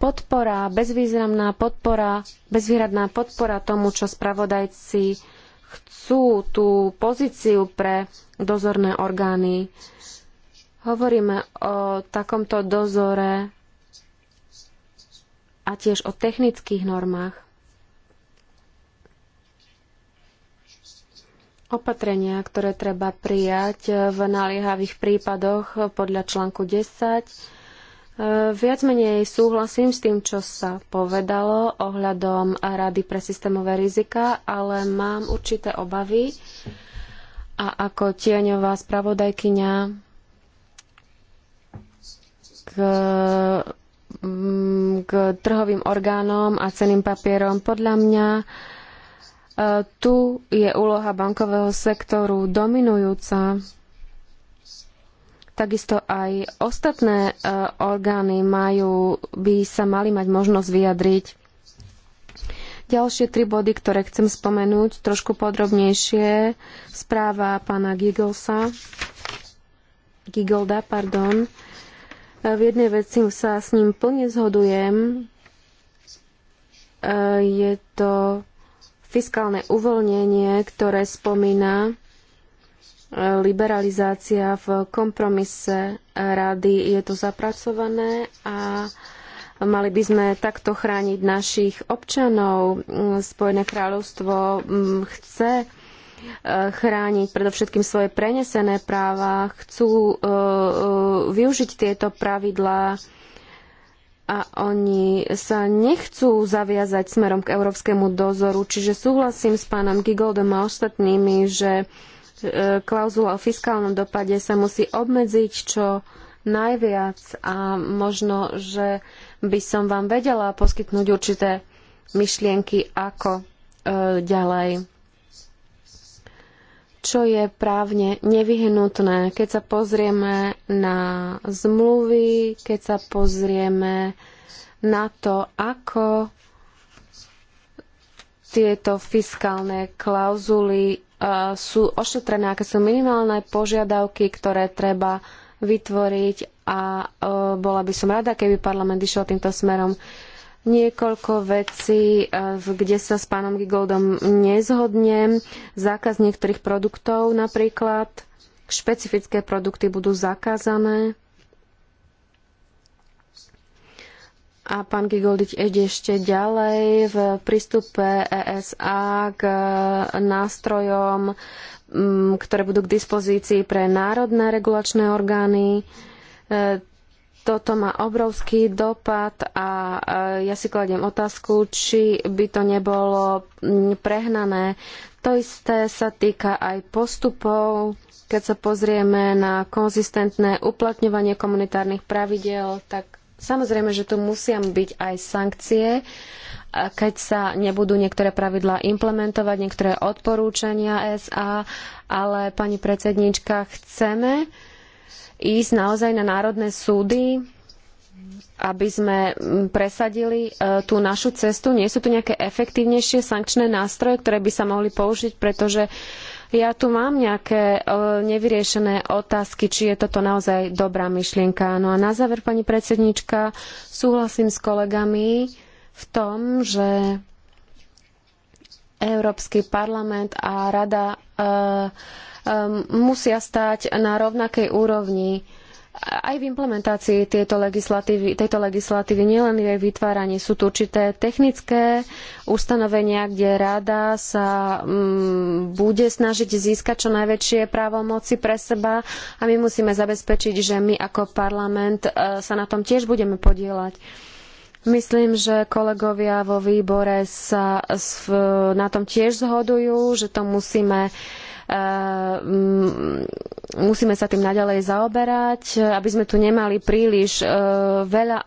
Podpora, bezvýznamná podpora, bezvýhradná podpora tomu, čo spravodajci chcú, tú pozíciu pre dozorné orgány. Hovoríme o takomto dozore a tiež o technických normách. Opatrenia, ktoré treba prijať v naliehavých prípadoch podľa článku 10, e, Viac menej súhlasím s tým, čo sa povedalo ohľadom Rady pre systémové rizika, ale mám určité obavy a ako tieňová spravodajkyňa k, mm, k trhovým orgánom a ceným papierom podľa mňa tu je úloha bankového sektoru dominujúca. Takisto aj ostatné e, orgány majú, by sa mali mať možnosť vyjadriť. Ďalšie tri body, ktoré chcem spomenúť trošku podrobnejšie. Správa pána Gigelsa. Gigolda, pardon. E, v jednej veci sa s ním plne zhodujem. E, je to fiskálne uvoľnenie, ktoré spomína e, liberalizácia v kompromise rady, je to zapracované a mali by sme takto chrániť našich občanov. Mm, Spojené kráľovstvo mm, chce e, chrániť predovšetkým svoje prenesené práva, chcú e, využiť tieto pravidlá a oni sa nechcú zaviazať smerom k európskemu dozoru, čiže súhlasím s pánom Gigoldom a ostatnými, že e, klauzula o fiskálnom dopade sa musí obmedziť čo najviac a možno, že by som vám vedela poskytnúť určité myšlienky, ako e, ďalej čo je právne nevyhnutné. Keď sa pozrieme na zmluvy, keď sa pozrieme na to, ako tieto fiskálne klauzuly e, sú ošetrené, aké sú minimálne požiadavky, ktoré treba vytvoriť a e, bola by som rada, keby parlament išiel týmto smerom niekoľko vecí, eh, kde sa s pánom Gigoldom nezhodnem. Zákaz niektorých produktov napríklad. Špecifické produkty budú zakázané. A pán Gigoldič ide ešte ďalej v prístupe ESA k eh, nástrojom, mm, ktoré budú k dispozícii pre národné regulačné orgány eh, toto má obrovský dopad a e, ja si kladiem otázku, či by to nebolo prehnané. To isté sa týka aj postupov. Keď sa pozrieme na konzistentné uplatňovanie komunitárnych pravidel, tak samozrejme, že tu musia byť aj sankcie, e, keď sa nebudú niektoré pravidlá implementovať, niektoré odporúčania SA, ale pani predsedníčka, chceme, ísť naozaj na národné súdy, aby sme mm, presadili e, tú našu cestu? Nie sú tu nejaké efektívnejšie sankčné nástroje, ktoré by sa mohli použiť, pretože ja tu mám nejaké e, nevyriešené otázky, či je toto naozaj dobrá myšlienka. No a na záver, pani predsednička, súhlasím s kolegami v tom, že Európsky parlament a Rada e, Ehm, musia stať na rovnakej úrovni aj v implementácii tejto legislatívy, tejto legislatívy, nielen v jej vytváraní, sú tu určité technické ustanovenia, kde rada sa mm, bude snažiť získať čo najväčšie právomoci pre seba a my musíme zabezpečiť, že my ako parlament e, sa na tom tiež budeme podieľať. Myslím, že kolegovia vo výbore sa na tom tiež zhodujú, že to musíme uh, Ehm, musíme sa tým naďalej zaoberať, aby sme tu nemali príliš e, veľa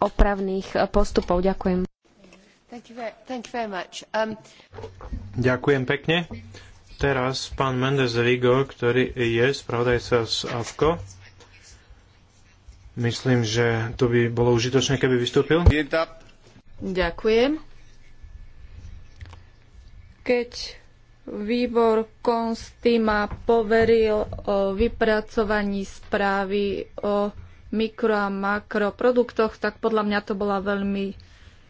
opravných e, postupov. Ďakujem. Um... Ďakujem pekne. Teraz pán Mendez Rigo, ktorý je spravodajca z AFKO. Myslím, že to by bolo užitočné, keby vystúpil. Ďakujem. Keď Výbor Konsty ma poveril o vypracovaní správy o mikro a makroproduktoch, tak podľa mňa to bola veľmi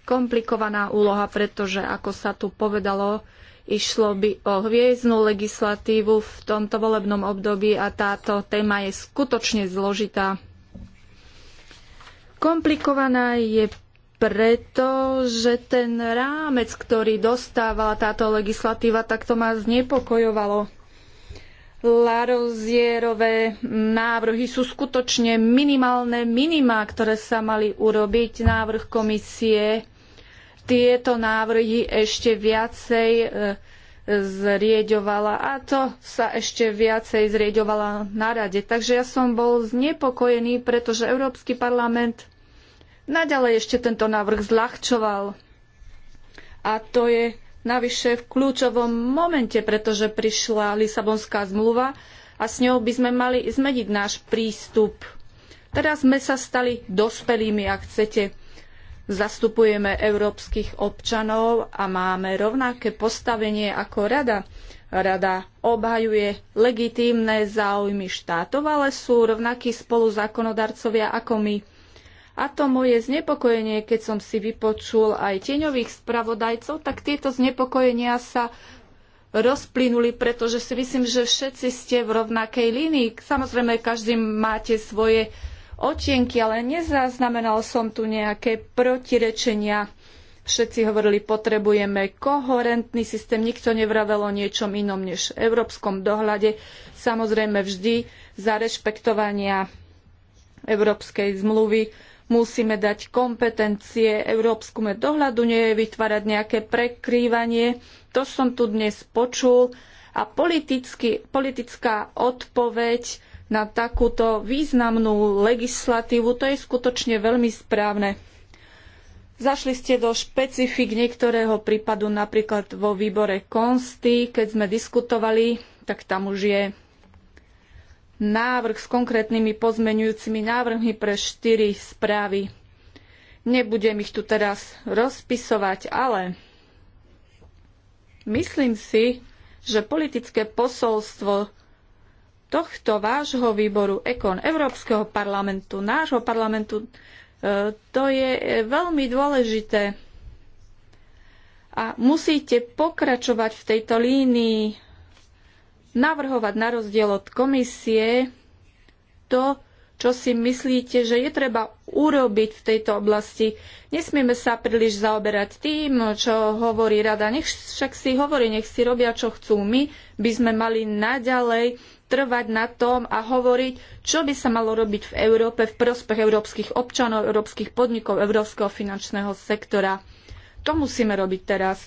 komplikovaná úloha, pretože ako sa tu povedalo, išlo by o hviezdnú legislatívu v tomto volebnom období a táto téma je skutočne zložitá. Komplikovaná je pretože ten rámec, ktorý dostávala táto legislatíva, tak to ma znepokojovalo. Larozierové návrhy sú skutočne minimálne minima, ktoré sa mali urobiť. Návrh komisie tieto návrhy ešte viacej e, zrieďovala a to sa ešte viacej zrieďovala na rade. Takže ja som bol znepokojený, pretože Európsky parlament naďalej ešte tento návrh zľahčoval. A to je navyše v kľúčovom momente, pretože prišla Lisabonská zmluva a s ňou by sme mali zmeniť náš prístup. Teraz sme sa stali dospelými, ak chcete. Zastupujeme európskych občanov a máme rovnaké postavenie ako rada. Rada obhajuje legitímne záujmy štátov, ale sú rovnakí spoluzákonodarcovia ako my. A to moje znepokojenie, keď som si vypočul aj tieňových spravodajcov, tak tieto znepokojenia sa rozplynuli, pretože si myslím, že všetci ste v rovnakej línii. Samozrejme, každý máte svoje otienky, ale nezaznamenal som tu nejaké protirečenia. Všetci hovorili, potrebujeme koherentný systém, nikto nevravel o niečom inom než v európskom dohľade. Samozrejme vždy za rešpektovania európskej zmluvy Musíme dať kompetencie Európskume dohľadu, nie vytvárať nejaké prekrývanie. To som tu dnes počul. A politická odpoveď na takúto významnú legislatívu, to je skutočne veľmi správne. Zašli ste do špecifik niektorého prípadu, napríklad vo výbore Konsty, keď sme diskutovali, tak tam už je návrh s konkrétnymi pozmenujúcimi návrhmi pre štyri správy. Nebudem ich tu teraz rozpisovať, ale myslím si, že politické posolstvo tohto vášho výboru Ekon Európskeho parlamentu, nášho parlamentu, e, to je veľmi dôležité. A musíte pokračovať v tejto línii navrhovať na rozdiel od komisie to, čo si myslíte, že je treba urobiť v tejto oblasti. Nesmieme sa príliš zaoberať tým, čo hovorí rada. Nech však si hovorí, nech si robia, čo chcú. My by sme mali naďalej trvať na tom a hovoriť, čo by sa malo robiť v Európe v prospech európskych občanov, európskych podnikov, európskeho finančného sektora. To musíme robiť teraz.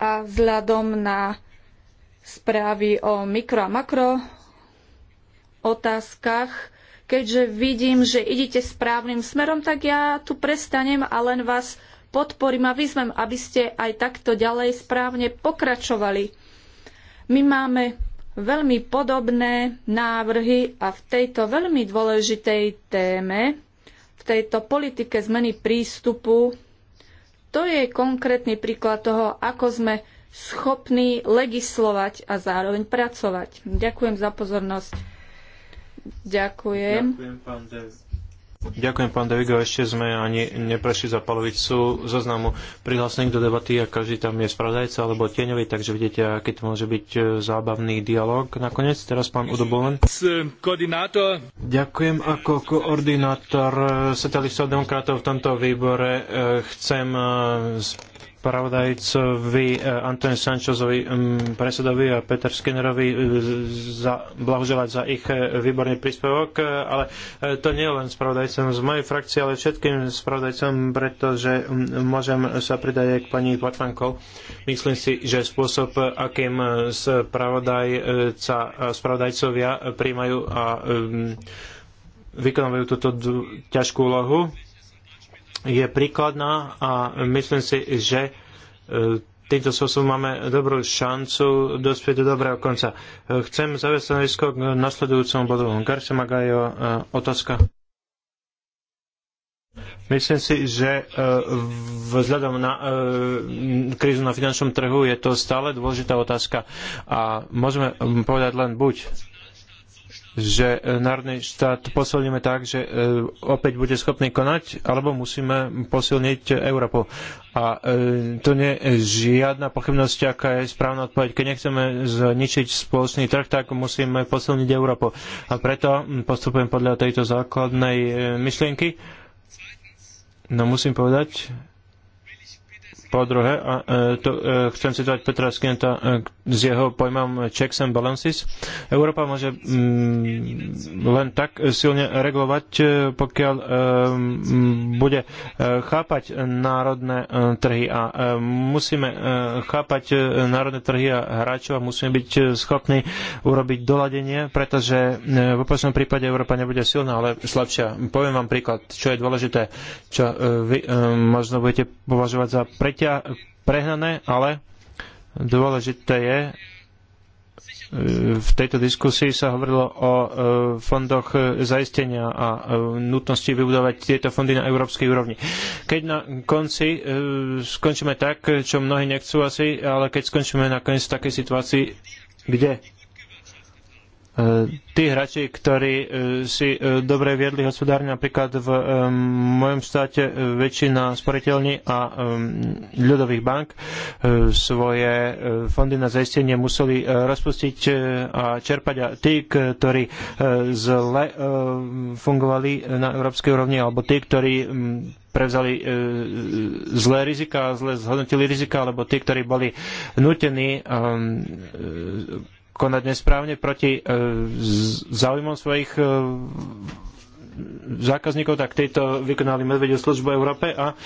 A vzhľadom na správy o mikro a makro otázkach. Keďže vidím, že idete správnym smerom, tak ja tu prestanem a len vás podporím a vyzvem, aby ste aj takto ďalej správne pokračovali. My máme veľmi podobné návrhy a v tejto veľmi dôležitej téme, v tejto politike zmeny prístupu, to je konkrétny príklad toho, ako sme schopní legislovať a zároveň pracovať. Ďakujem za pozornosť. Ďakujem. Ďakujem, pán Dez. Devigo. Ešte sme ani neprešli za polovicu zoznamu prihlásených do debaty a každý tam je spravodajca alebo tieňový, takže vidíte, aký to môže byť e, zábavný dialog. Nakoniec teraz pán Udo Bolen. E, koordinátor. Ďakujem ako koordinátor e, socialistov demokratov v tomto výbore. Chcem spravodajcovi eh, Antoni Sančozovi, mm, predsedovi a Peter Skinnerovi eh, za, blahoželať za ich eh, výborný príspevok, ale to nie len spravodajcom z mojej frakcie, ale všetkým spravodajcom, pretože mm, môžem sa pridať k pani Platmankov. Myslím si, že spôsob, akým spravodajca, spravodajcovia príjmajú a mm, vykonávajú túto ťažkú úlohu, je príkladná a myslím si, že e, týmto spôsobom máme dobrú šancu dospieť do dobrého konca. E, chcem zaviesť stanovisko k nasledujúcom bodu. Garcia Magajo, e, otázka. Myslím si, že vzhľadom na krízu na finančnom trhu je to stále dôležitá otázka a môžeme povedať len buď že e, národný štát posilníme tak, že e, opäť bude schopný konať, alebo musíme posilniť Európu. A e, to nie je žiadna pochybnosť, aká je správna odpoveď. Keď nechceme zničiť spoločný trh, tak musíme posilniť Európu. A preto postupujem podľa tejto základnej myšlienky. No musím povedať, po druhé, a, e, to, e, chcem citovať Petra Skinta s e, jeho pojmom checks and balances. Európa môže mm, len tak silne regulovať, pokiaľ bude chápať národné trhy a musíme chápať národné trhy a hráčov a musíme byť schopní urobiť doladenie, pretože v opačnom prípade Európa nebude silná, ale slabšia. Poviem vám príklad, čo je dôležité, čo vy možno budete považovať za preč zatiaľ prehnané, ale dôležité je, e, v tejto diskusii sa hovorilo o e, fondoch zaistenia a e, nutnosti vybudovať tieto fondy na európskej úrovni. Keď na konci skončíme tak, čo mnohí nechcú asi, ale keď skončíme na koniec takej situácii, kde E, tí hráči, ktorí e, si e, dobre viedli hospodárne, napríklad v mojom štáte väčšina sporiteľní a ľudových bank svoje fondy na zaistenie museli rozpustiť a čerpať a tí, ktorí zle fungovali na európskej úrovni alebo tí, ktorí prevzali e, zlé rizika, zle zhodnotili rizika, alebo tí, ktorí boli nutení e, konať nesprávne proti e, záujmom svojich e, zákazníkov, tak títo vykonali medvediu službu Európe a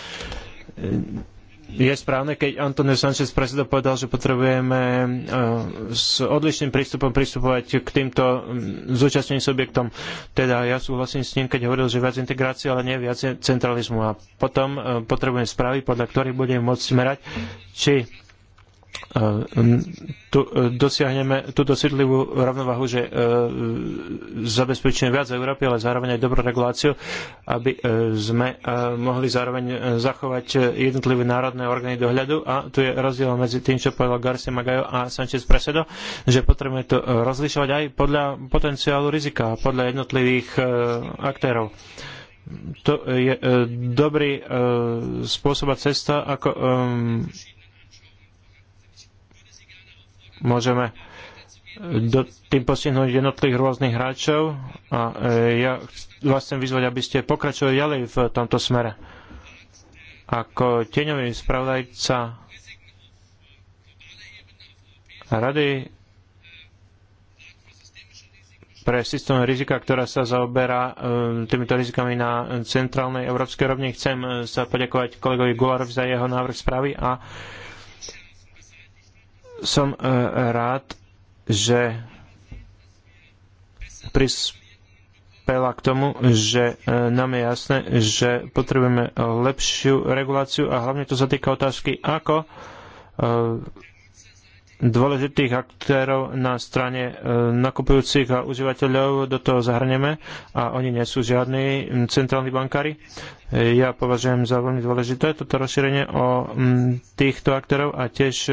e, je správne, keď Antonio Sanchez predseda povedal, že potrebujeme s odlišným prístupom pristupovať k týmto zúčastneným subjektom. Teda ja súhlasím s ním, keď hovoril, že viac integrácie, ale nie viac centralizmu. A potom potrebujeme správy, podľa ktorých budeme môcť merať, či tu e, dosiahneme túto citlivú rovnovahu, že e, zabezpečíme viac Európy, ale zároveň aj dobrú reguláciu, aby e, sme mohli zároveň zachovať jednotlivé národné orgány dohľadu. A tu je rozdiel medzi tým, čo povedal Garcia Magajo a Sanchez Presedo, že potrebujeme to rozlišovať aj podľa potenciálu rizika, podľa jednotlivých aktérov to je dobrý spôsob a cesta, ako môžeme do, tým postihnúť jednotlivých rôznych hráčov a e, ja vás chcem vyzvať, aby ste pokračovali ďalej v tomto smere. Ako tieňový spravodajca Rady pre systém rizika, ktorá sa zaoberá e, týmito rizikami na centrálnej európskej rovni. Chcem sa poďakovať kolegovi Gularovi za jeho návrh správy a som e, rád, že prispela k tomu, že e, nám je jasné, že potrebujeme lepšiu reguláciu a hlavne to sa týka otázky, ako e, dôležitých aktérov na strane e, nakupujúcich a užívateľov do toho zahrneme a oni nie sú žiadni centrálni bankári. E, ja považujem za veľmi dôležité toto rozšírenie o týchto aktérov a tiež e,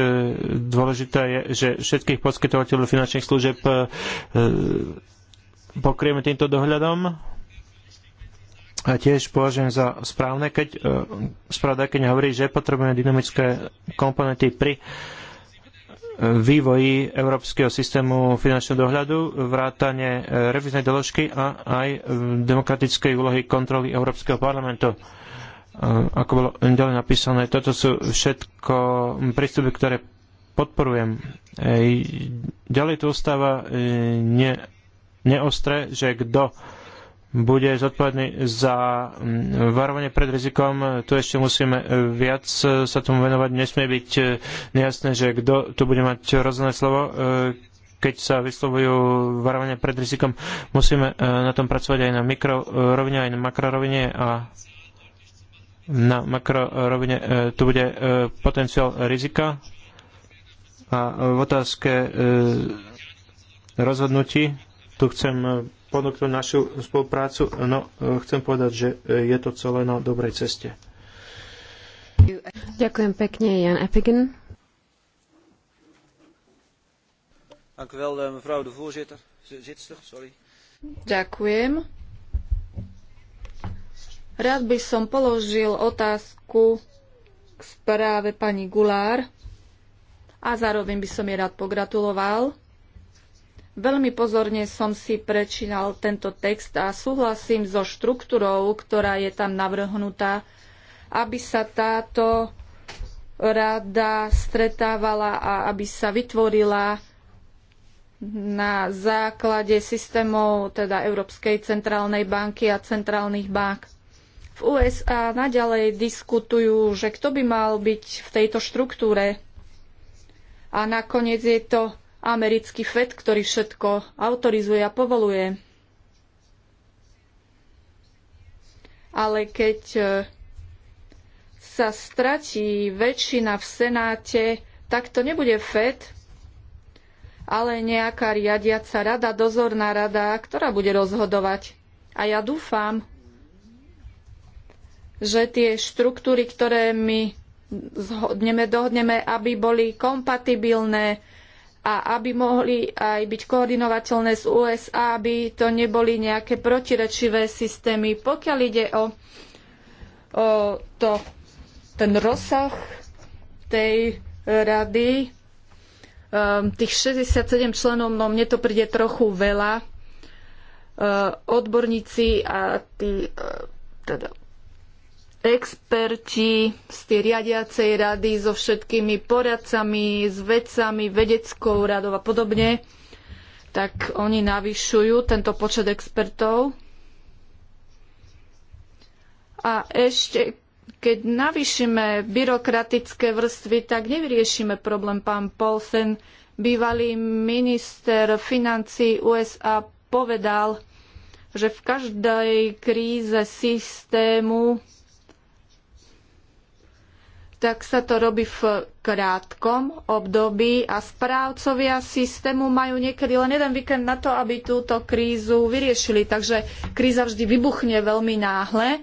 dôležité je, že všetkých poskytovateľov finančných služieb pokrieme týmto dohľadom a tiež považujem za správne, keď keď hovorí, že potrebujeme dynamické komponenty pri uh, vývoji európskeho systému finančného dohľadu, vrátane e, revíznej doložky a aj e, demokratickej úlohy kontroly Európskeho parlamentu. E, ako bolo ďalej napísané, toto sú všetko prístupy, ktoré podporujem. Ďalej tu ostáva ne, neostré, že kto bude zodpovedný za mm, varovanie pred rizikom. Tu ešte musíme viac e, sa tomu venovať. Nesmie byť e, nejasné, že kto tu bude mať rozhodné slovo, e, keď sa vyslovujú varovania pred rizikom. Musíme na tom pracovať aj na mikrorovine, aj na makrorovine a na makrorovine tu bude potenciál rizika a v otázke rozhodnutí tu chcem ponúknuť našu spoluprácu. No, e, chcem povedať, že e, je to celé na dobrej ceste. Ďakujem pekne, Jan Epigen. Eh, Ďakujem. Rád by som položil otázku k správe pani Gulár a zároveň by som jej rád pogratuloval. Veľmi pozorne som si prečínal tento text a súhlasím so štruktúrou, ktorá je tam navrhnutá, aby sa táto rada stretávala a aby sa vytvorila na základe systémov teda Európskej centrálnej banky a centrálnych bank. V USA naďalej diskutujú, že kto by mal byť v tejto štruktúre. A nakoniec je to americký FED, ktorý všetko autorizuje a povoluje. Ale keď e, sa stratí väčšina v Senáte, tak to nebude FED, ale nejaká riadiaca rada, dozorná rada, ktorá bude rozhodovať. A ja dúfam, že tie štruktúry, ktoré my zhodneme, dohodneme, aby boli kompatibilné a aby mohli aj byť koordinovateľné z USA, aby to neboli nejaké protirečivé systémy. Pokiaľ ide o, o to, ten rozsah tej rady, ehm, tých 67 členov, no mne to príde trochu veľa. Ehm, odborníci a tí, ehm, teda experti z tej riadiacej rady so všetkými poradcami, s vedcami, vedeckou radou a podobne, tak oni navyšujú tento počet expertov. A ešte, keď navýšime byrokratické vrstvy, tak nevyriešime problém. Pán Paulsen, bývalý minister financí USA, povedal, že v každej kríze systému tak sa to robí v krátkom období a správcovia systému majú niekedy len jeden víkend na to, aby túto krízu vyriešili. Takže kríza vždy vybuchne veľmi náhle.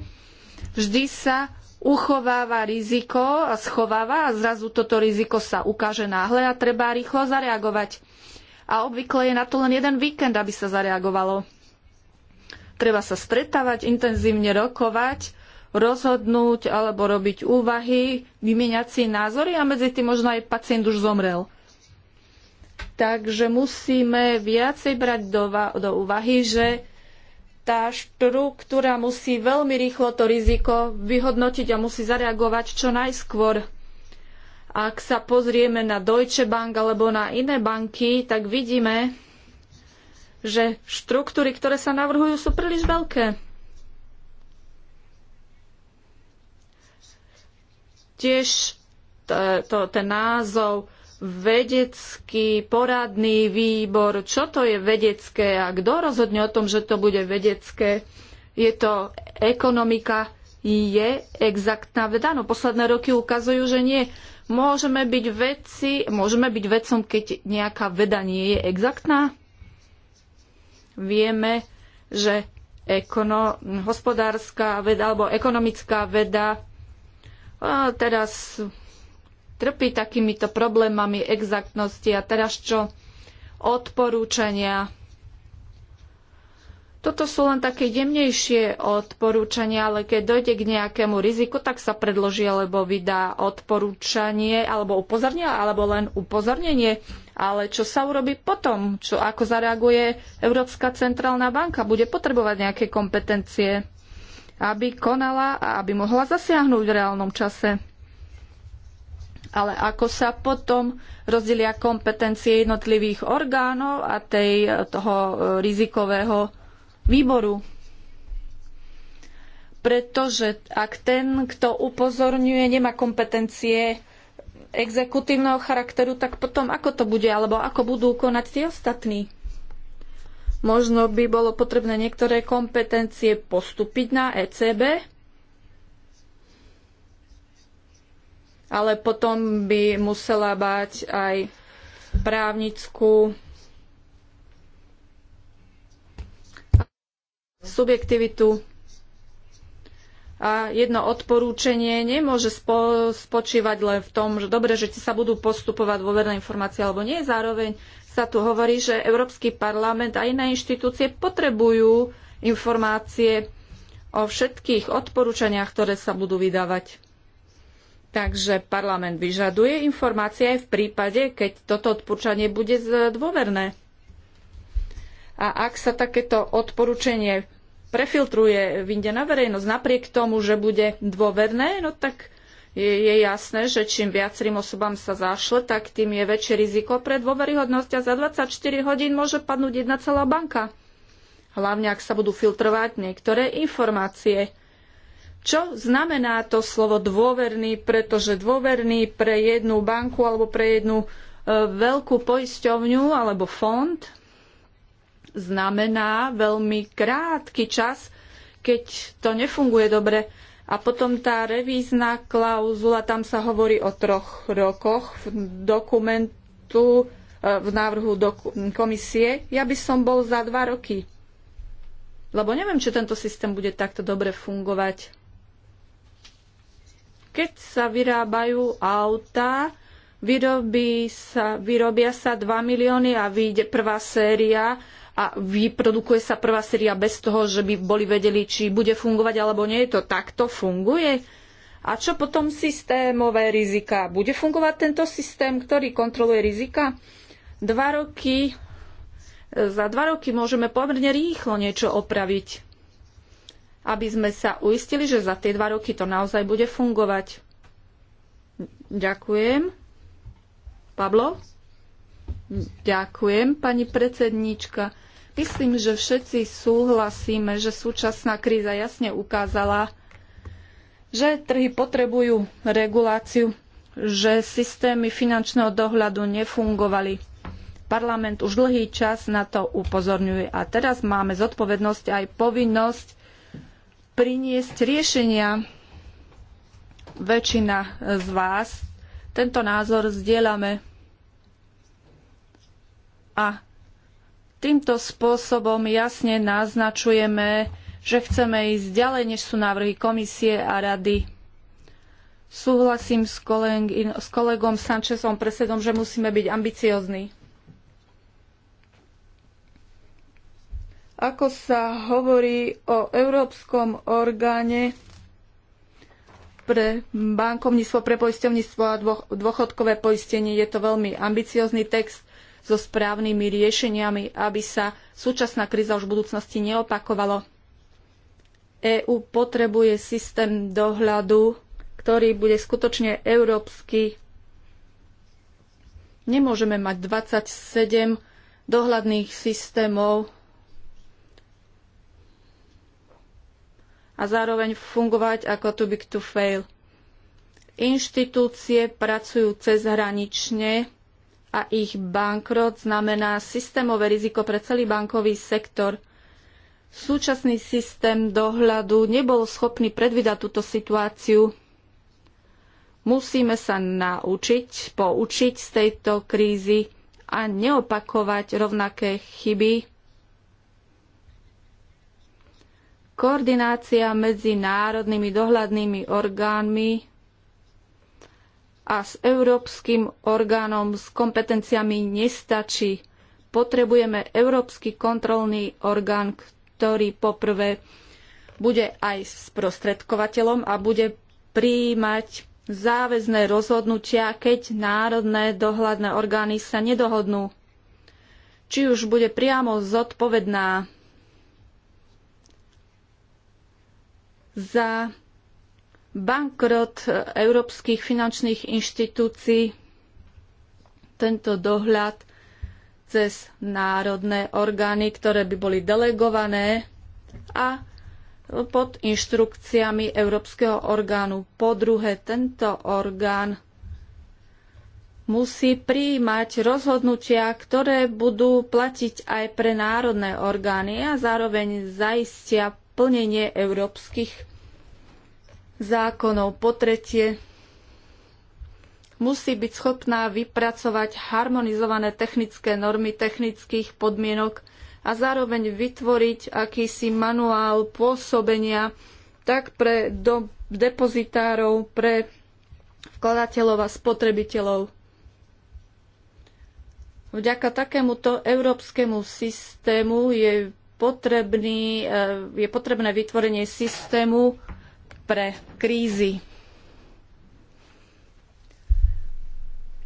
Vždy sa uchováva riziko a schováva a zrazu toto riziko sa ukáže náhle a treba rýchlo zareagovať. A obvykle je na to len jeden víkend, aby sa zareagovalo. Treba sa stretávať, intenzívne rokovať rozhodnúť alebo robiť úvahy, vymieňať si názory a medzi tým možno aj pacient už zomrel. Takže musíme viacej brať do, do úvahy, že tá štruktúra musí veľmi rýchlo to riziko vyhodnotiť a musí zareagovať čo najskôr. Ak sa pozrieme na Deutsche Bank alebo na iné banky, tak vidíme, že štruktúry, ktoré sa navrhujú, sú príliš veľké Tiež to, ten názov vedecký poradný výbor, čo to je vedecké a kto rozhodne o tom, že to bude vedecké. Je to ekonomika, je exaktná veda. No posledné roky ukazujú, že nie. Môžeme byť vedci, môžeme byť vedcom, keď nejaká veda nie je exaktná. Vieme, že ekono, hospodárska veda alebo ekonomická veda a teraz trpí takýmito problémami exaktnosti a teraz čo? Odporúčania. Toto sú len také jemnejšie odporúčania, ale keď dojde k nejakému riziku, tak sa predloží alebo vydá odporúčanie, alebo upozornie, alebo len upozornenie. Ale čo sa urobí potom? Čo, ako zareaguje Európska centrálna banka? Bude potrebovať nejaké kompetencie aby konala a aby mohla zasiahnuť v reálnom čase. Ale ako sa potom rozdelia kompetencie jednotlivých orgánov a tej, toho e, rizikového výboru? Pretože ak ten, kto upozorňuje, nemá kompetencie exekutívneho charakteru, tak potom ako to bude, alebo ako budú konať tie ostatní? Možno by bolo potrebné niektoré kompetencie postúpiť na ECB, ale potom by musela bať aj právnickú subjektivitu. A jedno odporúčanie nemôže spo, spočívať len v tom, že dobre, že ti sa budú postupovať dôverné informácie alebo nie, zároveň sa tu hovorí, že Európsky parlament a iné inštitúcie potrebujú informácie o všetkých odporúčaniach, ktoré sa budú vydávať. Takže parlament vyžaduje informácie aj v prípade, keď toto odporúčanie bude dôverné. A ak sa takéto odporúčanie prefiltruje, vyjde na verejnosť napriek tomu, že bude dôverné, no tak je jasné, že čím viacerým osobám sa zašle, tak tým je väčšie riziko pre dôveryhodnosť a za 24 hodín môže padnúť jedna celá banka. Hlavne, ak sa budú filtrovať niektoré informácie. Čo znamená to slovo dôverný, pretože dôverný pre jednu banku alebo pre jednu e, veľkú poisťovňu alebo fond znamená veľmi krátky čas, keď to nefunguje dobre a potom tá revízna klauzula, tam sa hovorí o troch rokoch v dokumentu, e, v návrhu doku- komisie. Ja by som bol za dva roky. Lebo neviem, či tento systém bude takto dobre fungovať. Keď sa vyrábajú autá, vyrobí sa, vyrobia sa 2 milióny a vyjde prvá séria a vyprodukuje sa prvá séria bez toho, že by boli vedeli, či bude fungovať alebo nie. To takto funguje. A čo potom systémové rizika? Bude fungovať tento systém, ktorý kontroluje rizika? Dva roky, e, za dva roky môžeme pomerne rýchlo niečo opraviť, aby sme sa uistili, že za tie dva roky to naozaj bude fungovať. Ďakujem. Pablo? Ďakujem, pani predsedníčka. Myslím, že všetci súhlasíme, že súčasná kríza jasne ukázala, že trhy potrebujú reguláciu, že systémy finančného dohľadu nefungovali. Parlament už dlhý čas na to upozorňuje a teraz máme zodpovednosť aj povinnosť priniesť riešenia. Väčšina z vás tento názor zdieľame a Týmto spôsobom jasne naznačujeme, že chceme ísť ďalej, než sú návrhy komisie a rady. Súhlasím s, koleg- s kolegom Sančesom presedom, že musíme byť ambiciózni. Ako sa hovorí o Európskom orgáne pre bankovníctvo, pre poisťovníctvo a dôchodkové poistenie, je to veľmi ambiciózny text so správnymi riešeniami, aby sa súčasná kríza už v budúcnosti neopakovalo. EÚ potrebuje systém dohľadu, ktorý bude skutočne európsky. Nemôžeme mať 27 dohľadných systémov a zároveň fungovať ako too big to fail. Inštitúcie pracujú cezhranične a ich bankrot znamená systémové riziko pre celý bankový sektor. Súčasný systém dohľadu nebol schopný predvydať túto situáciu. Musíme sa naučiť, poučiť z tejto krízy a neopakovať rovnaké chyby. Koordinácia medzi národnými dohľadnými orgánmi a s európskym orgánom s kompetenciami nestačí. Potrebujeme európsky kontrolný orgán, ktorý poprvé bude aj sprostredkovateľom a bude prijímať záväzné rozhodnutia, keď národné dohľadné orgány sa nedohodnú. Či už bude priamo zodpovedná za bankrot európskych finančných inštitúcií, tento dohľad cez národné orgány, ktoré by boli delegované a pod inštrukciami Európskeho orgánu. Po druhé, tento orgán musí prijímať rozhodnutia, ktoré budú platiť aj pre národné orgány a zároveň zaistia plnenie európskych zákonov. Po tretie, musí byť schopná vypracovať harmonizované technické normy technických podmienok a zároveň vytvoriť akýsi manuál pôsobenia tak pre do depozitárov, pre vkladateľov a spotrebiteľov. Vďaka takémuto európskemu systému je, potrebný, eh, je potrebné vytvorenie systému pre krízy.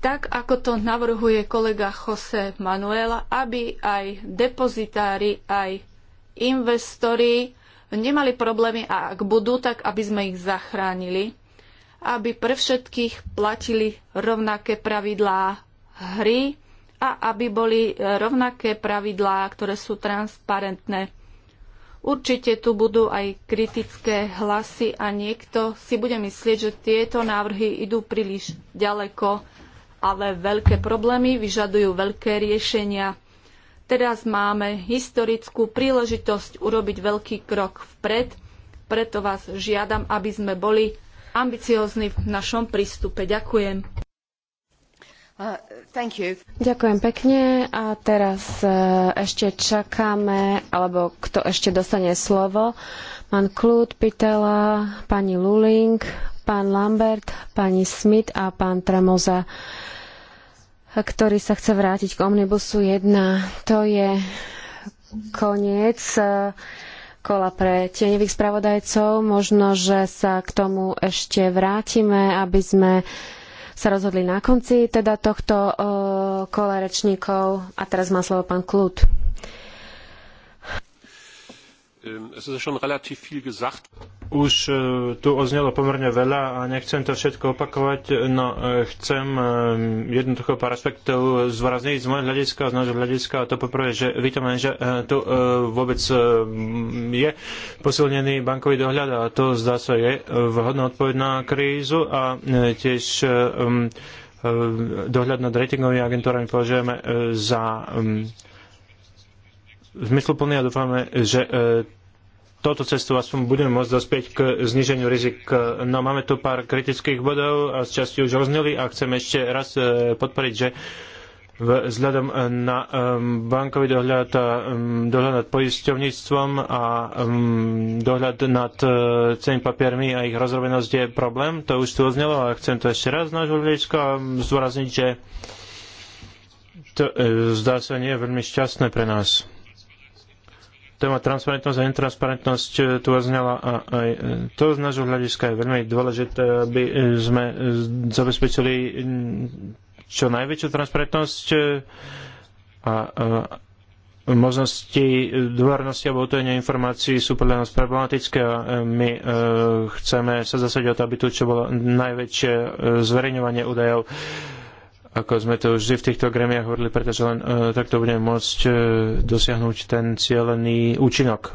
tak ako to navrhuje kolega Jose Manuel, aby aj depozitári, aj investori nemali problémy a ak budú, tak aby sme ich zachránili, aby pre všetkých platili rovnaké pravidlá hry a aby boli rovnaké pravidlá, ktoré sú transparentné. Určite tu budú aj kritické hlasy a niekto si bude myslieť, že tieto návrhy idú príliš ďaleko, ale veľké problémy vyžadujú veľké riešenia. Teraz máme historickú príležitosť urobiť veľký krok vpred, preto vás žiadam, aby sme boli ambiciózni v našom prístupe. Ďakujem. Ďakujem pekne a teraz e, ešte čakáme, alebo kto ešte dostane slovo. Pán Klút, Pitela, pani Luling, pán Lambert, pani Smith a pán Tremoza, ktorý sa chce vrátiť k Omnibusu 1. To je koniec e, kola pre tieňových spravodajcov. Možno, že sa k tomu ešte vrátime, aby sme sa rozhodli na konci teda tohto uh, kola rečníkov. A teraz má slovo pán Klut. Ehm, už e, tu oznelo pomerne veľa a nechcem to všetko opakovať, no e, chcem e, jednoducho pár aspektov zvrazniť z môjho hľadiska, z nášho hľadiska a to poprvé, že vítame, že tu vôbec je posilnený bankový dohľad a to zdá sa je vhodná odpoveď na krízu a tiež dohľad nad ratingovými agentúrami považujeme za zmysluplný a dúfame, že touto cestou aspoň budeme môcť dospieť k zniženiu rizik. No máme tu pár kritických bodov a z časti už rozneli a chcem ešte raz e, podporiť, že vzhľadom na bankový dohľad a dohľad nad poisťovníctvom a dohľad nad e, cenými papiermi a ich rozrobenosť je problém. To už tu odznelo a chcem to ešte raz z nášho hľadiska zdôrazniť, že to e, zdá sa nie je veľmi šťastné pre nás téma transparentnosť a netransparentnosť e, tu oznala a aj e, to z nášho hľadiska je veľmi dôležité, aby e, sme zabezpečili čo najväčšiu transparentnosť a, možnosti dôvernosti alebo utajenia informácií sú podľa nás problematické a my e, chceme sa zasadiť o to, aby tu čo bolo najväčšie zverejňovanie údajov. E, ako sme to vždy v týchto gremiách hovorili, pretože len e, takto budeme môcť e, dosiahnuť ten cieľený účinok.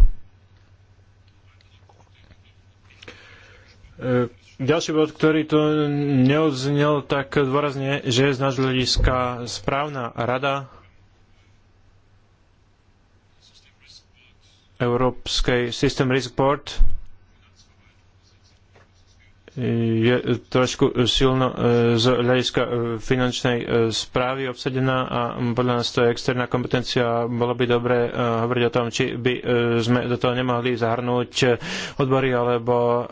E, ďalší bod, ktorý to neodznel tak dôrazne, že je z nášho hľadiska správna rada Európskej System Risk Board je trošku silno e, z hľadiska e, finančnej e, správy obsadená a podľa nás to je externá kompetencia. Bolo by dobre hovoriť o tom, či by sme do toho nemohli zahrnúť odbory alebo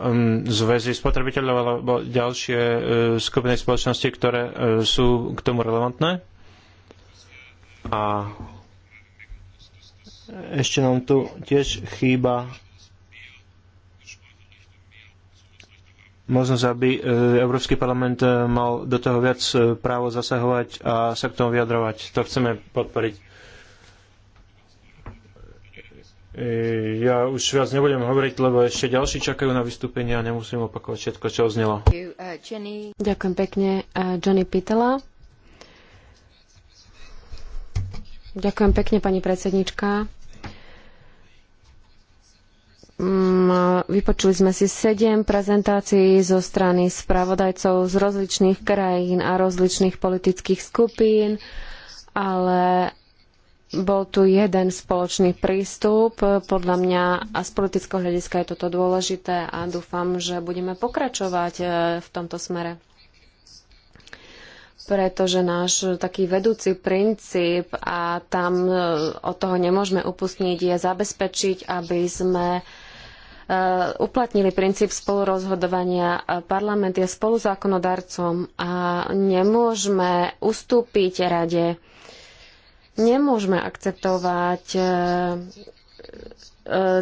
zväzy spotrebiteľov alebo ďalšie skupiny spoločnosti, ktoré sú k tomu relevantné. A ešte nám tu tiež chýba možnosť, aby e, Európsky parlament e, mal do toho viac e, právo zasahovať a sa k tomu vyjadrovať. To chceme podporiť. Ja už viac nebudem hovoriť, lebo ešte ďalší čakajú na vystúpenie a nemusím opakovať všetko, čo oznelo. Ďakujem pekne. Johnny Pitela. Ďakujem pekne, pani predsednička. Mm, vypočuli sme si sedem prezentácií zo strany spravodajcov z rozličných krajín a rozličných politických skupín, ale bol tu jeden spoločný prístup. Podľa mňa a z politického hľadiska je toto dôležité a dúfam, že budeme pokračovať e, v tomto smere. Pretože náš taký vedúci princíp a tam e, od toho nemôžeme upustniť je zabezpečiť, aby sme Eh, uplatnili princíp spolurozhodovania. Parlament je spoluzákonodarcom a nemôžeme ustúpiť rade. Nemôžeme akceptovať eh, eh,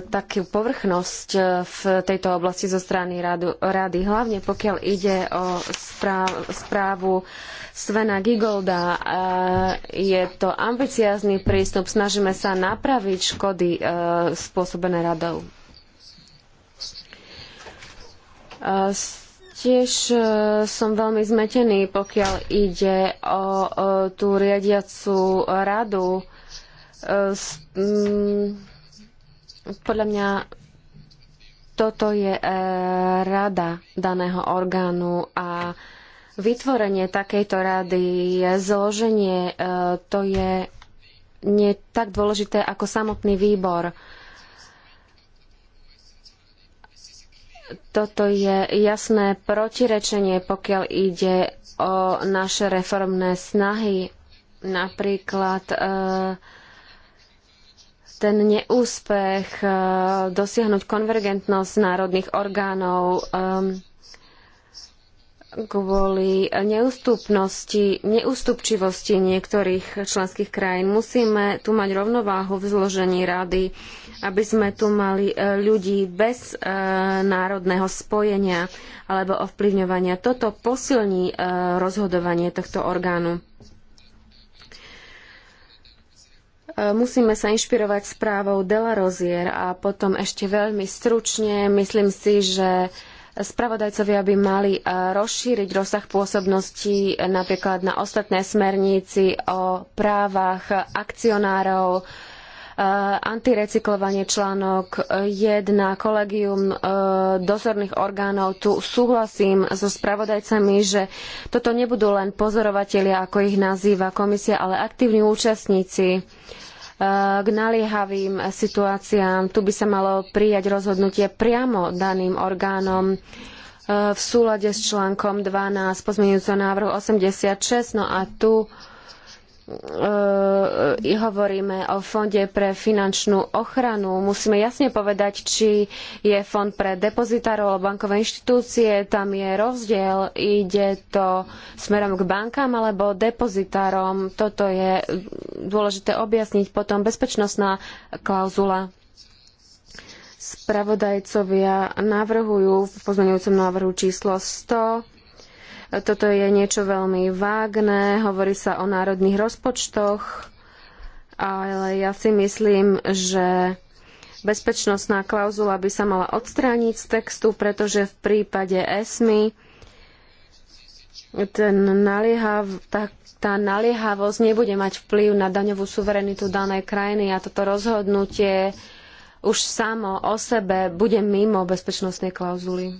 takú povrchnosť v tejto oblasti zo strany rady, hlavne pokiaľ ide o správ, správu Svena Gigolda. Je to ambiciózny prístup, snažíme sa napraviť škody spôsobené radou. Tiež e, som veľmi zmetený, pokiaľ ide o e, tú riadiacu radu. E, mm, podľa mňa toto je rada daného orgánu a vytvorenie takejto rady, zloženie, to je nie tak dôležité ako samotný výbor. Toto je jasné protirečenie, pokiaľ ide o naše reformné snahy. Napríklad e, ten neúspech e, dosiahnuť konvergentnosť národných orgánov e, kvôli neústupnosti, neústupčivosti niektorých členských krajín. Musíme tu mať rovnováhu v zložení rady aby sme tu mali e, ľudí bez e, národného spojenia alebo ovplyvňovania. Toto posilní e, rozhodovanie tohto orgánu. musíme sa inšpirovať správou Delarozier a potom ešte veľmi stručne myslím si, že spravodajcovia by mali rozšíriť rozsah pôsobnosti napríklad na ostatné smernici o právach akcionárov, Eh, antirecyklovanie článok 1, kolegium eh, dozorných orgánov. Tu súhlasím so spravodajcami, že toto nebudú len pozorovatelia, ako ich nazýva komisia, ale aktívni účastníci eh, k naliehavým situáciám. Tu by sa malo prijať rozhodnutie priamo daným orgánom v súlade s článkom 12 pozmeňujúceho návrhu 86. No a tu Eh, hovoríme o fonde pre finančnú ochranu, musíme jasne povedať, či je fond pre depozitárov alebo bankové inštitúcie, tam je rozdiel, ide to smerom k bankám alebo depozitárom. Toto je dôležité objasniť. Potom bezpečnostná klauzula. Spravodajcovia navrhujú v pozmeňujúcom návrhu číslo 100 toto je niečo veľmi vágne, hovorí sa o národných rozpočtoch, ale ja si myslím, že bezpečnostná klauzula by sa mala odstrániť z textu, pretože v prípade ESMI ten naliehav, tá, tá naliehavosť nebude mať vplyv na daňovú suverenitu danej krajiny a toto rozhodnutie už samo o sebe bude mimo bezpečnostnej klauzuly.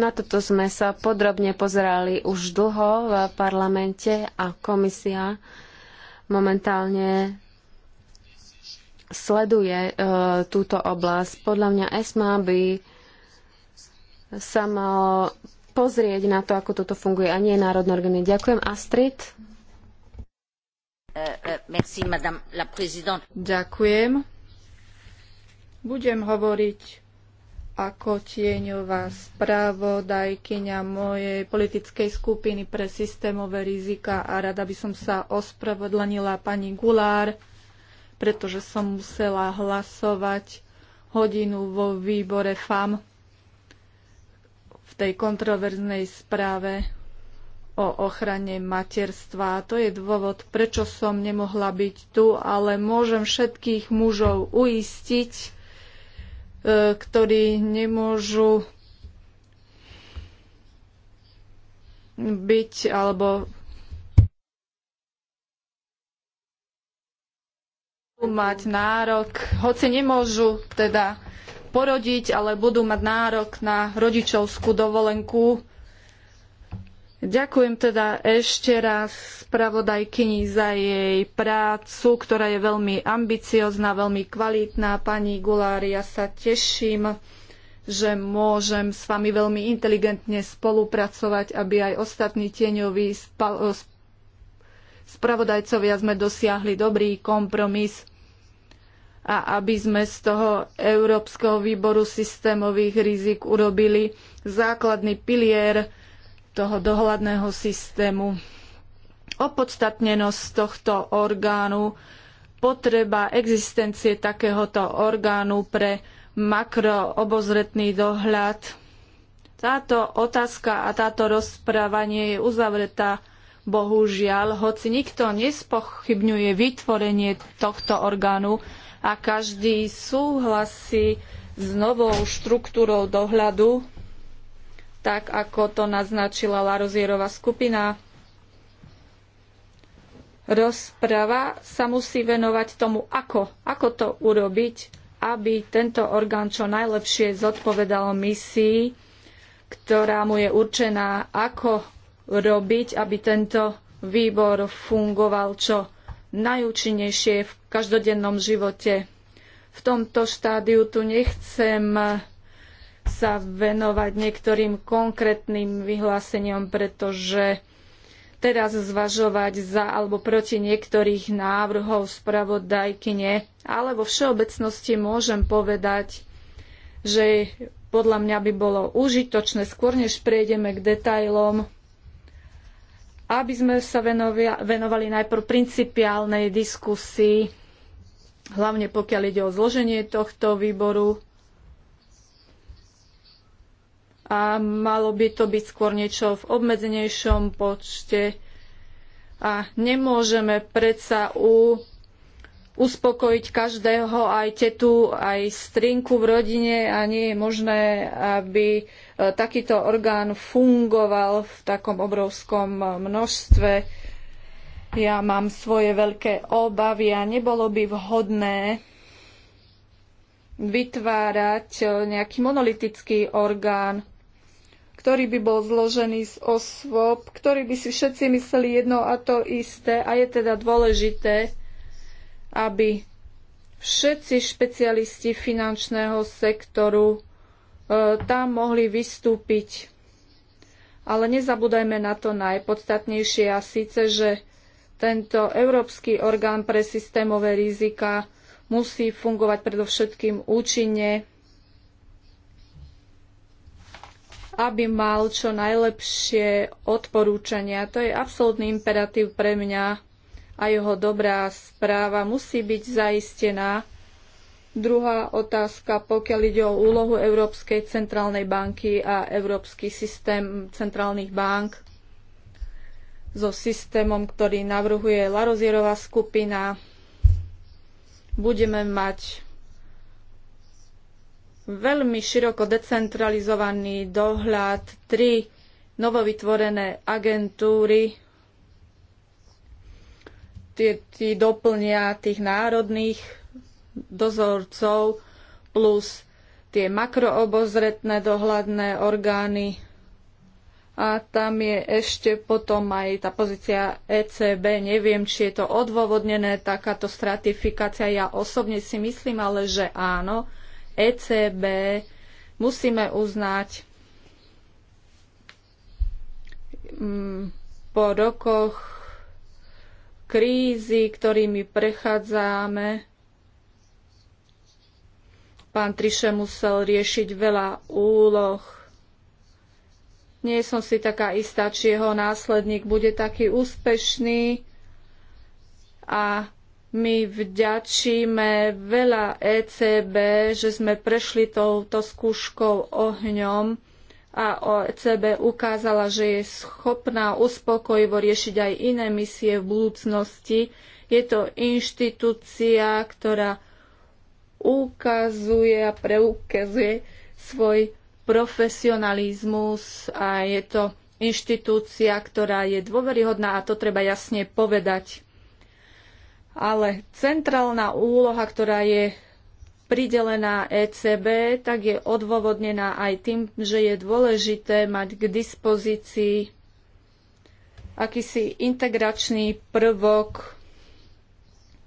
Na toto sme sa podrobne pozerali už dlho v parlamente a komisia momentálne sleduje e, túto oblasť. Podľa mňa ESMA by sa mal pozrieť na to, ako toto funguje a nie národné orgány. Ďakujem, Astrid. E, e, merci, Ďakujem. Budem hovoriť ako tieňová správodajkyňa mojej politickej skupiny pre systémové rizika a rada by som sa ospravedlnila pani Gulár, pretože som musela hlasovať hodinu vo výbore FAM v tej kontroverznej správe o ochrane materstva. To je dôvod, prečo som nemohla byť tu, ale môžem všetkých mužov uistiť, E, ktorí nemôžu byť alebo mať nárok, hoci nemôžu teda porodiť, ale budú mať nárok na rodičovskú dovolenku Ďakujem teda ešte raz spravodajkyni za jej prácu, ktorá je veľmi ambiciozná, veľmi kvalitná. Pani Gulár, ja sa teším, že môžem s vami veľmi inteligentne spolupracovať, aby aj ostatní tieňoví eh, spravodajcovia sme dosiahli dobrý kompromis a aby sme z toho Európskeho výboru systémových rizik urobili základný pilier toho dohľadného systému. Opodstatnenosť tohto orgánu, potreba existencie takéhoto orgánu pre makroobozretný dohľad. Táto otázka a táto rozpráva nie je uzavretá. Bohužiaľ, hoci nikto nespochybňuje vytvorenie tohto orgánu a každý súhlasí s novou štruktúrou dohľadu, tak ako to naznačila Larozierová skupina. Rozprava sa musí venovať tomu, ako, ako to urobiť, aby tento orgán čo najlepšie zodpovedal misii, ktorá mu je určená, ako robiť, aby tento výbor fungoval čo najúčinnejšie v každodennom živote. V tomto štádiu tu nechcem sa venovať niektorým konkrétnym vyhláseniam, pretože teraz zvažovať za alebo proti niektorých návrhov spravodajkyne, ale vo všeobecnosti môžem povedať, že podľa mňa by bolo užitočné, skôr než prejdeme k detailom, aby sme sa venovali najprv principiálnej diskusii, hlavne pokiaľ ide o zloženie tohto výboru, a malo by to byť skôr niečo v obmedzenejšom počte a nemôžeme predsa u, uspokojiť každého, aj tetu, aj strinku v rodine a nie je možné, aby e, takýto orgán fungoval v takom obrovskom e, množstve. Ja mám svoje veľké obavy a nebolo by vhodné vytvárať e, nejaký monolitický orgán, ktorý by bol zložený z osôb, ktorí by si všetci mysleli jedno a to isté a je teda dôležité, aby všetci špecialisti finančného sektoru e, tam mohli vystúpiť. Ale nezabúdajme na to najpodstatnejšie a síce, že tento Európsky orgán pre systémové rizika musí fungovať predovšetkým účinne aby mal čo najlepšie odporúčania. To je absolútny imperatív pre mňa a jeho dobrá správa musí byť zaistená. Druhá otázka, pokiaľ ide o úlohu Európskej centrálnej banky a Európsky systém centrálnych bank so systémom, ktorý navrhuje Larozierová skupina. Budeme mať veľmi široko decentralizovaný dohľad, tri novovytvorené agentúry, tie, tie doplnia tých národných dozorcov plus tie makroobozretné dohľadné orgány a tam je ešte potom aj tá pozícia ECB. Neviem, či je to odôvodnené, takáto stratifikácia. Ja osobne si myslím ale, že áno, ECB musíme uznať mm, po rokoch krízy, ktorými prechádzame, pán Triše musel riešiť veľa úloh. Nie som si taká istá, či jeho následník bude taký úspešný a my vďačíme veľa ECB, že sme prešli touto skúškou ohňom a ECB ukázala, že je schopná uspokojivo riešiť aj iné misie v budúcnosti. Je to inštitúcia, ktorá ukazuje a preukazuje svoj profesionalizmus a je to inštitúcia, ktorá je dôveryhodná a to treba jasne povedať. Ale centrálna úloha, ktorá je pridelená ECB, tak je odôvodnená aj tým, že je dôležité mať k dispozícii akýsi integračný prvok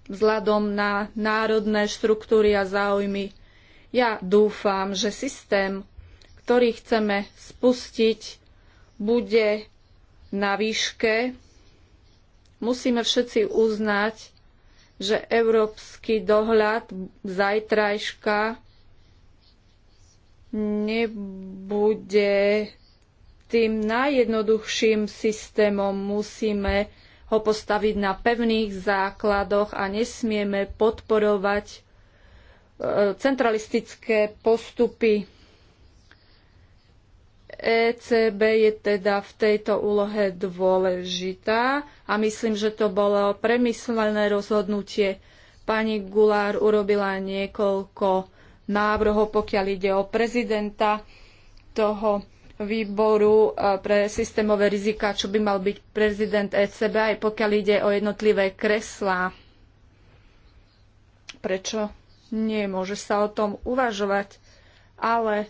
vzhľadom na národné štruktúry a záujmy. Ja dúfam, že systém, ktorý chceme spustiť, bude na výške. Musíme všetci uznať, že európsky dohľad zajtrajška nebude tým najjednoduchším systémom. Musíme ho postaviť na pevných základoch a nesmieme podporovať e, centralistické postupy ECB je teda v tejto úlohe dôležitá a myslím, že to bolo premyslené rozhodnutie. Pani Gulár urobila niekoľko návrhov, pokiaľ ide o prezidenta toho výboru e, pre systémové rizika, čo by mal byť prezident ECB, aj pokiaľ ide o jednotlivé kreslá. Prečo? Nie, môže sa o tom uvažovať, ale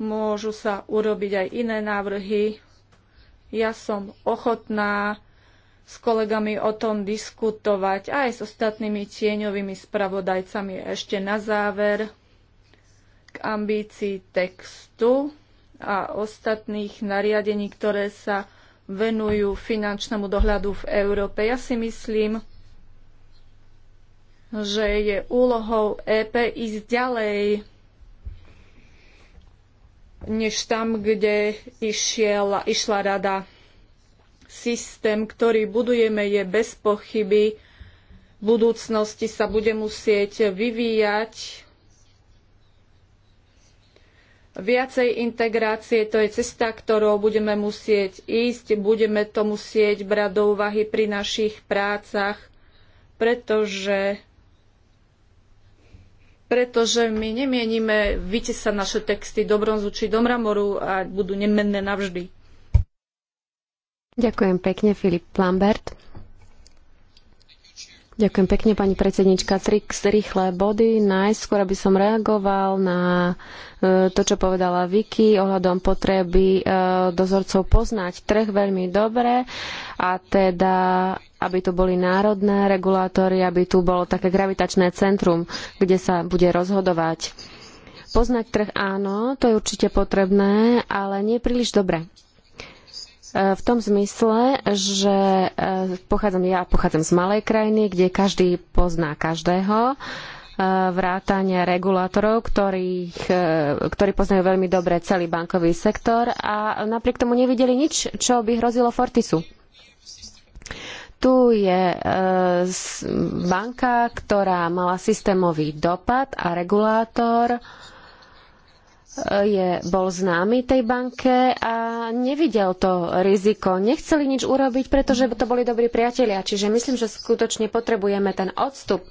Môžu sa urobiť aj iné návrhy. Ja som ochotná s kolegami o tom diskutovať aj s ostatnými tieňovými spravodajcami. Ešte na záver k ambícii textu a ostatných nariadení, ktoré sa venujú finančnému dohľadu v Európe. Ja si myslím, že je úlohou EP ísť ďalej než tam, kde išiel, išla rada. Systém, ktorý budujeme, je bez pochyby v budúcnosti sa bude musieť vyvíjať viacej integrácie, to je cesta, ktorou budeme musieť ísť, budeme to musieť brať do úvahy pri našich prácach, pretože pretože my nemienime vytesať naše texty do bronzu či do mramoru a budú nemenné navždy. Ďakujem pekne, Filip Lambert. Ďakujem pekne, pani predsednička. Tri rýchle body. Najskôr by som reagoval na e, to, čo povedala Vicky ohľadom potreby e, dozorcov poznať trh veľmi dobre a teda aby tu boli národné regulátory, aby tu bolo také gravitačné centrum, kde sa bude rozhodovať. Poznať trh áno, to je určite potrebné, ale nie príliš dobre E, v tom zmysle, že e, pochádzam ja pochádzam z malej krajiny, kde každý pozná každého e, vrátania regulátorov, ktorých, ktorí poznajú veľmi dobre celý bankový sektor a napriek tomu nevideli nič, čo by hrozilo Fortisu. Tu je banka, ktorá mala systémový dopad a regulátor je, bol známy tej banke a nevidel to riziko. Nechceli nič urobiť, pretože to boli dobrí priatelia. Čiže myslím, že skutočne potrebujeme ten odstup.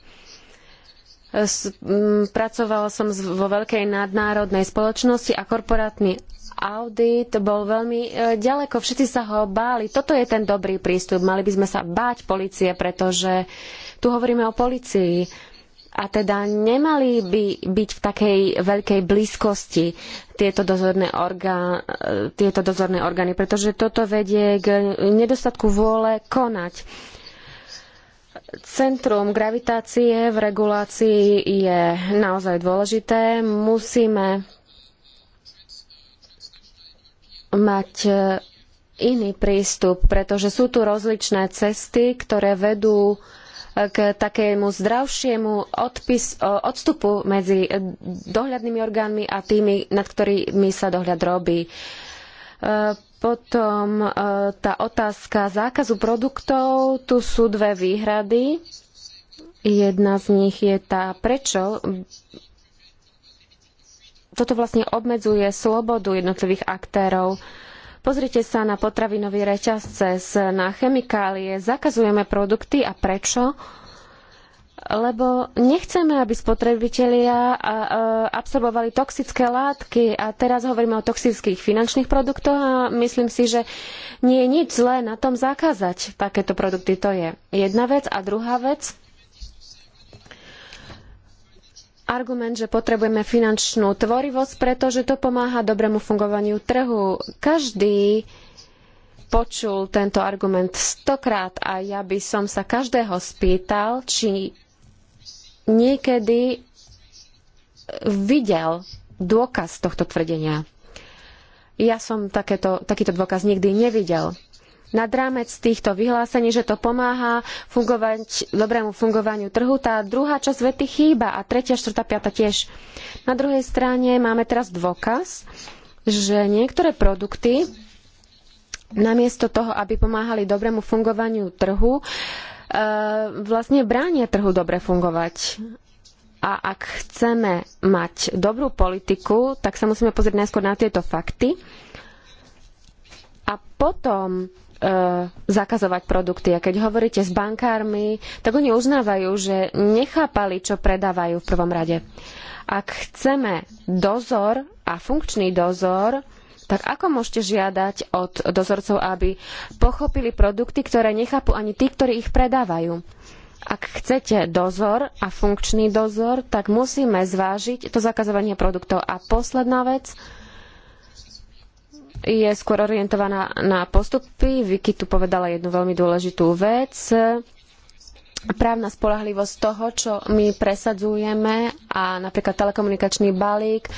Pracovala som vo veľkej nadnárodnej spoločnosti a korporátny audit bol veľmi e, ďaleko. Všetci sa ho báli. Toto je ten dobrý prístup. Mali by sme sa báť policie, pretože tu hovoríme o policii a teda nemali by byť v takej veľkej blízkosti tieto dozorné, orgá, tieto dozorné orgány, pretože toto vedie k nedostatku vôle konať. Centrum gravitácie v regulácii je naozaj dôležité. Musíme mať e, iný prístup, pretože sú tu rozličné cesty, ktoré vedú k takému zdravšiemu odpis, odstupu medzi dohľadnými orgánmi a tými, nad ktorými sa dohľad robí. E, potom e, tá otázka zákazu produktov, tu sú dve výhrady. Jedna z nich je tá, prečo toto vlastne obmedzuje slobodu jednotlivých aktérov. Pozrite sa na potravinový reťazce, na chemikálie. Zakazujeme produkty a prečo? lebo nechceme, aby spotrebitelia absorbovali toxické látky a teraz hovoríme o toxických finančných produktoch a myslím si, že nie je nič zlé na tom zakázať takéto produkty. To je jedna vec. A druhá vec, argument, že potrebujeme finančnú tvorivosť, pretože to pomáha dobrému fungovaniu trhu. Každý počul tento argument stokrát a ja by som sa každého spýtal, či niekedy videl dôkaz tohto tvrdenia. Ja som takéto, takýto dôkaz nikdy nevidel nad rámec týchto vyhlásení, že to pomáha fungovať, dobrému fungovaniu trhu. Tá druhá časť vety chýba a tretia, štvrtá, piata tiež. Na druhej strane máme teraz dôkaz, že niektoré produkty namiesto toho, aby pomáhali dobrému fungovaniu trhu, e, vlastne bránia trhu dobre fungovať. A ak chceme mať dobrú politiku, tak sa musíme pozrieť najskôr na tieto fakty a potom E, zakazovať produkty. A keď hovoríte s bankármi, tak oni uznávajú, že nechápali, čo predávajú v prvom rade. Ak chceme dozor a funkčný dozor, tak ako môžete žiadať od dozorcov, aby pochopili produkty, ktoré nechápu ani tí, ktorí ich predávajú? Ak chcete dozor a funkčný dozor, tak musíme zvážiť to zakazovanie produktov. A posledná vec, uh, je skôr orientovaná na postupy. Vicky tu povedala jednu veľmi dôležitú vec. Právna spolahlivosť toho, čo my presadzujeme a napríklad telekomunikačný balík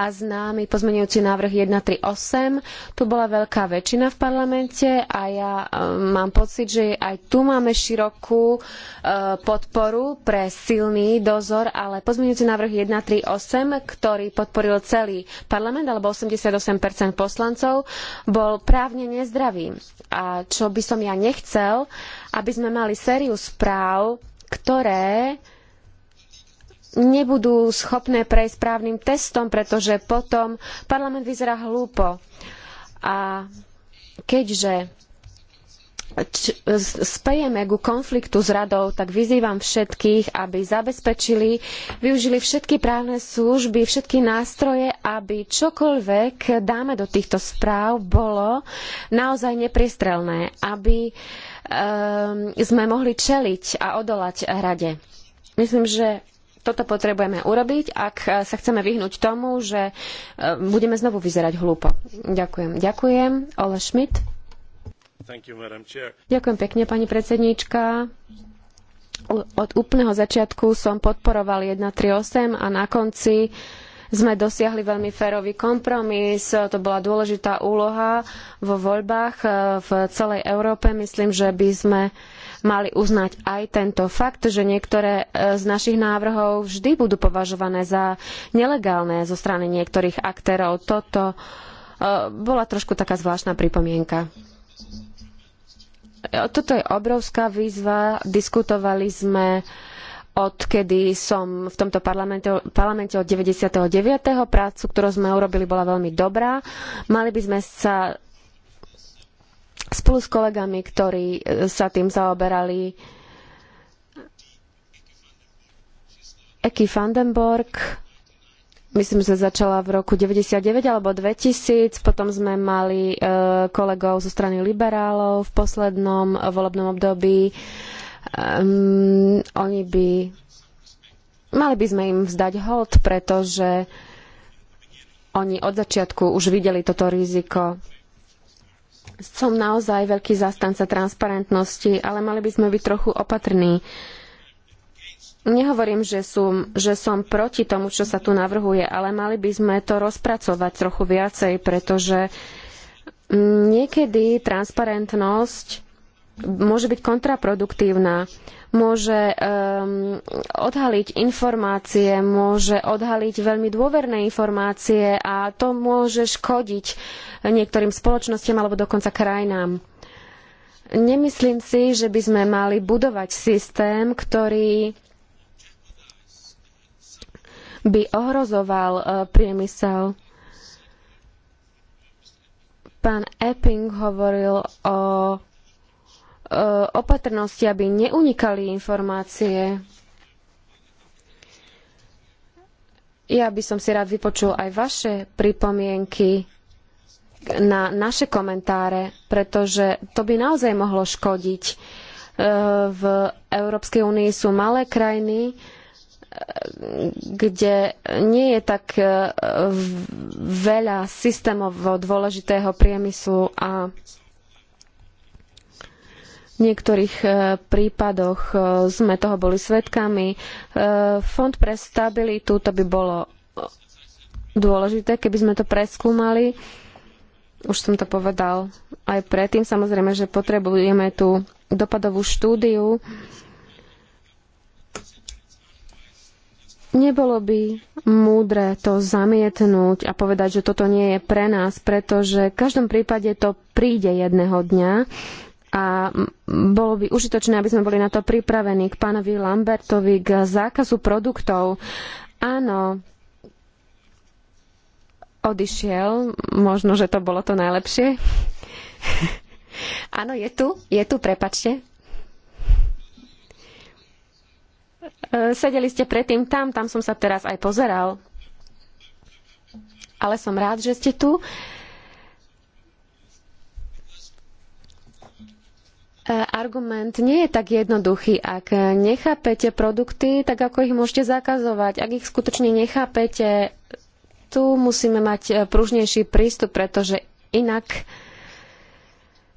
a známy pozmenujúci návrh 138. Tu bola veľká väčšina v parlamente a ja e, mám pocit, že aj tu máme širokú e, podporu pre silný dozor, ale pozmenujúci návrh 138, ktorý podporil celý parlament alebo 88% poslancov, bol právne nezdravý. A čo by som ja nechcel, aby sme mali sériu správ, ktoré nebudú schopné prejsť právnym testom, pretože potom parlament vyzerá hlúpo. A keďže spejeme ku konfliktu s radou, tak vyzývam všetkých, aby zabezpečili, využili všetky právne služby, všetky nástroje, aby čokoľvek dáme do týchto správ bolo naozaj nepriestrelné, aby um, sme mohli čeliť a odolať rade. Myslím, že toto potrebujeme urobiť, ak e, sa chceme vyhnúť tomu, že e, budeme znovu vyzerať hlúpo. Ďakujem. Ďakujem. Ole Schmidt. You, Ďakujem pekne, pani predsedníčka. Od úplného začiatku som podporoval 138 a na konci sme dosiahli veľmi férový kompromis. To bola dôležitá úloha vo voľbách e, v celej Európe. Myslím, že by sme mali uznať aj tento fakt, že niektoré e, z našich návrhov vždy budú považované za nelegálne zo strany niektorých aktérov. Toto e, bola trošku taká zvláštna pripomienka. E, toto je obrovská výzva. Diskutovali sme odkedy som v tomto parlamente, parlamente od 99. prácu, ktorú sme urobili, bola veľmi dobrá. Mali by sme sa spolu s kolegami, ktorí e, sa tým zaoberali. Eki Vandenborg, myslím, že začala v roku 99 alebo 2000, potom sme mali e, kolegov zo strany liberálov v poslednom volebnom období. Um, oni by mali by sme im vzdať hold, pretože oni od začiatku už videli toto riziko som naozaj veľký zastanca transparentnosti, ale mali by sme byť trochu opatrní. Nehovorím, že som, že som proti tomu, čo sa tu navrhuje, ale mali by sme to rozpracovať trochu viacej, pretože mm, niekedy transparentnosť môže byť kontraproduktívna. Uh, môže um, odhaliť informácie, môže odhaliť veľmi dôverné informácie a to môže škodiť niektorým spoločnostiam alebo dokonca krajinám. Nemyslím si, že by sme mali budovať systém, ktorý by ohrozoval eh, priemysel. Pán Epping hovoril o Eh, opatrnosti, aby neunikali informácie. Ja by som si rád vypočul aj vaše pripomienky na naše komentáre, pretože to by naozaj mohlo škodiť. Eh, v Európskej únii sú malé krajiny, eh, kde nie je tak veľa systémovo dôležitého priemyslu a niektorých e, prípadoch e, sme toho boli svedkami. E, Fond pre stabilitu, to by bolo dôležité, keby sme to preskúmali. Už som to povedal aj predtým. Samozrejme, že potrebujeme tú dopadovú štúdiu. Nebolo by múdre to zamietnúť a povedať, že toto nie je pre nás, pretože v každom prípade to príde jedného dňa a bolo by užitočné, aby sme boli na to pripravení k pánovi Lambertovi, k zákazu produktov. Áno, odišiel, možno, že to bolo to najlepšie. Áno, je tu, je tu, prepačte. E, sedeli ste predtým tam, tam som sa teraz aj pozeral. Ale som rád, že ste tu. Uh, E, argument nie je tak jednoduchý. Ak nechápete produkty, tak ako ich môžete zakazovať? Ak ich skutočne nechápete, tu musíme mať e, pružnejší prístup, pretože inak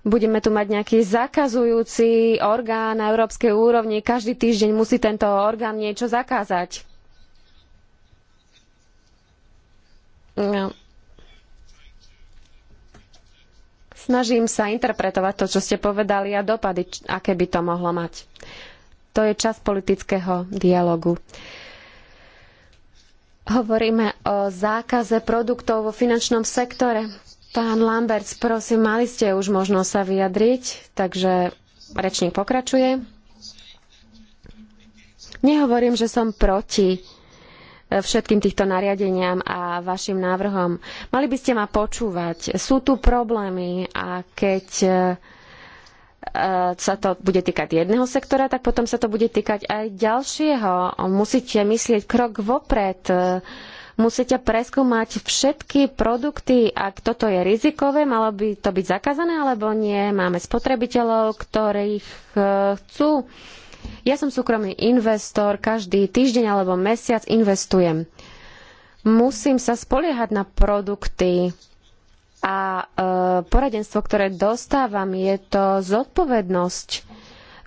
budeme tu mať nejaký zakazujúci orgán na európskej úrovni. Každý týždeň musí tento orgán niečo zakázať. No. Snažím sa interpretovať to, čo ste povedali a dopady, aké by to mohlo mať. To je čas politického dialogu. Hovoríme o zákaze produktov vo finančnom sektore. Pán Lamberts, prosím, mali ste už možnosť sa vyjadriť, takže rečník pokračuje. Nehovorím, že som proti všetkým týmto nariadeniam a vašim návrhom. Mali by ste ma počúvať. Sú tu problémy a keď e, e, sa to bude týkať jedného sektora, tak potom sa to bude týkať aj ďalšieho. Musíte myslieť krok vopred. Musíte preskúmať všetky produkty, ak toto je rizikové, malo by to byť zakázané alebo nie. Máme spotrebiteľov, ktorých e, chcú ja som súkromný investor, každý týždeň alebo mesiac investujem. Musím sa spoliehať na produkty a e, poradenstvo, ktoré dostávam, je to zodpovednosť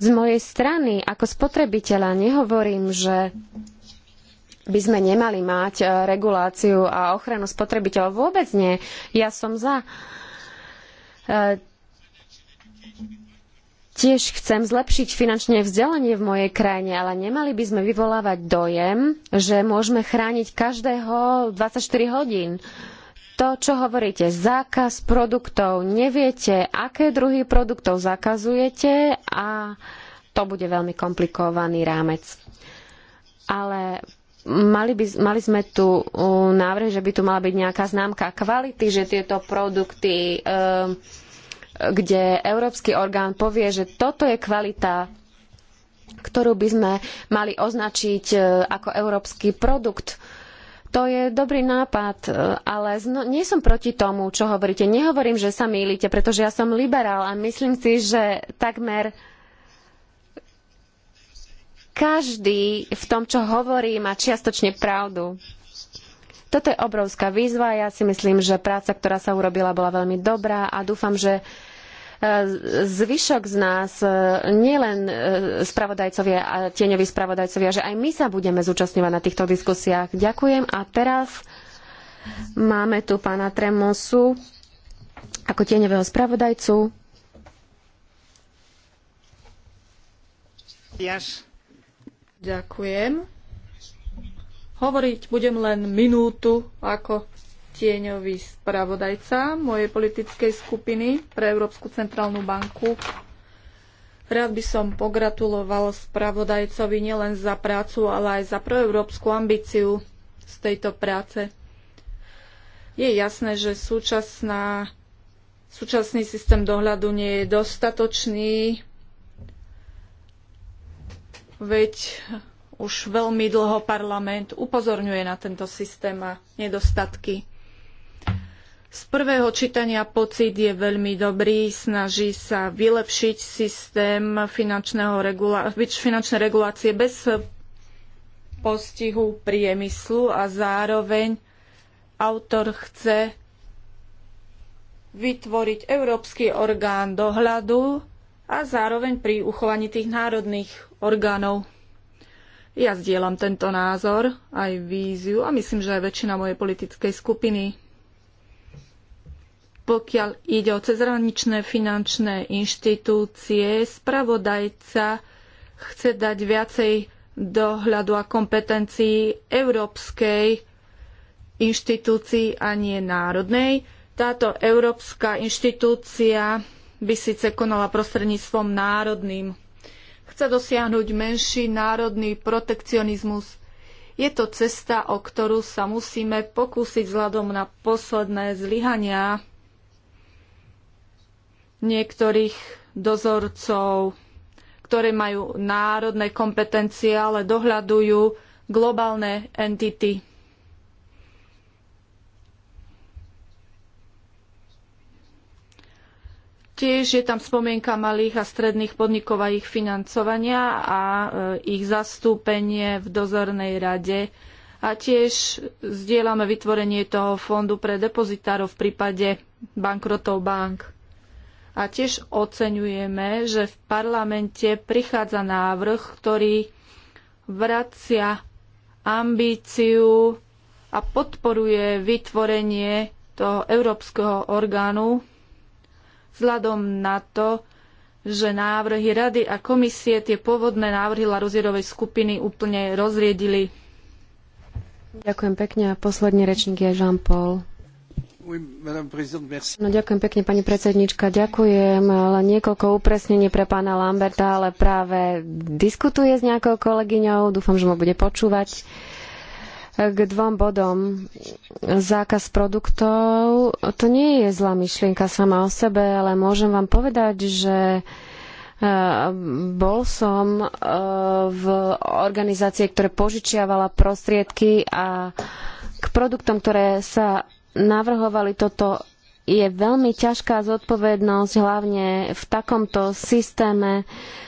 z mojej strany ako spotrebiteľa. Nehovorím, že by sme nemali mať e, reguláciu a ochranu spotrebiteľov. Vôbec nie. Ja som za. E, Tiež chcem zlepšiť finančné vzdelanie v mojej krajine, ale nemali by sme vyvolávať dojem, že môžeme chrániť každého 24 hodín to, čo hovoríte, zákaz produktov, neviete, aké druhy produktov zakazujete a to bude veľmi komplikovaný rámec. Ale mali, by, mali sme tu uh, návrh, že by tu mala byť nejaká známka kvality, že tieto produkty uh, kde európsky orgán povie, že toto je kvalita ktorú by sme mali označiť e, ako európsky produkt. To je dobrý nápad, e, ale nie som proti tomu, čo hovoríte. Nehovorím, že sa mýlite, pretože ja som liberál a myslím si, že takmer každý v tom, čo hovorí, má čiastočne pravdu. Toto je obrovská výzva. Ja si myslím, že práca, ktorá sa urobila, bola veľmi dobrá a dúfam, že e, zvyšok z nás, e, nielen e, spravodajcovia a tieňoví spravodajcovia, že aj my sa budeme zúčastňovať na týchto diskusiách. Ďakujem a teraz máme tu pána Tremosu ako tieňového spravodajcu. Ďakujem. Hovoriť budem len minútu ako tieňový spravodajca mojej politickej skupiny pre Európsku centrálnu banku. Rád by som pogratuloval spravodajcovi nielen za prácu, ale aj za proeurópsku ambíciu z tejto práce. Je jasné, že súčasná, súčasný systém dohľadu nie je dostatočný, veď už veľmi dlho parlament upozorňuje na tento systém a nedostatky. Z prvého čítania pocit je veľmi dobrý, snaží sa vylepšiť systém regula finančnej regulácie bez postihu priemyslu a zároveň autor chce vytvoriť európsky orgán dohľadu a zároveň pri uchovaní tých národných orgánov. Ja zdieľam tento názor, aj víziu a myslím, že aj väčšina mojej politickej skupiny. Pokiaľ ide o cezhraničné finančné inštitúcie, spravodajca chce dať viacej dohľadu a kompetencií európskej inštitúcii a nie národnej. Táto európska inštitúcia by síce konala prostredníctvom národným chce dosiahnuť menší národný protekcionizmus. Je to cesta, o ktorú sa musíme pokúsiť vzhľadom na posledné zlyhania niektorých dozorcov, ktoré majú národné kompetencie, ale dohľadujú globálne entity. Tiež je tam spomienka malých a stredných podnikov a ich financovania a e, ich zastúpenie v dozornej rade. A tiež zdieľame vytvorenie toho fondu pre depozitárov v prípade bankrotov bank. A tiež oceňujeme, že v parlamente prichádza návrh, ktorý vracia ambíciu a podporuje vytvorenie toho európskeho orgánu vzhľadom na to, že návrhy rady a komisie tie pôvodné návrhy Larozierovej skupiny úplne rozriedili. Ďakujem pekne a posledný rečník je Jean-Paul. no, ďakujem pekne, pani predsednička. Ďakujem. ale niekoľko upresnení pre pána Lamberta, ale práve diskutuje s nejakou kolegyňou. Dúfam, že ma bude počúvať k dvom bodom. Zákaz produktov, to nie je zlá myšlienka sama o sebe, ale môžem vám povedať, že e, bol som e, v organizácie, ktoré požičiavala prostriedky a k produktom, ktoré sa navrhovali toto je veľmi ťažká zodpovednosť, hlavne v takomto systéme.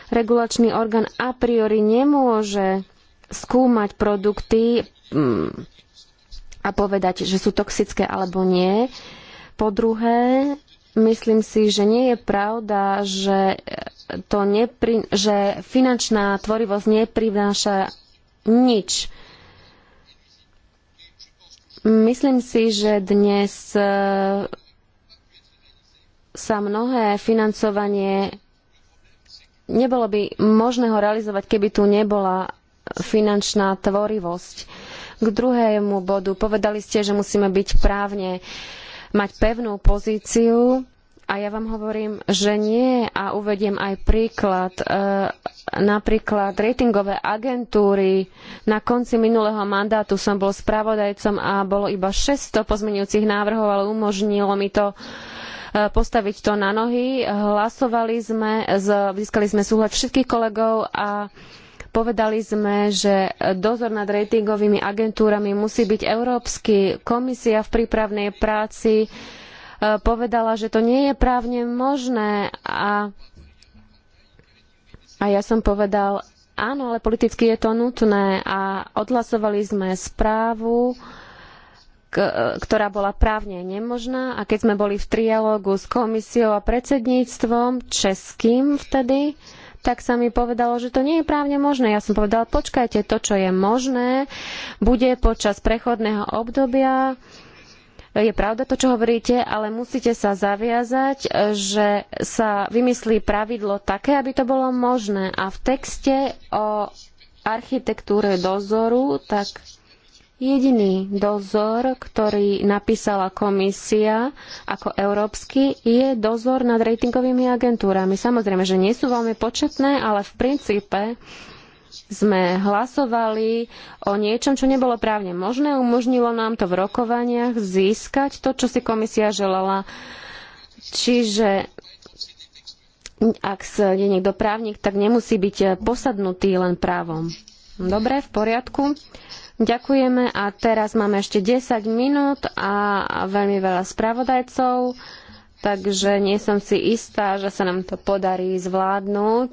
Regulačný orgán a priori nemôže skúmať produkty Mm. a povedať, že sú toxické alebo nie. Po druhé, myslím si, že nie je pravda, že, to nepri, že finančná tvorivosť neprináša nič. Myslím si, že dnes e, sa mnohé financovanie nebolo by možné ho realizovať, keby tu nebola finančná tvorivosť k druhému bodu. Povedali ste, že musíme byť právne, mať pevnú pozíciu. A ja vám hovorím, že nie a uvediem aj príklad. E, napríklad ratingové agentúry. Na konci minulého mandátu som bol spravodajcom a bolo iba 600 pozmenujúcich návrhov, ale umožnilo mi to e, postaviť to na nohy. Hlasovali sme, získali sme súhľad všetkých kolegov a Povedali sme, že dozor nad ratingovými agentúrami musí byť európsky. Komisia v prípravnej práci e, povedala, že to nie je právne možné a, a ja som povedal, áno, ale politicky je to nutné a odhlasovali sme správu, e, ktorá bola právne nemožná a keď sme boli v trialógu s komisiou a predsedníctvom českým vtedy, uh, tak sa mi povedalo, že to nie je právne možné. Ja som povedala, počkajte, to, čo je možné, bude počas prechodného obdobia je pravda to, čo hovoríte, ale musíte sa zaviazať, že sa vymyslí pravidlo také, aby to bolo možné. A v texte o architektúre dozoru, tak Jediný dozor, ktorý napísala komisia ako európsky, je dozor nad ratingovými agentúrami. Samozrejme, že nie sú veľmi početné, ale v princípe sme hlasovali o niečom, čo nebolo právne možné. Umožnilo nám to v rokovaniach získať to, čo si komisia želala. Čiže ak je niekto právnik, tak nemusí byť posadnutý len právom. Dobre, v poriadku. Ďakujeme a teraz máme ešte 10 minút a veľmi veľa spravodajcov, takže nie som si istá, že sa nám to podarí zvládnuť.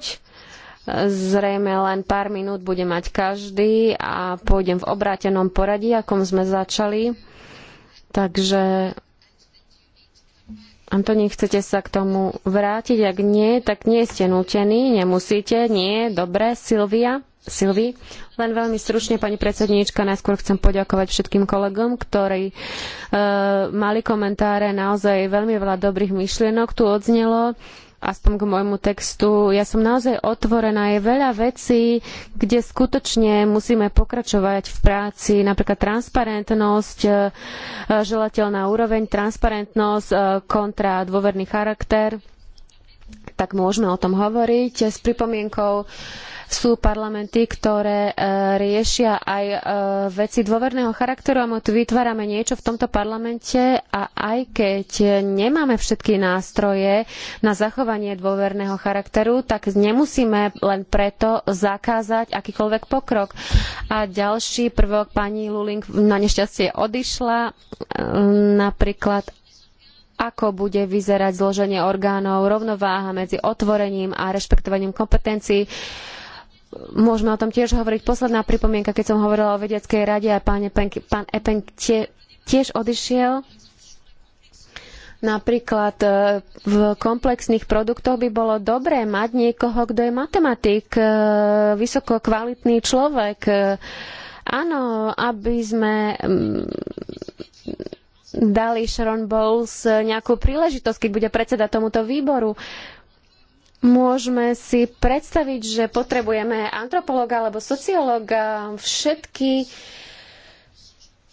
Zrejme len pár minút bude mať každý a pôjdem v obrátenom poradí, akom sme začali. Takže Antoni, chcete sa k tomu vrátiť? Ak nie, tak nie ste nutení, nemusíte. Nie, dobre, Silvia. Silvi. Len veľmi stručne, pani predsedníčka, najskôr chcem poďakovať všetkým kolegom, ktorí e, mali komentáre, naozaj veľmi veľa dobrých myšlienok tu odznelo aspoň k môjmu textu. Ja som naozaj otvorená. Je veľa vecí, kde skutočne musíme pokračovať v práci, napríklad transparentnosť, e, e, želateľná úroveň, transparentnosť e, kontra dôverný charakter. Tak môžeme o tom hovoriť s pripomienkou sú parlamenty, ktoré e, riešia aj e, veci dôverného charakteru a my tu vytvárame niečo v tomto parlamente a aj keď nemáme všetky nástroje na zachovanie dôverného charakteru, tak nemusíme len preto zakázať akýkoľvek pokrok. A ďalší prvok pani Luling na nešťastie odišla, e, napríklad ako bude vyzerať zloženie orgánov, rovnováha medzi otvorením a rešpektovaním kompetencií môžeme o tom tiež hovoriť. Posledná pripomienka, keď som hovorila o vedeckej rade a pán Epen, pán Epen tie, tiež odišiel. Napríklad e, v komplexných produktoch by bolo dobré mať niekoho, kto je matematik, e, vysoko kvalitný človek. E, áno, aby sme mm, dali Sharon Bowles nejakú príležitosť, keď bude predseda tomuto výboru. Môžeme si predstaviť, že potrebujeme antropológa alebo sociológa. Všetky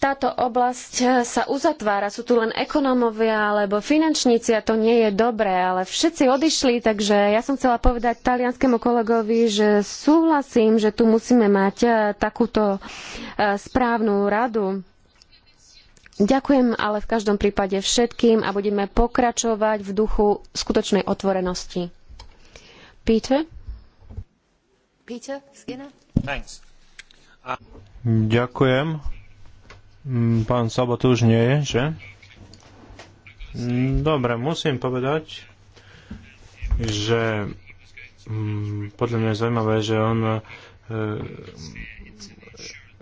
táto oblasť sa uzatvára. Sú tu len ekonómovia alebo finančníci a to nie je dobré, ale všetci odišli, takže ja som chcela povedať talianskému kolegovi, že súhlasím, že tu musíme mať e, takúto e, správnu radu. Ďakujem ale v každom prípade všetkým a budeme pokračovať v duchu skutočnej otvorenosti. Peter? Peter Skinner? Thanks. A... Ďakujem. Mm, pán Sabo tu už nie je, že? Mm, dobre, musím povedať, že mm, podľa mňa je zaujímavé, že on e,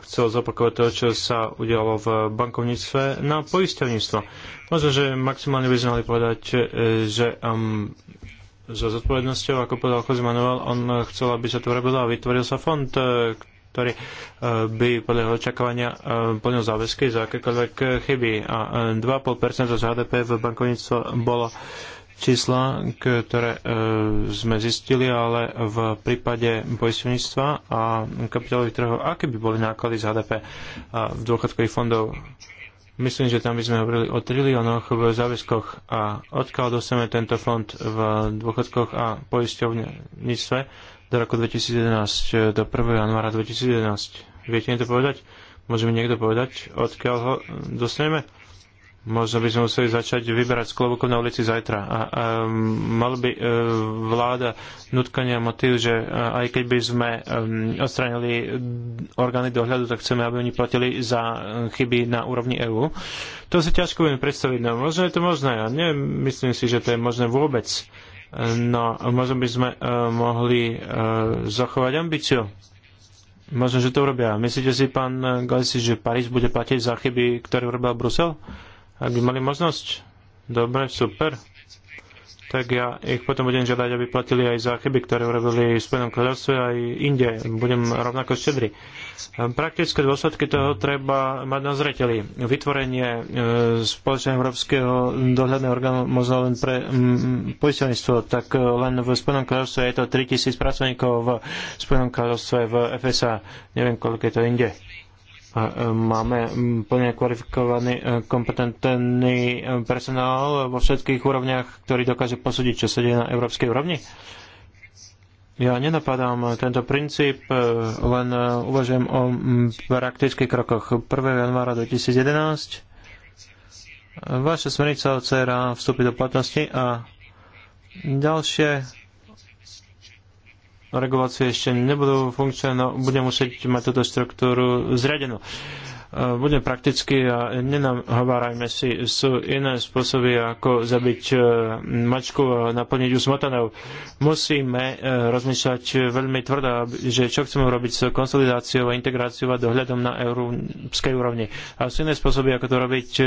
chcel zopakovať to, čo sa udialo v bankovníctve na poisťovníctvo. Možno, že maximálne by sme mali povedať, e, že um, so zodpovednosťou, ako povedal Jose Manuel, on chcel, aby sa to urobilo a vytvoril sa fond, e, ktorý e, by podľa jeho očakávania e, plnil záväzky za akékoľvek chyby. A 2,5% z HDP v bankovníctvo bolo čísla, ktoré sme zistili, ale v prípade poistovníctva a kapitálových trhov, aké by boli náklady z HDP a dôchodkových fondov Myslím, že tam by sme hovorili o triliónoch v záväzkoch a odkiaľ dostaneme tento fond v dôchodkoch a poisťovníctve do roku 2011, do 1. januára 2011. Viete mi to povedať? Môže mi niekto povedať, odkiaľ ho dostaneme? Možno by sme museli začať vyberať z klobúkov na ulici zajtra. A, a mal by e, vláda nutkania motiv, že a, e, aj keď by sme e, odstranili orgány dohľadu, tak chceme, aby oni platili za e, chyby na úrovni EÚ. To si ťažko budeme predstaviť. No, možno je to možné. Ja nemyslím si, že to je možné vôbec. No, možno by sme e, mohli e, zachovať ambíciu. Možno, že to urobia. Myslíte si, pán Galisi, že Paríž bude platiť za chyby, ktoré urobil Brusel? Ak by mali možnosť, dobre, super, tak ja ich potom budem žiadať, aby platili aj za chyby, ktoré urobili v Spojenom kráľovstve aj inde. Budem rovnako štedrý. Praktické dôsledky toho treba mať na zreteli. Vytvorenie e, spoločného európskeho dohľadného orgánu možno len pre poisťovníctvo, tak e, len v Spojenom kráľovstve je to 3000 pracovníkov v Spojenom kráľovstve v FSA. Neviem, koľko je to inde. E, máme plne kvalifikovaný, e, kompetentný e, personál vo všetkých úrovniach, ktorý dokáže posúdiť, čo sa deje na európskej úrovni? Ja nenapadám tento princíp, len uvažujem o praktických krokoch. 1. januára 2011 vaša smernica o CRA vstúpi do platnosti a ďalšie No, regulácie ešte nebudú funkčné, no budeme musieť mať túto štruktúru zriadenú budem prakticky a nenahovárajme si, sú iné spôsoby, ako zabiť e, mačku a naplniť ju smotanou. Musíme e, rozmýšľať veľmi tvrdo, že čo chceme robiť s konsolidáciou a integráciou a dohľadom na európskej úrovni. A sú iné spôsoby, ako to robiť, e,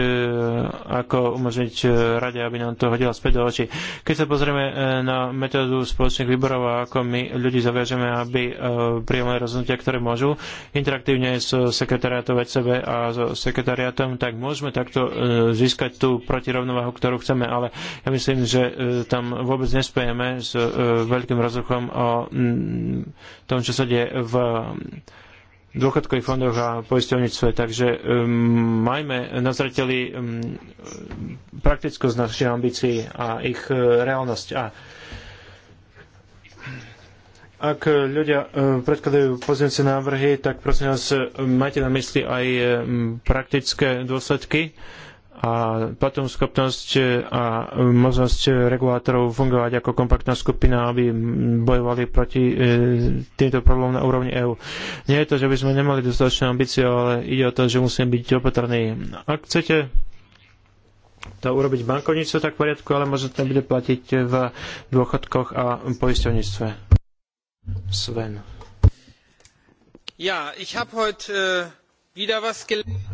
ako umožniť rade, aby nám to hodila späť do očí. Keď sa pozrieme na metódu spoločných výborov a ako my ľudí zaviažeme, aby príjemné rozhodnutia, ktoré môžu, interaktívne s sekretariátom VCB DV a so sekretariatom, tak môžeme takto e, získať tú protirovnováhu, ktorú chceme, ale ja myslím, že e, tam vôbec nespejeme s e, veľkým rozruchom o mm, tom, čo sa deje v mm, dôchodkových fondoch a poisťovníctve. Takže um, majme na zreteli um, praktickosť našich ambícií a ich uh, reálnosť. A ak ľudia e, predkladajú pozmeňujúce návrhy, tak prosím vás, e, majte na mysli aj e, praktické dôsledky a potom schopnosť a možnosť regulátorov fungovať ako kompaktná skupina, aby bojovali proti týmto problémom na úrovni EÚ. Nie je to, že by sme nemali dostatočné ambície, ale ide o to, že musíme byť opatrní. Ak chcete to urobiť bankovníctvo, tak v poriadku, ale možno to bude platiť v dôchodkoch a poisťovníctve. Sven. Ja, ich habe heute äh, wieder was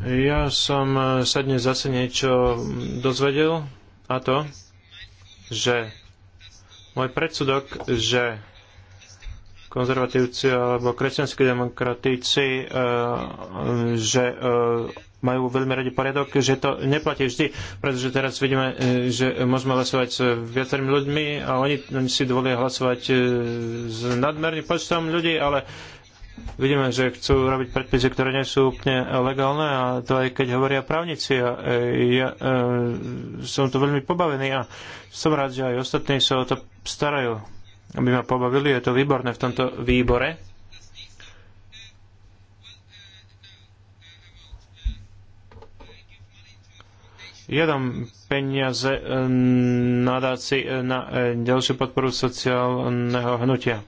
Ja som äh, sa dnes zase niečo mm, dozvedel a to, že môj predsudok, že konzervatívci alebo kresťanskí demokratíci, e, že e, majú veľmi radi poriadok, že to neplatí vždy, pretože teraz vidíme, e, že môžeme hlasovať s viacerými ľuďmi a oni, oni si dovolia hlasovať s nadmerným počtom ľudí, ale vidíme, že chcú robiť predpisy, ktoré nie sú úplne legálne a to aj keď hovoria právnici. A ja e, som to veľmi pobavený a som rád, že aj ostatní sa o to starajú aby ma pobavili. Je to výborné v tomto výbore. Ja dám peniaze eh, eh, na dáci eh, na ďalšiu podporu sociálneho hnutia.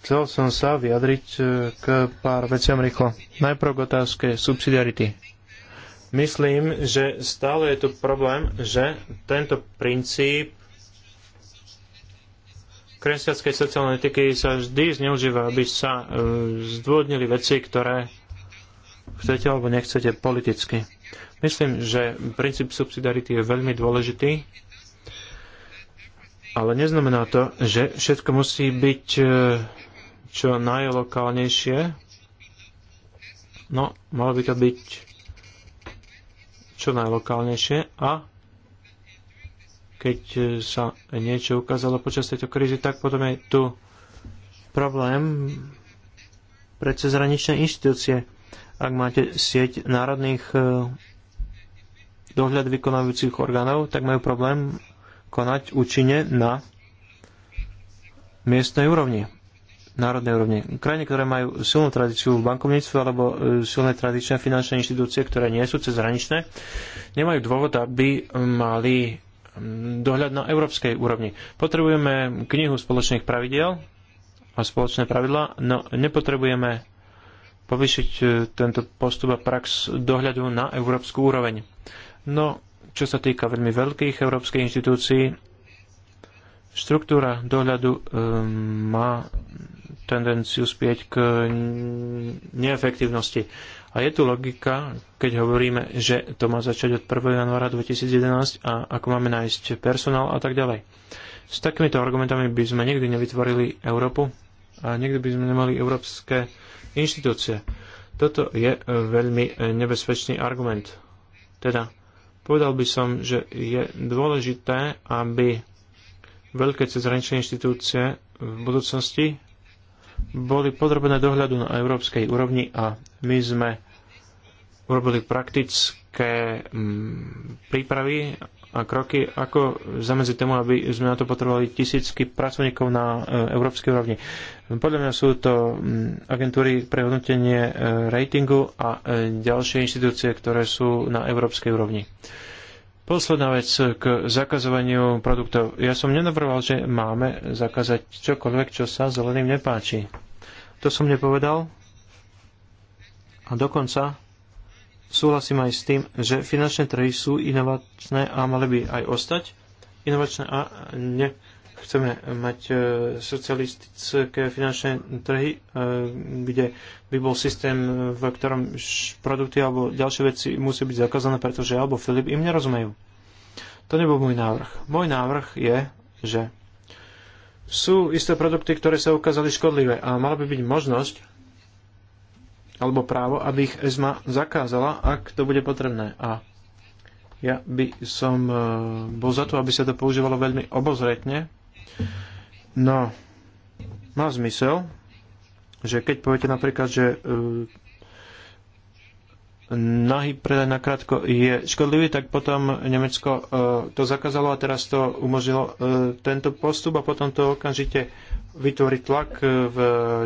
Chcel som sa vyjadriť k pár veciam rýchlo. Najprv k otázke subsidiarity. Myslím, že stále je tu problém, že tento princíp kresťanskej sociálnej etiky sa vždy zneužíva, aby sa e, zdôvodnili veci, ktoré chcete alebo nechcete politicky. Myslím, že princíp subsidiarity je veľmi dôležitý, ale neznamená to, že všetko musí byť e, čo najlokálnejšie. No, malo by to byť čo najlokálnejšie a keď e, sa niečo ukázalo počas tejto krízy, tak potom je tu problém pre cezhraničné inštitúcie. Ak máte sieť národných e, dohľad vykonávajúcich orgánov, tak majú problém konať účinne na miestnej úrovni, národnej úrovni. Krajiny, ktoré majú silnú tradíciu v bankovníctve alebo e, silné tradičné finančné inštitúcie, ktoré nie sú cezhraničné, nemajú dôvod, aby mali dohľad na európskej úrovni. Potrebujeme knihu spoločných pravidiel a spoločné pravidla, no nepotrebujeme povýšiť e, tento postup a prax dohľadu na európsku úroveň. No, čo sa týka veľmi veľkých európskych inštitúcií, štruktúra dohľadu um, má tendenciu spieť k neefektívnosti. A je tu logika, keď hovoríme, že to má začať od 1. januára 2011 a ako máme nájsť personál a tak ďalej. S takýmito argumentami by sme nikdy nevytvorili Európu a nikdy by sme nemali európske inštitúcie. Toto je e, veľmi e, nebezpečný argument. Teda, povedal by som, že je dôležité, aby veľké cezhraničné inštitúcie v budúcnosti boli podrobené dohľadu na európskej úrovni a my sme urobili praktické mm, prípravy a kroky, ako zamedziť tomu, aby sme na to potrebovali tisícky pracovníkov na e, európskej úrovni. Podľa mňa sú to mm, agentúry pre hodnotenie e, ratingu a e, ďalšie inštitúcie, ktoré sú na európskej úrovni. Posledná vec k zakazovaniu produktov. Ja som nenavrval, že máme zakázať čokoľvek, čo sa zeleným nepáči. To som nepovedal. A dokonca súhlasím aj s tým, že finančné trhy sú inovačné a mali by aj ostať inovačné a ne chceme mať e, socialistické finančné trhy, e, kde by bol systém, e, v ktorom produkty alebo ďalšie veci musí byť zakázané, pretože alebo Filip im nerozumejú. To nebol môj návrh. Môj návrh je, že sú isté produkty, ktoré sa ukázali škodlivé a mala by byť možnosť alebo právo, aby ich ESMA zakázala, ak to bude potrebné. A ja by som bol za to, aby sa to používalo veľmi obozretne, No, má zmysel, že keď poviete napríklad, že e, nahý predaj na krátko je škodlivý, tak potom Nemecko uh, to zakázalo a teraz to umožnilo uh, tento postup a potom to okamžite vytvorí tlak v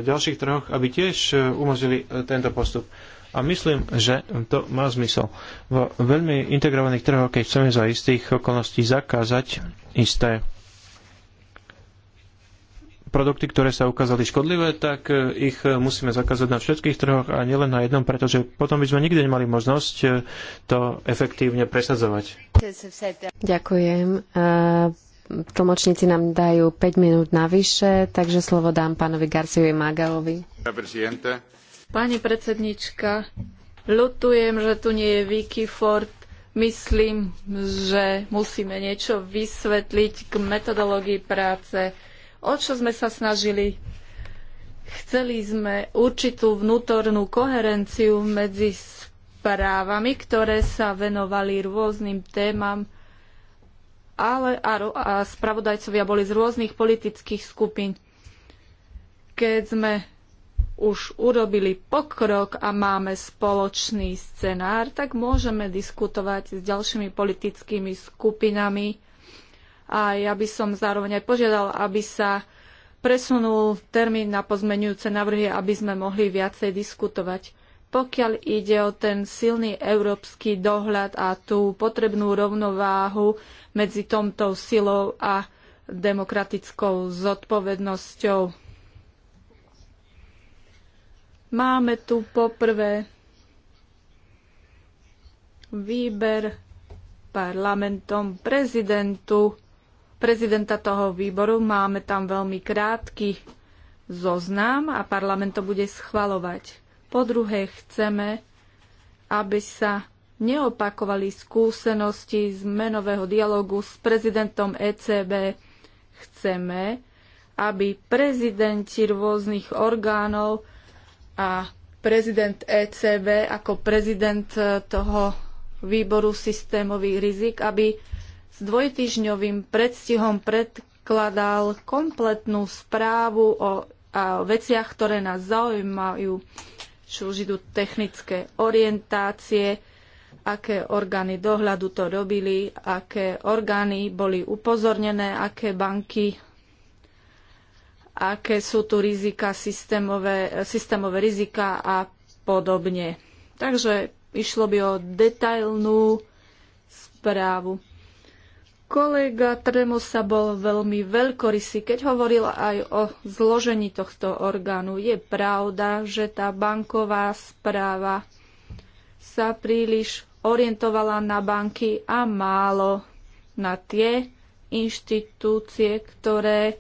ďalších trhoch, aby tiež umožnili tento postup. A myslím, že to má zmysel. Vo veľmi integrovaných trhoch, keď chceme za istých okolností zakázať isté produkty, ktoré sa ukázali škodlivé, tak e, ich e, musíme zakázať na všetkých trhoch a nielen na jednom, pretože potom by sme nikdy nemali možnosť e, to efektívne presadzovať. Ďakujem. Tlmočníci nám dajú 5 minút navyše, takže slovo dám pánovi Garciovi Magalovi. Pani predsednička, ľutujem, že tu nie je Vicky Ford. Myslím, že musíme niečo vysvetliť k metodológii práce O čo sme sa snažili? Chceli sme určitú vnútornú koherenciu medzi správami, ktoré sa venovali rôznym témam, ale a, a spravodajcovia boli z rôznych politických skupín. Keď sme už urobili pokrok a máme spoločný scenár, tak môžeme diskutovať s ďalšími politickými skupinami a ja by som zároveň aj požiadal, aby sa presunul termín na pozmenujúce návrhy, aby sme mohli viacej diskutovať. Pokiaľ ide o ten silný európsky dohľad a tú potrebnú rovnováhu medzi tomto silou a demokratickou zodpovednosťou. Máme tu poprvé výber parlamentom prezidentu prezidenta toho výboru. Máme tam veľmi krátky zoznam a parlament to bude schvalovať. Po druhé, chceme, aby sa neopakovali skúsenosti z menového dialogu s prezidentom ECB. Chceme, aby prezidenti rôznych orgánov a prezident ECB ako prezident eh, toho výboru systémových rizik, aby s dvojtyžňovým predstihom predkladal kompletnú správu o a, veciach, ktoré nás zaujímajú, či už idú technické orientácie, aké orgány dohľadu to robili, aké orgány boli upozornené, aké banky, aké sú tu rizika, systémové, systémové rizika a podobne. Takže išlo by o detailnú správu. Kolega Tremo sa bol veľmi veľkorysý, keď hovoril aj o zložení tohto orgánu. Je pravda, že tá banková správa sa príliš orientovala na banky a málo na tie inštitúcie, ktoré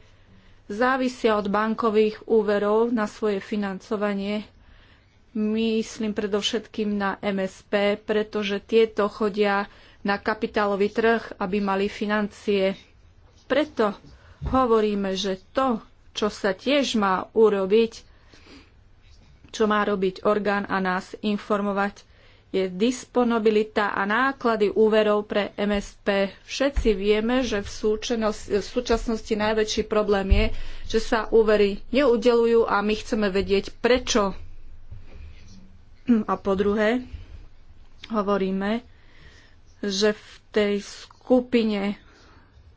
závisia od bankových úverov na svoje financovanie. Myslím predovšetkým na MSP, pretože tieto chodia na kapitálový trh, aby mali financie. Preto hovoríme, že to, čo sa tiež má urobiť, čo má robiť orgán a nás informovať, je disponibilita a náklady úverov pre MSP. Všetci vieme, že v, v súčasnosti najväčší problém je, že sa úvery neudelujú a my chceme vedieť prečo. A po druhé, hovoríme, že v tej skupine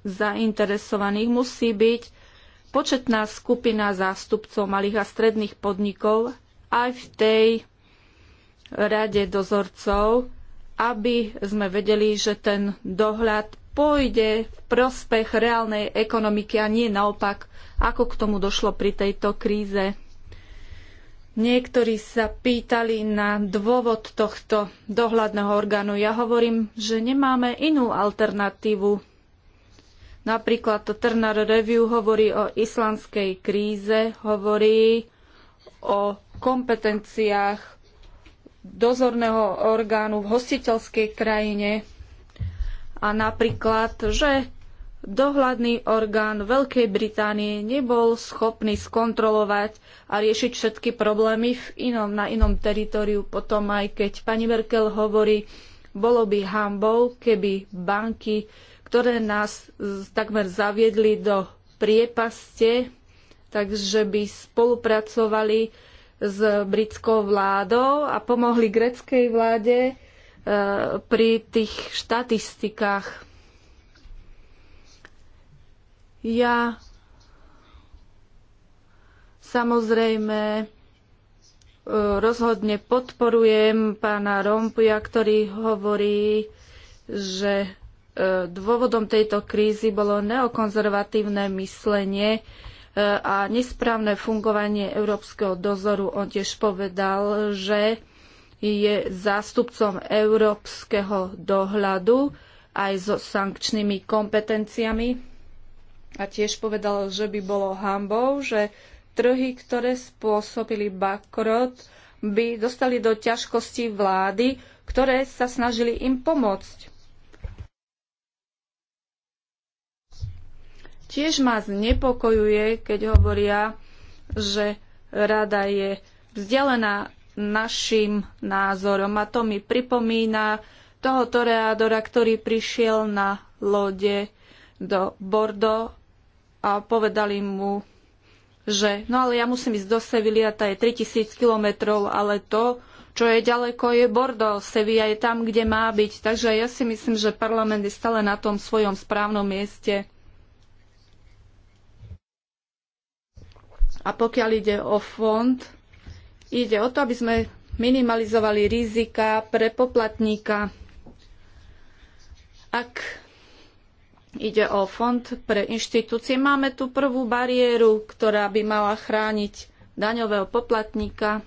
zainteresovaných musí byť početná skupina zástupcov malých a stredných podnikov aj v tej rade dozorcov, aby sme vedeli, že ten dohľad pôjde v prospech reálnej ekonomiky a nie naopak, ako k tomu došlo pri tejto kríze. Niektorí sa pýtali na dôvod tohto dohľadného orgánu. Ja hovorím, že nemáme inú alternatívu. Napríklad to Turner Review hovorí o islandskej kríze, hovorí o kompetenciách dozorného orgánu v hostiteľskej krajine a napríklad, že dohľadný orgán Veľkej Británie nebol schopný skontrolovať a riešiť všetky problémy v inom, na inom teritoriu. Potom aj keď pani Merkel hovorí, bolo by hambou, keby banky, ktoré nás takmer zaviedli do priepaste, takže by spolupracovali s britskou vládou a pomohli greckej vláde eh, pri tých štatistikách ja samozrejme e, rozhodne podporujem pána Rompuja, ktorý hovorí, že e, dôvodom tejto krízy bolo neokonzervatívne myslenie e, a nesprávne fungovanie európskeho dozoru. On tiež povedal, že je zástupcom európskeho dohľadu aj so sankčnými kompetenciami a tiež povedal, že by bolo hambou, že trhy, ktoré spôsobili bankrot, by dostali do ťažkosti vlády, ktoré sa snažili im pomôcť. Tiež ma znepokojuje, keď hovoria, že rada je vzdialená našim názorom. A to mi pripomína toho toreadora, ktorý prišiel na lode do Bordo a povedali mu, že no ale ja musím ísť do Sevilly a tá je 3000 kilometrov, ale to, čo je ďaleko, je Bordo. Sevilla je tam, kde má byť. Takže ja si myslím, že parlament je stále na tom svojom správnom mieste. A pokiaľ ide o fond, ide o to, aby sme minimalizovali rizika pre poplatníka. Ak Ide o fond pre inštitúcie. Máme tu prvú bariéru, ktorá by mala chrániť daňového poplatníka.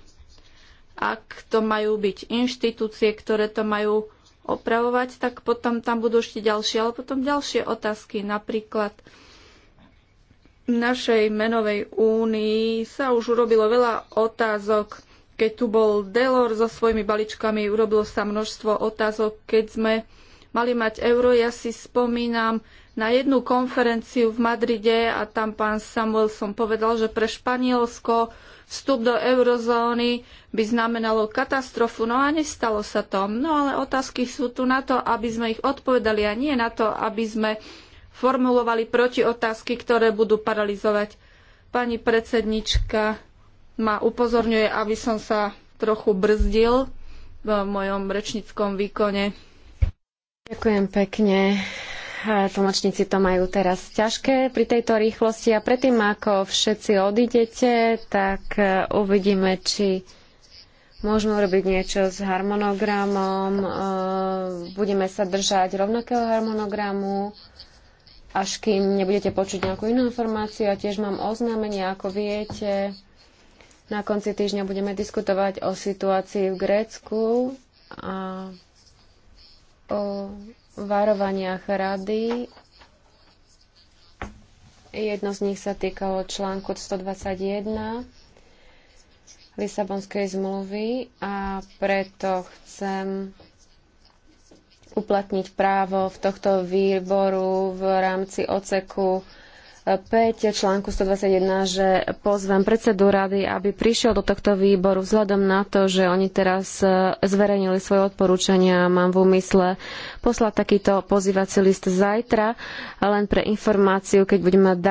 Ak to majú byť inštitúcie, ktoré to majú opravovať, tak potom tam budú ešte ďalšie, ale potom ďalšie otázky. Napríklad v našej menovej únii sa už urobilo veľa otázok. Keď tu bol Delor so svojimi baličkami, urobilo sa množstvo otázok, keď sme mali mať euro. Ja si spomínam na jednu konferenciu v Madride a tam pán Samuelson povedal, že pre Španielsko vstup do eurozóny by znamenalo katastrofu. No a nestalo sa to. No ale otázky sú tu na to, aby sme ich odpovedali a nie na to, aby sme formulovali proti otázky, ktoré budú paralizovať. Pani predsednička ma upozorňuje, aby som sa trochu brzdil v mojom rečníckom výkone. Ďakujem pekne. Tlmočníci to majú teraz ťažké pri tejto rýchlosti a predtým, ako všetci odídete, tak e, uvidíme, či môžeme urobiť niečo s harmonogramom. E, budeme sa držať rovnakého harmonogramu, až kým nebudete počuť nejakú inú informáciu. A tiež mám oznámenie, ako viete, na konci týždňa budeme diskutovať o situácii v Grécku. A o varovaniach rady. Jedno z nich sa týkalo článku 121 Lisabonskej zmluvy a preto chcem uplatniť právo v tohto výboru v rámci oceku 5 článku 121, že pozvem predsedu rady, aby prišiel do tohto výboru vzhľadom na to, že oni teraz e, zverejnili svoje odporúčania. a Mám v úmysle poslať takýto pozývací list zajtra, len pre informáciu, keď budeme mať